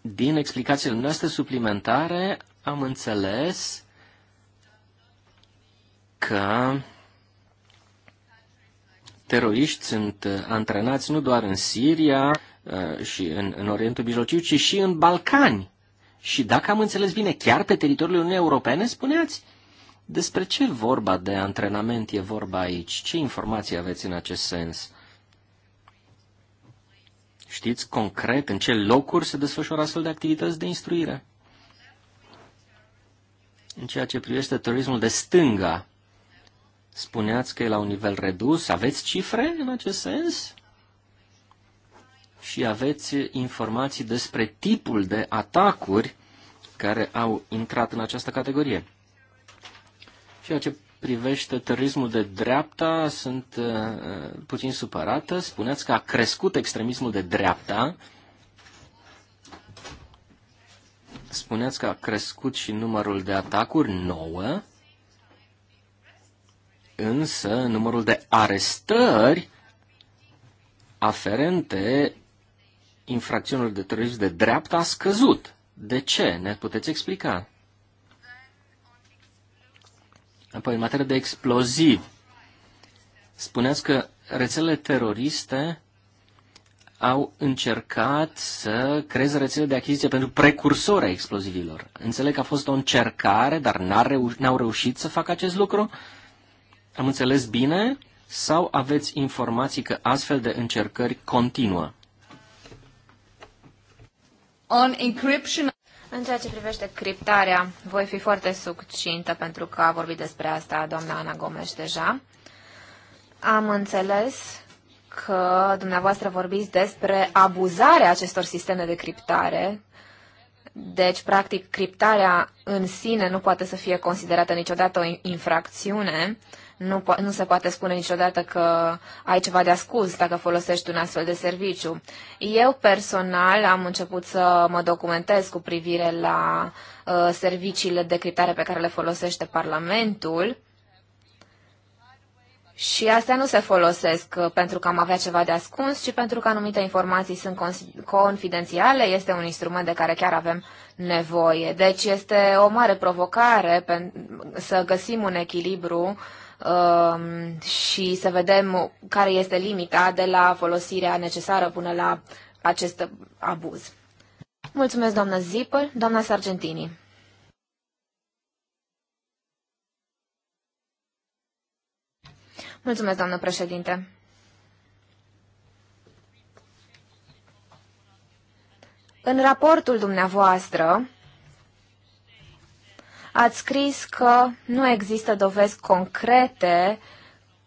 Din explicațiile noastre suplimentare am înțeles că teroriști sunt uh, antrenați nu doar în Siria uh, și în, în Orientul Mijlociu, ci și în Balcani. Și dacă am înțeles bine, chiar pe teritoriul Uniunii Europene, spuneați despre ce vorba de antrenament e vorba aici? Ce informații aveți în acest sens? Știți concret în ce locuri se desfășoară astfel de activități de instruire? În ceea ce privește turismul de stânga, Spuneați că e la un nivel redus. Aveți cifre în acest sens? Și aveți informații despre tipul de atacuri care au intrat în această categorie. Ceea ce privește terorismul de dreapta, sunt uh, uh puțin supărată. Spuneați că a crescut extremismul de dreapta. Spuneați că a crescut și numărul de atacuri, nouă însă numărul de arestări aferente infracțiunilor de terorism de dreapta a scăzut. De ce? Ne puteți explica? Apoi, în materie de exploziv, spuneați că rețelele teroriste au încercat să creeze rețele de achiziție pentru precursori explozivilor. Înțeleg că a fost o încercare, dar n-au reușit să facă acest lucru. Uh, am înțeles bine sau aveți informații că astfel de încercări continuă? On encryption... În ceea ce privește criptarea, voi fi foarte succintă pentru că a vorbit despre asta doamna Ana Gomes deja. Am înțeles că dumneavoastră vorbiți despre abuzarea acestor sisteme de criptare. Deci, practic, criptarea în sine nu poate să fie considerată niciodată o infracțiune. Uh, nu, nu se poate spune niciodată că ai ceva de ascuns dacă folosești un astfel de serviciu. Eu personal am început să mă documentez cu privire la uh, serviciile de criptare pe care le folosește Parlamentul. Și astea nu se folosesc uh, pentru că am avea ceva de ascuns, ci pentru că anumite informații sunt confidențiale, este un instrument de care chiar avem nevoie. Deci este o mare provocare să găsim un echilibru Um, și să vedem care este limita de la folosirea necesară până la acest abuz. Mulțumesc, doamna Zipăl, doamna Sargentini. Mulțumesc, doamnă președinte. În raportul dumneavoastră, Ați scris că nu există dovezi concrete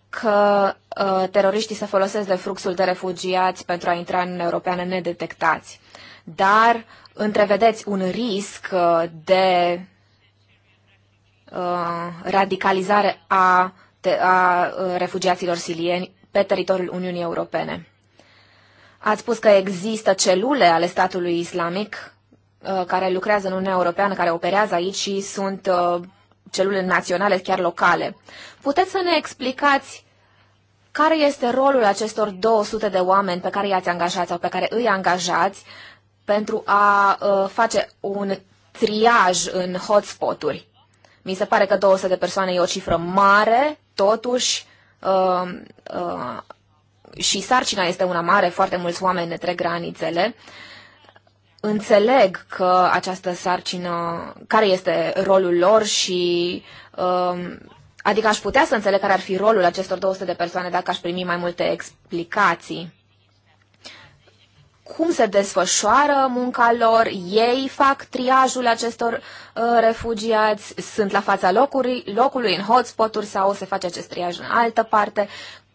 că uh, teroriștii se folosesc de fluxul de refugiați pentru a intra în Uniunea Europeană nedetectați. Dar întrevedeți un risc uh, de uh, radicalizare a, te- a uh, refugiaților silieni pe teritoriul Uniunii Europene. Ați spus că există celule ale statului islamic Uh, care lucrează în Uniunea Europeană, care operează aici și sunt uh, celule naționale, chiar locale. Puteți să ne explicați care este rolul acestor 200 de oameni pe care i-ați angajați sau pe care îi angajați pentru a uh, face un triaj în hotspoturi? Mi se pare că 200 de persoane e o cifră mare, totuși, uh, uh, și sarcina este una mare, foarte mulți oameni ne trec granițele. Uh, înțeleg că această sarcină, care este rolul lor și um, Adică aș putea să înțeleg care ar fi rolul acestor 200 de persoane dacă aș primi mai multe explicații. Cum se desfășoară munca lor? Ei fac triajul acestor uh, refugiați? Sunt la fața locului, locului în hotspot-uri sau se face acest triaj în altă parte?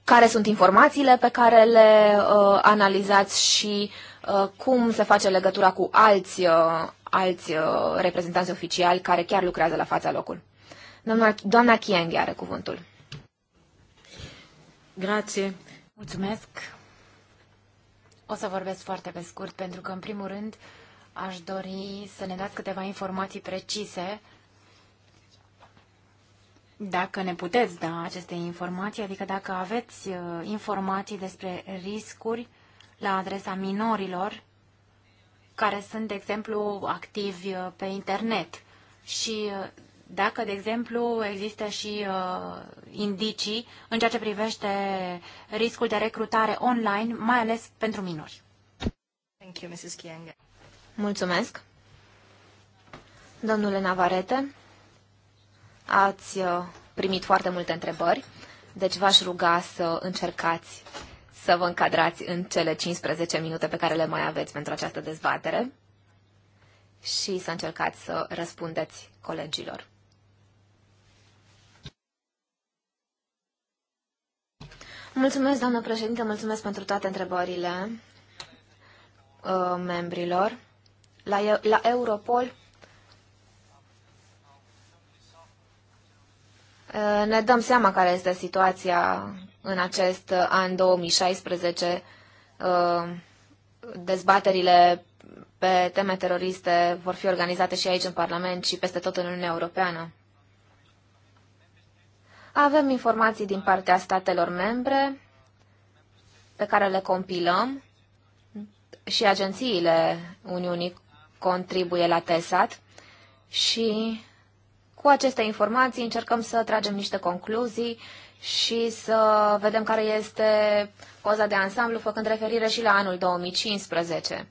Care sunt informațiile pe care le uh, analizați și Uh, cum se face legătura cu alți, uh, alți uh, reprezentanți oficiali care chiar lucrează la fața locului. Doamna, doamna Chienghi are cuvântul. Grație. Mulțumesc. O să vorbesc foarte pe scurt, pentru că, în primul rând, aș dori să ne dați câteva informații precise, dacă ne puteți da aceste informații, adică dacă aveți informații despre riscuri la adresa minorilor care sunt, de exemplu, activi uh, pe internet. Și uh, dacă, de exemplu, există și uh, indicii în ceea ce privește riscul de recrutare online, mai ales pentru minori. Thank you, Mrs. Mulțumesc. Domnule Navarete, ați uh, primit foarte multe întrebări, deci v-aș ruga să încercați să vă încadrați în cele 15 minute pe care le mai aveți pentru această dezbatere și să încercați să răspundeți colegilor. Mulțumesc, doamnă președinte, mulțumesc pentru toate întrebările uh, membrilor. La, la Europol Eh, ne dăm seama care este situația în acest an 2016. Eh, dezbaterile pe teme teroriste vor fi organizate și aici în Parlament și peste tot în Uniunea Europeană. Avem informații din partea statelor membre pe care le compilăm și agențiile Uniunii contribuie la TESAT și cu aceste informații încercăm să tragem niște concluzii și să vedem care este coza de ansamblu, făcând referire și la anul 2015.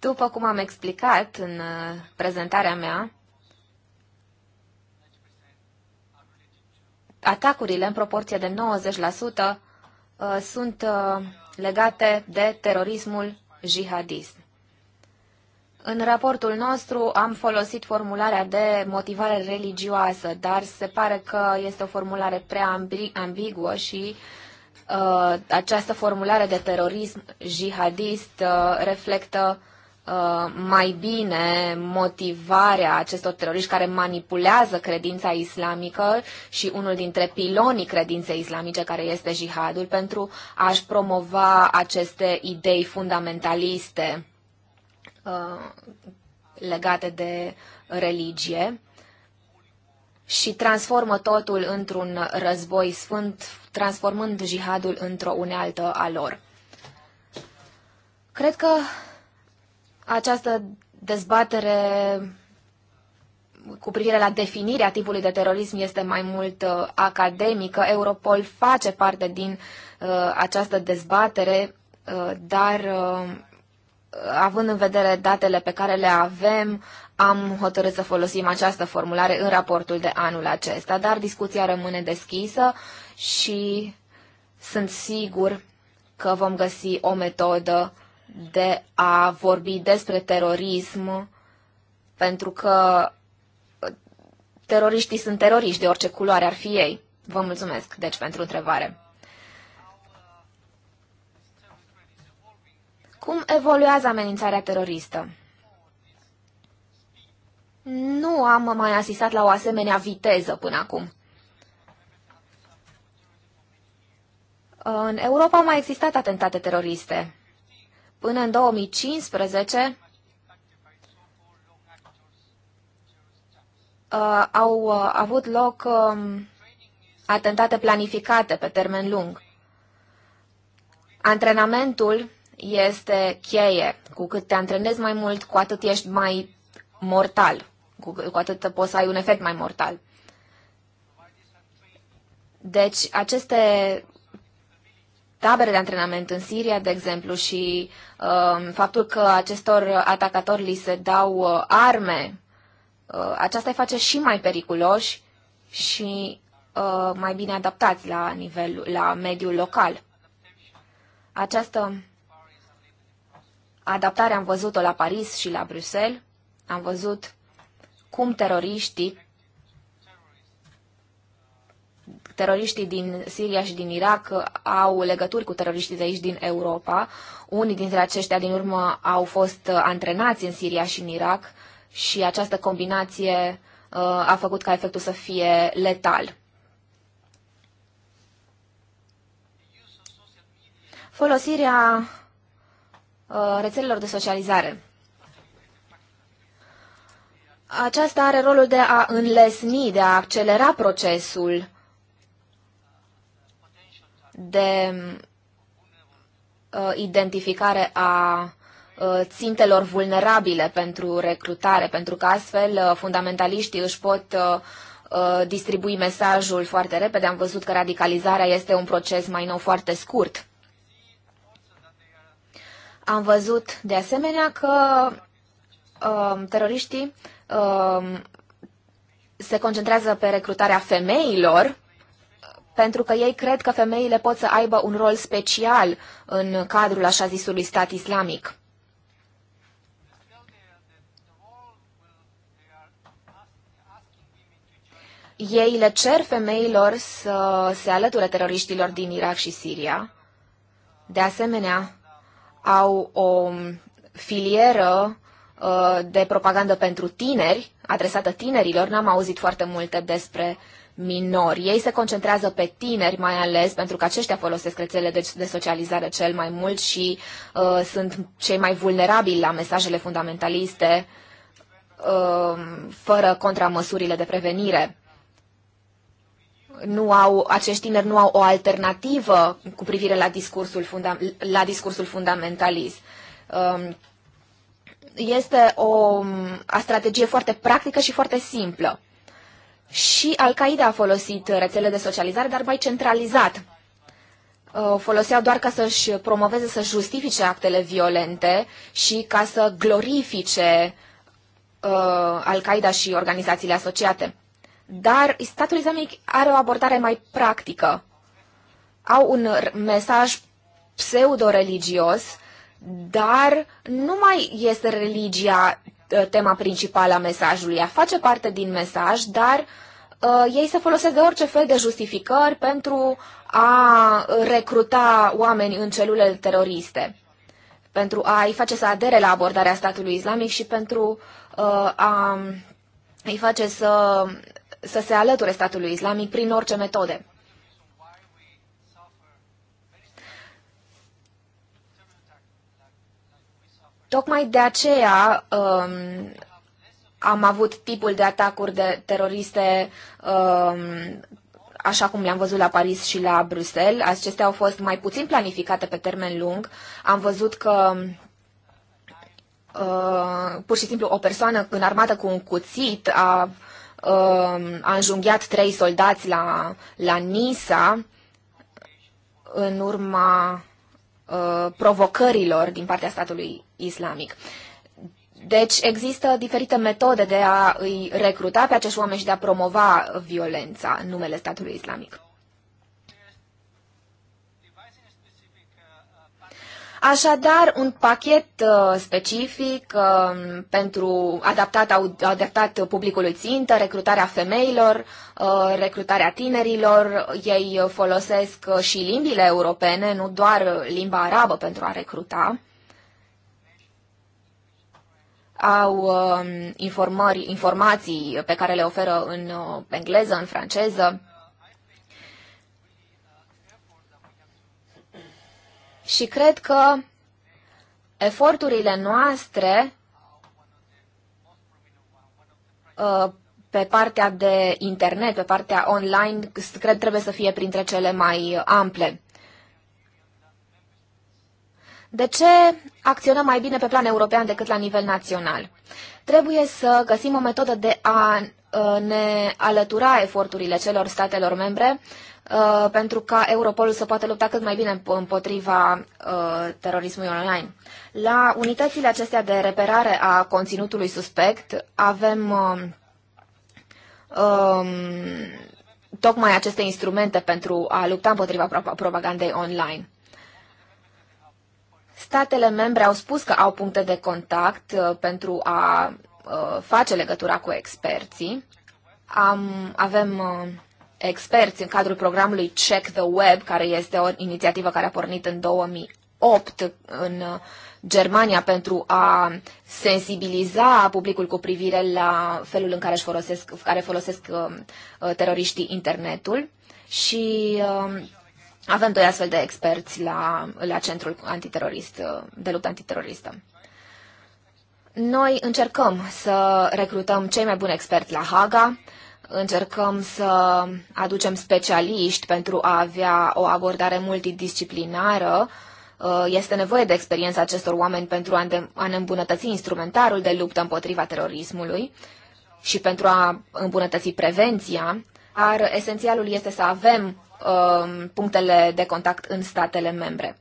După cum am explicat în uh, prezentarea mea, atacurile în proporție de 90% uh, sunt uh, legate de terorismul jihadist. În raportul nostru am folosit formularea de motivare religioasă, dar se pare că este o formulare prea ambiguă și uh, această formulare de terorism jihadist uh, reflectă uh, Uh, mai bine motivarea acestor teroriști care manipulează credința islamică și unul dintre pilonii credinței islamice care este jihadul pentru a-și promova aceste idei fundamentaliste uh, legate de religie și transformă totul într-un război sfânt, transformând jihadul într-o unealtă a lor. Cred că această dezbatere cu privire la definirea tipului de terorism este mai mult uh, academică. Europol face parte din uh, această dezbatere, uh, dar uh, având în vedere datele pe care le avem, am hotărât să folosim această formulare în raportul de anul acesta, dar discuția rămâne deschisă și sunt sigur că vom găsi o metodă uh, de a vorbi despre terorism, pentru că teroriștii sunt teroriști de orice culoare ar fi ei. Vă mulțumesc, deci, pentru întrebare. Cum evoluează amenințarea teroristă? Nu am mai asistat la o asemenea viteză până acum. În Europa au mai existat atentate teroriste. Până în 2015 uh, au uh, avut loc uh, atentate planificate pe termen lung. Antrenamentul este cheie. Cu cât te antrenezi mai mult, cu atât ești mai mortal, cu, cu atât poți să ai un efect mai mortal. Deci, aceste tabere de antrenament în Siria, de exemplu, și uh, faptul că acestor atacatori li se dau uh, arme, uh, aceasta îi face și mai periculoși și uh, mai bine adaptați la, nivel, la mediul local. Această adaptare am văzut-o la Paris și la Bruxelles. Am văzut cum teroriștii teroriștii din Siria și din Irak au legături cu teroriștii de aici din Europa. Unii dintre aceștia din urmă au fost uh, antrenați în Siria și în Irak și această combinație uh, a făcut ca efectul să fie letal. Folosirea uh, rețelelor de socializare. Aceasta are rolul de a înlesni, de a accelera procesul de uh, identificare a uh, țintelor vulnerabile pentru recrutare, pentru că astfel uh, fundamentaliștii își pot distribui mesajul foarte repede. Am văzut că radicalizarea este un proces mai nou foarte scurt. Am văzut de asemenea că uh, teroriștii uh, se concentrează pe recrutarea femeilor pentru că ei cred că femeile pot să aibă un rol special în cadrul așa zisului stat islamic. Ei le cer femeilor să se alăture teroriștilor din Irak și Siria. De asemenea, au o filieră uh, de propagandă pentru tineri, adresată tinerilor. N-am auzit foarte multe despre uh, minori. Ei se concentrează pe tineri mai ales pentru că aceștia folosesc rețelele de, de socializare cel mai mult și uh, sunt cei mai vulnerabili la mesajele fundamentaliste uh, fără contramăsurile de prevenire. Nu au, acești tineri nu au o alternativă cu privire la discursul, funda, la discursul fundamentalist. Um, este o, o strategie foarte practică și foarte simplă și Al-Qaeda a folosit rețele de socializare, dar mai centralizat. O uh, foloseau doar ca să-și promoveze, să justifice actele violente și ca să glorifice uh, Al-Qaeda și organizațiile asociate. Dar statul islamic are o abordare mai practică. Au un mesaj pseudo-religios, dar nu mai este religia Ă, tema principală a mesajului. Ea face parte din mesaj, dar uh, ei se folosesc de orice fel de justificări pentru a recruta oameni în celulele teroriste, pentru a-i face să adere la abordarea statului islamic și pentru uh, ă, a-i face să, să se alăture statului islamic prin orice metode. Tocmai de aceea um, am avut tipul de atacuri de teroriste um, așa cum le-am văzut la Paris și la Bruxelles. Acestea au fost mai puțin planificate pe termen lung. Am văzut că uh, pur și simplu o persoană armată cu un cuțit a, uh, a înjunghiat trei soldați la, la Nisa în urma Uh, provocărilor din partea statului islamic. Deci există diferite metode de a îi recruta pe acești oameni și de a promova violența în numele statului islamic. Așadar, un pachet uh, specific uh, pentru adaptat, adaptat publicului țintă, recrutarea femeilor, uh, recrutarea tinerilor, ei folosesc și limbile europene, nu doar limba arabă pentru a recruta. Au um, informări, informații pe care le oferă în engleză, în franceză. Și cred că eforturile noastre uh, pe partea de internet, pe partea online, cred trebuie să fie printre cele mai ample. De ce acționăm mai bine pe plan european decât la nivel național? Trebuie să găsim o metodă de a uh, ne alătura eforturile celor statelor membre Uh, pentru ca Europolul să poată lupta cât mai bine împotriva uh, terorismului online. La unitățile acestea de reperare a conținutului suspect avem uh, um, tocmai aceste instrumente pentru a lupta împotriva propagandei online. Statele membre au spus că au puncte de contact uh, pentru a uh, face legătura cu experții. Am, avem experți în cadrul programului Check the Web, care este o inițiativă care a pornit în 2008 în uh, Germania pentru a sensibiliza publicul cu privire la felul în care își folosesc, care folosesc uh, uh, teroriștii internetul și avem doi astfel de experți la, la Centrul Antiterorist, de luptă antiteroristă. Noi încercăm să recrutăm cei mai buni experți la Haga, încercăm să aducem specialiști pentru a avea o abordare multidisciplinară. Uh, este nevoie de experiența acestor oameni pentru a ne îmbunătăți instrumentarul de luptă împotriva terorismului și pentru a îmbunătăți prevenția, dar esențialul este să avem uh, punctele de contact în statele membre.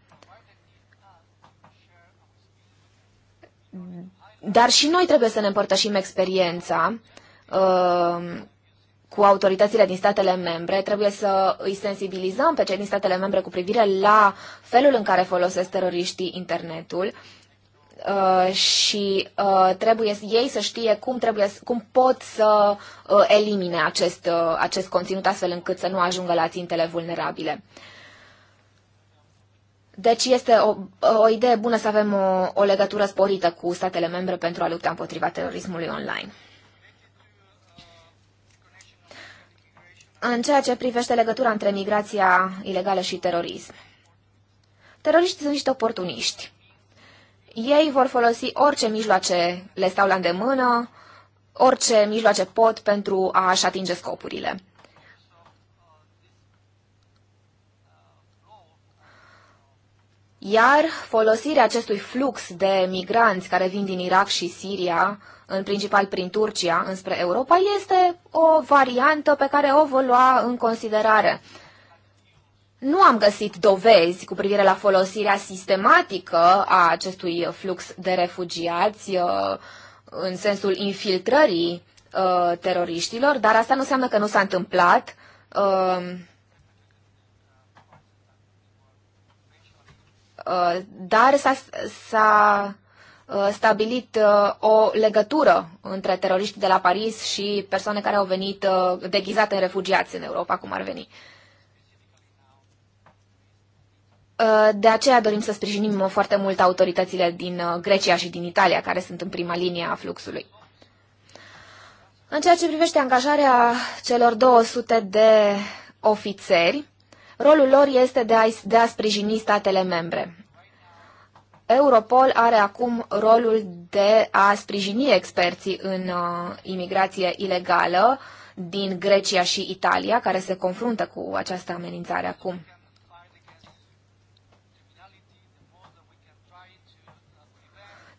Dar și noi trebuie să ne împărtășim experiența uh, cu autoritățile din statele membre, trebuie să îi sensibilizăm pe cei din statele membre cu privire la felul în care folosesc teroriștii internetul uh, și uh, trebuie ei să știe cum, trebuie, cum pot să uh, elimine acest, uh, acest conținut astfel încât să nu ajungă la țintele vulnerabile. Deci este o, o idee bună să avem o, o legătură sporită cu statele membre pentru a lupta împotriva terorismului online. în ceea ce privește legătura între migrația ilegală și terorism. Teroriștii sunt niște oportuniști. Ei vor folosi orice mijloace le stau la îndemână, orice mijloace pot pentru a-și atinge scopurile. Iar folosirea acestui flux de migranți care vin din Irak și Siria în principal prin Turcia, înspre Europa, este o variantă pe care o vă lua în considerare. Nu am găsit dovezi cu privire la folosirea sistematică a acestui flux de refugiați uh, în sensul infiltrării uh, teroriștilor, dar asta nu înseamnă că nu s-a întâmplat. Uh, dar s-a, Uh, stabilit uh, o legătură între teroriștii de la Paris și persoane care au venit uh, deghizate în refugiați în Europa, cum ar veni. De aceea dorim să sprijinim foarte mult autoritățile din Grecia și din Italia, care sunt în prima linie a fluxului. În ceea ce privește angajarea celor 200 de ofițeri, rolul lor este de a, de a sprijini statele membre. Europol are acum rolul de a sprijini experții în uh, imigrație ilegală din Grecia și Italia, care se confruntă cu această amenințare acum.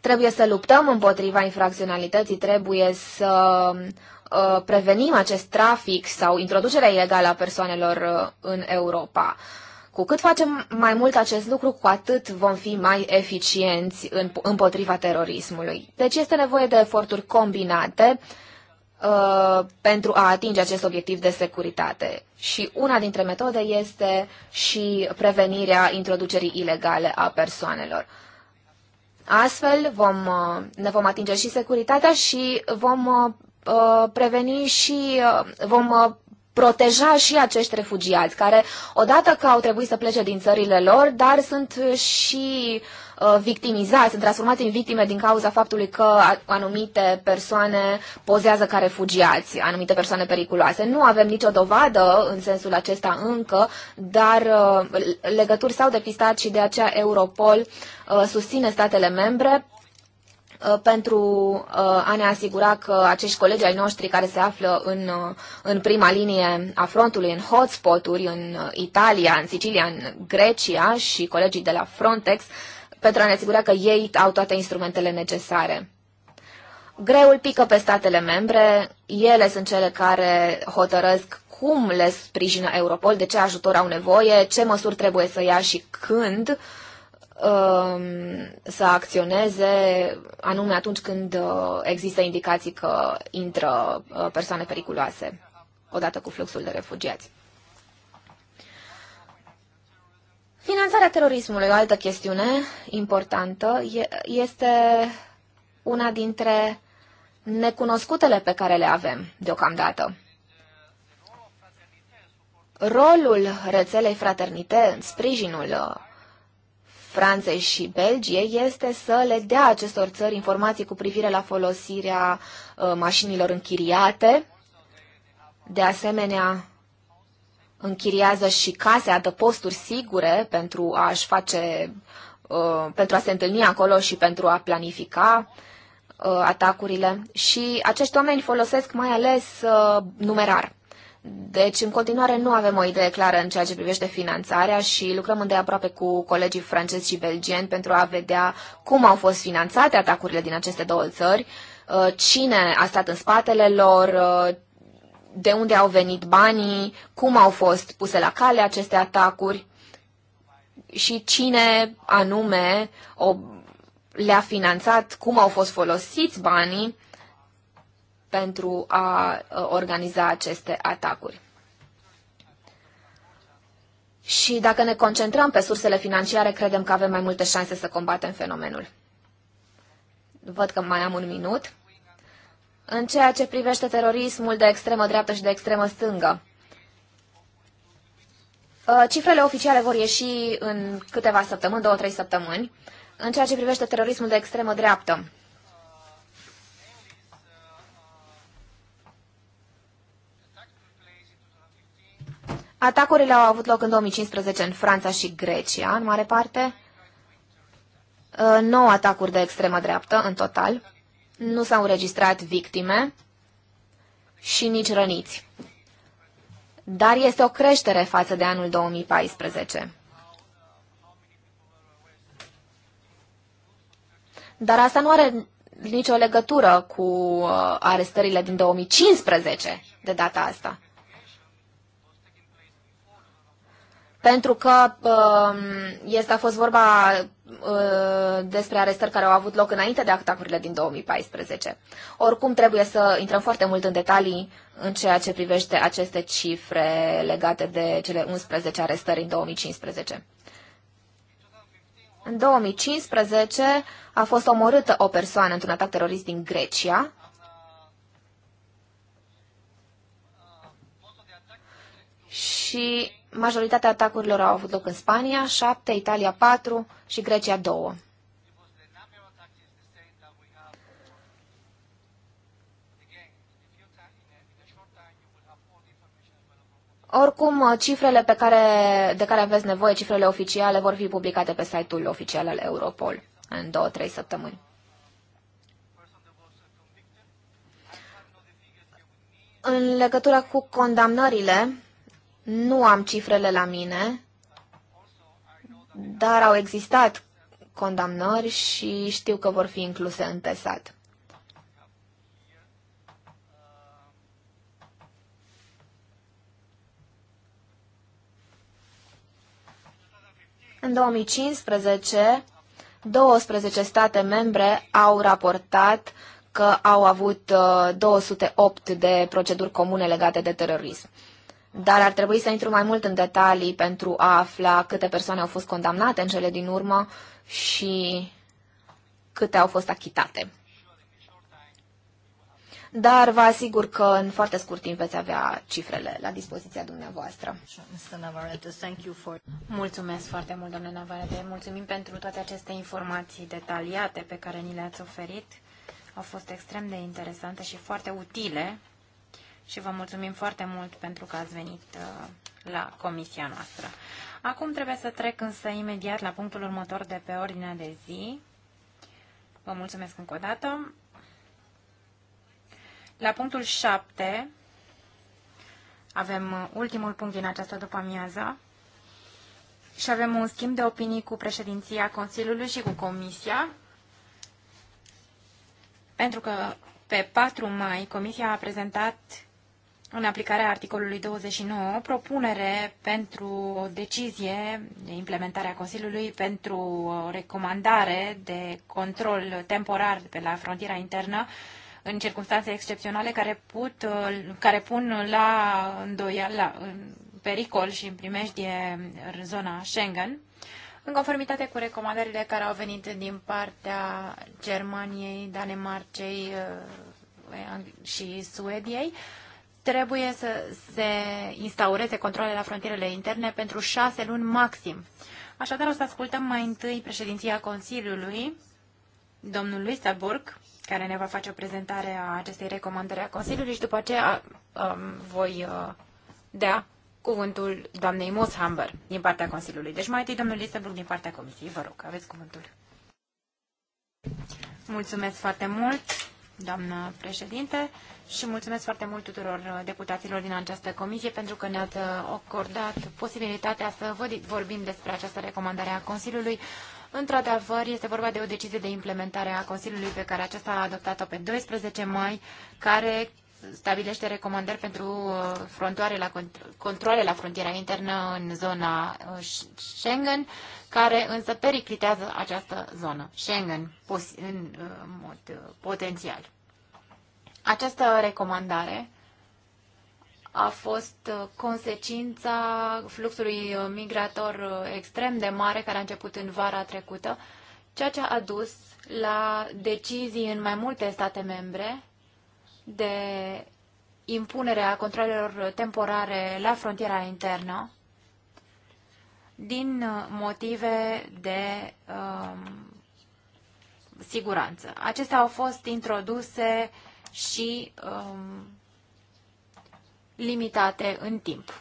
Trebuie să luptăm împotriva infracționalității, trebuie să uh, prevenim acest trafic sau introducerea ilegală a persoanelor uh, în Europa. Uh, cu cât facem mai mult acest lucru, cu atât vom fi mai eficienți în, împotriva terorismului. Deci este nevoie de eforturi combinate uh, pentru a atinge acest obiectiv de securitate. Și una dintre metode este și prevenirea introducerii ilegale a persoanelor. Astfel vom, uh, ne vom atinge și securitatea și vom uh, uh preveni și uh, vom uh, proteja și acești refugiați, care odată că au trebuit să plece din țările lor, dar sunt și uh, victimizați, sunt transformați în victime din cauza faptului că anumite persoane pozează ca refugiați, anumite persoane periculoase. Nu avem nicio dovadă în sensul acesta încă, dar uh, legături s-au depistat și de aceea Europol uh, susține statele membre Uh, pentru uh, a ne asigura că acești colegi ai noștri care se află în, uh, în prima linie a frontului, în hotspot-uri, în Italia, în Sicilia, în Grecia și colegii de la Frontex, pentru a ne asigura că ei au toate instrumentele necesare. Greul pică pe statele membre, ele sunt cele care hotărăsc cum le sprijină Europol, de ce ajutor au nevoie, ce măsuri trebuie să ia și când. Uh, Um, să acționeze anume atunci când uh, există indicații că intră uh, persoane periculoase odată cu fluxul de refugiați. Finanțarea terorismului, o altă chestiune importantă, este una dintre necunoscutele pe care le avem deocamdată. Rolul rețelei fraternite în sprijinul uh, Franței și Belgiei este să le dea acestor țări informații cu privire la folosirea uh, mașinilor închiriate. De asemenea, închiriază și case, adăposturi sigure pentru a-și face, uh, pentru a se întâlni acolo și pentru a planifica uh, atacurile. Și acești oameni folosesc mai ales numerar. Deci, în continuare, nu avem o idee clară în ceea ce privește finanțarea și lucrăm îndeaproape cu colegii francezi și belgieni pentru a vedea cum au fost finanțate atacurile din aceste două țări, uh, cine a stat în spatele lor, uh, de unde au venit banii, cum au fost puse la cale aceste atacuri și cine anume le-a finanțat, cum au fost folosiți banii pentru a uh, organiza aceste atacuri. Și dacă ne concentrăm pe sursele financiare, credem că avem mai multe șanse să combatem fenomenul. Văd că mai am un minut. În ceea ce privește terorismul de extremă dreaptă și de extremă stângă, uh, cifrele oficiale vor ieși în câteva săptămâni, două-trei săptămâni, în ceea ce privește terorismul de extremă dreaptă. Atacurile au avut loc în 2015 în Franța și Grecia, în mare parte. 9 uh, atacuri de extremă dreaptă în total. Nu s-au înregistrat victime și nici răniți. Dar este o creștere față de anul 2014. Dar asta nu are nicio legătură cu uh, arestările din 2015 de data asta. pentru că um, este a fost vorba uh, despre arestări care au avut loc înainte de atacurile din 2014. Oricum trebuie să intrăm foarte mult în detalii în ceea ce privește aceste cifre legate de cele 11 arestări în 2015. În 2015 a fost omorâtă o persoană într-un atac terorist din Grecia. Și Majoritatea atacurilor au avut loc în Spania, 7, Italia 4 și Grecia 2. Oricum, cifrele pe care, de care aveți nevoie, cifrele oficiale, vor fi publicate pe site-ul oficial al Europol în 2-3 săptămâni. În legătură cu condamnările, nu am cifrele la mine, dar au existat condamnări și știu că vor fi incluse în TESAT. În 2015, 12 state membre au raportat că au avut 208 uh, de proceduri comune legate de terorism dar ar trebui să intru mai mult în detalii pentru a afla câte persoane au fost condamnate în cele din urmă și câte au fost achitate. Dar vă asigur că în foarte scurt timp veți avea cifrele la dispoziția dumneavoastră. Mulțumesc foarte mult, domnule Navarrete. Mulțumim pentru toate aceste informații detaliate pe care ni le-ați oferit. Au fost extrem de interesante și foarte utile și vă mulțumim foarte mult pentru că ați venit uh, la comisia noastră. Acum trebuie să trec însă imediat la punctul următor de pe ordinea de zi. Vă mulțumesc încă o dată. La punctul 7 avem uh, ultimul punct din această după-amiază și avem un schimb de opinii cu președinția Consiliului și cu Comisia, pentru că pe 4 mai Comisia a prezentat în aplicarea articolului 29, propunere pentru o decizie de implementare a Consiliului pentru o recomandare de control temporar pe la frontiera internă în circunstanțe excepționale care, put, care pun la îndoială, la, în pericol și în primejdie zona Schengen, în conformitate cu recomandările care au venit din partea Germaniei, Danemarcei eh, și Suediei, trebuie să se instaureze controle la frontierele interne pentru șase luni maxim. Așadar, o să ascultăm mai întâi președinția Consiliului, domnul Luis Salburg, care ne va face o prezentare a acestei recomandări a Consiliului și după aceea um, voi uh, da cuvântul doamnei Moshamber din partea Consiliului. Deci mai întâi domnul Liseburg din partea Comisiei. Vă rog, aveți cuvântul. Mulțumesc foarte mult, doamnă președinte și mulțumesc foarte mult tuturor uh, deputaților din această comisie pentru că ne-ați uh, acordat posibilitatea să vorbim despre această recomandare a Consiliului. Într-adevăr, este vorba de o decizie de implementare a Consiliului pe care acesta a adoptat-o pe 12 mai, care stabilește recomandări pentru uh, frontoare la controle la frontiera internă în zona Schengen, care însă periclitează această zonă Schengen în mod potențial. Această recomandare a fost uh, consecința fluxului uh, migrator uh, extrem de mare care a început în vara trecută, ceea ce a dus la decizii în mai multe state membre de impunerea controlelor temporare la frontiera internă din motive de um, siguranță. Acestea au fost introduse uh, și um, limitate în timp.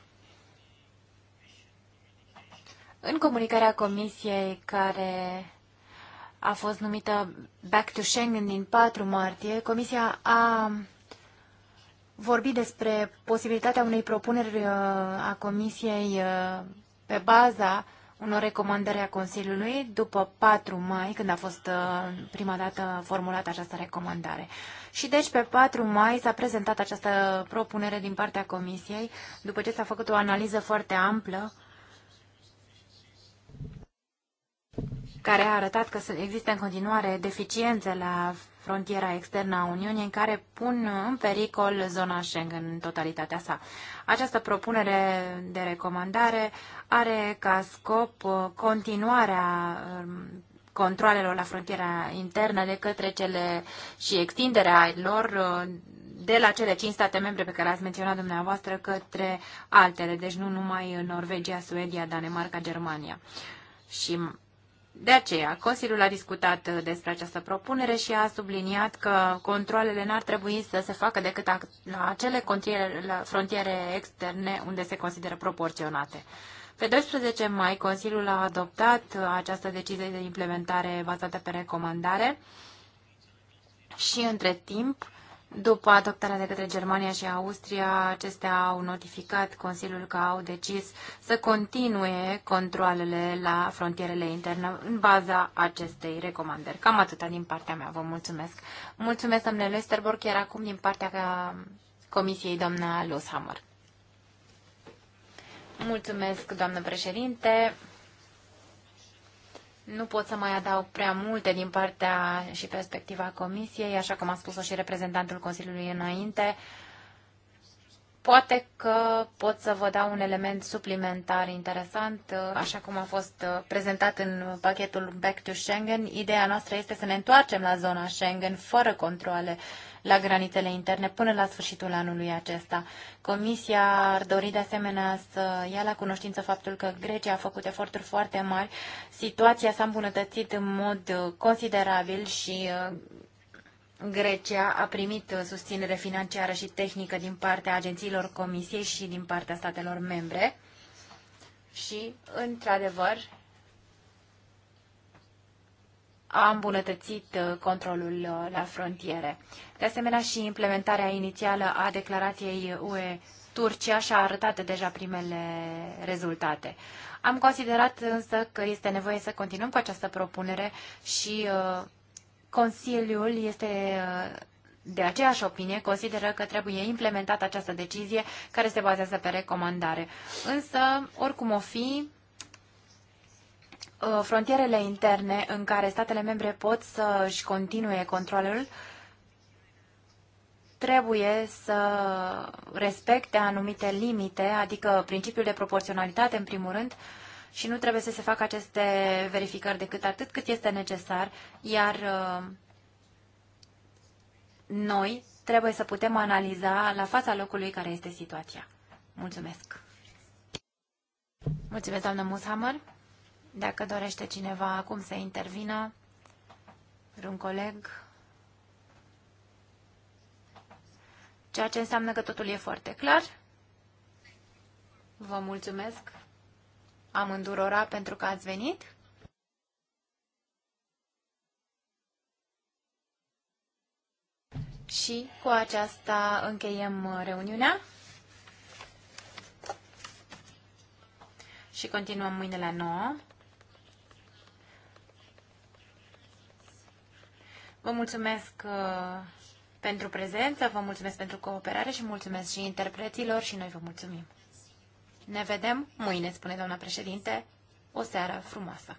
În comunicarea comisiei care a fost numită Back to Schengen din 4 martie, comisia a vorbit despre posibilitatea unei propuneri uh, a comisiei uh, pe baza unor recomandări a Consiliului după 4 mai, când a fost uh, prima dată formulată această recomandare. Și deci pe 4 mai s-a prezentat această propunere din partea Comisiei, după ce s-a făcut o analiză foarte amplă care a arătat că există în continuare deficiențe la frontiera externă a Uniunii, care pun în pericol zona Schengen în totalitatea sa. Această propunere de recomandare are ca scop uh, continuarea um, controlelor la frontiera internă de către cele și extinderea lor uh, de la cele cinci state membre pe care ați menționat dumneavoastră către altele, deci nu numai Norvegia, Suedia, Danemarca, Germania și de aceea, Consiliul a discutat uh, despre această propunere și a subliniat că controlele n-ar trebui să se facă decât la acele frontiere externe unde se consideră proporționate. Pe 12 mai, Consiliul a adoptat uh, această decizie de implementare bazată pe recomandare și, între timp, după adoptarea de către Germania și Austria, acestea au notificat Consiliul că au decis să continue controlele la frontierele interne în baza acestei recomandări. Cam atâta din partea mea. Vă mulțumesc. Mulțumesc, domnule Westerborg, iar acum din partea Comisiei, doamna Loshammer. Mulțumesc, doamnă președinte. Nu pot să mai adaug prea multe din partea și perspectiva Comisiei, așa cum a spus-o și reprezentantul Consiliului înainte. Poate că pot să vă dau un element suplimentar interesant, așa cum a fost prezentat în pachetul Back to Schengen. Ideea noastră este să ne întoarcem la zona Schengen fără controle la granițele interne până la sfârșitul anului acesta. Comisia ar dori de asemenea să ia la cunoștință faptul că Grecia a făcut eforturi foarte mari. Situația s-a îmbunătățit în mod uh, considerabil și uh, Grecia a primit uh, susținere financiară și tehnică din partea agențiilor Comisiei și din partea statelor membre. Și, într-adevăr, a îmbunătățit uh, controlul uh, la frontiere. De asemenea, și implementarea inițială a declarației UE Turcia și-a arătat deja primele rezultate. Am considerat însă că este nevoie să continuăm cu această propunere și uh, Consiliul este de aceeași opinie, consideră că trebuie implementată această decizie care se bazează pe recomandare. Însă, oricum o fi, Uh, frontierele interne în care statele membre pot să-și continue controlul trebuie să respecte anumite limite, adică principiul de proporționalitate în primul rând, și nu trebuie să se facă aceste verificări decât atât cât este necesar, iar uh, noi trebuie să putem analiza la fața locului care este situația. Mulțumesc! Mulțumesc, doamnă Mushammer! Dacă dorește cineva acum să intervină, vreun coleg, ceea ce înseamnă că totul e foarte clar. Vă mulțumesc amândurora pentru că ați venit. Și cu aceasta încheiem reuniunea. Și continuăm mâine la 9. Vă mulțumesc uh, pentru prezență, vă mulțumesc pentru cooperare și mulțumesc și interpreților și noi vă mulțumim. Ne vedem mâine, spune doamna președinte. O seară frumoasă!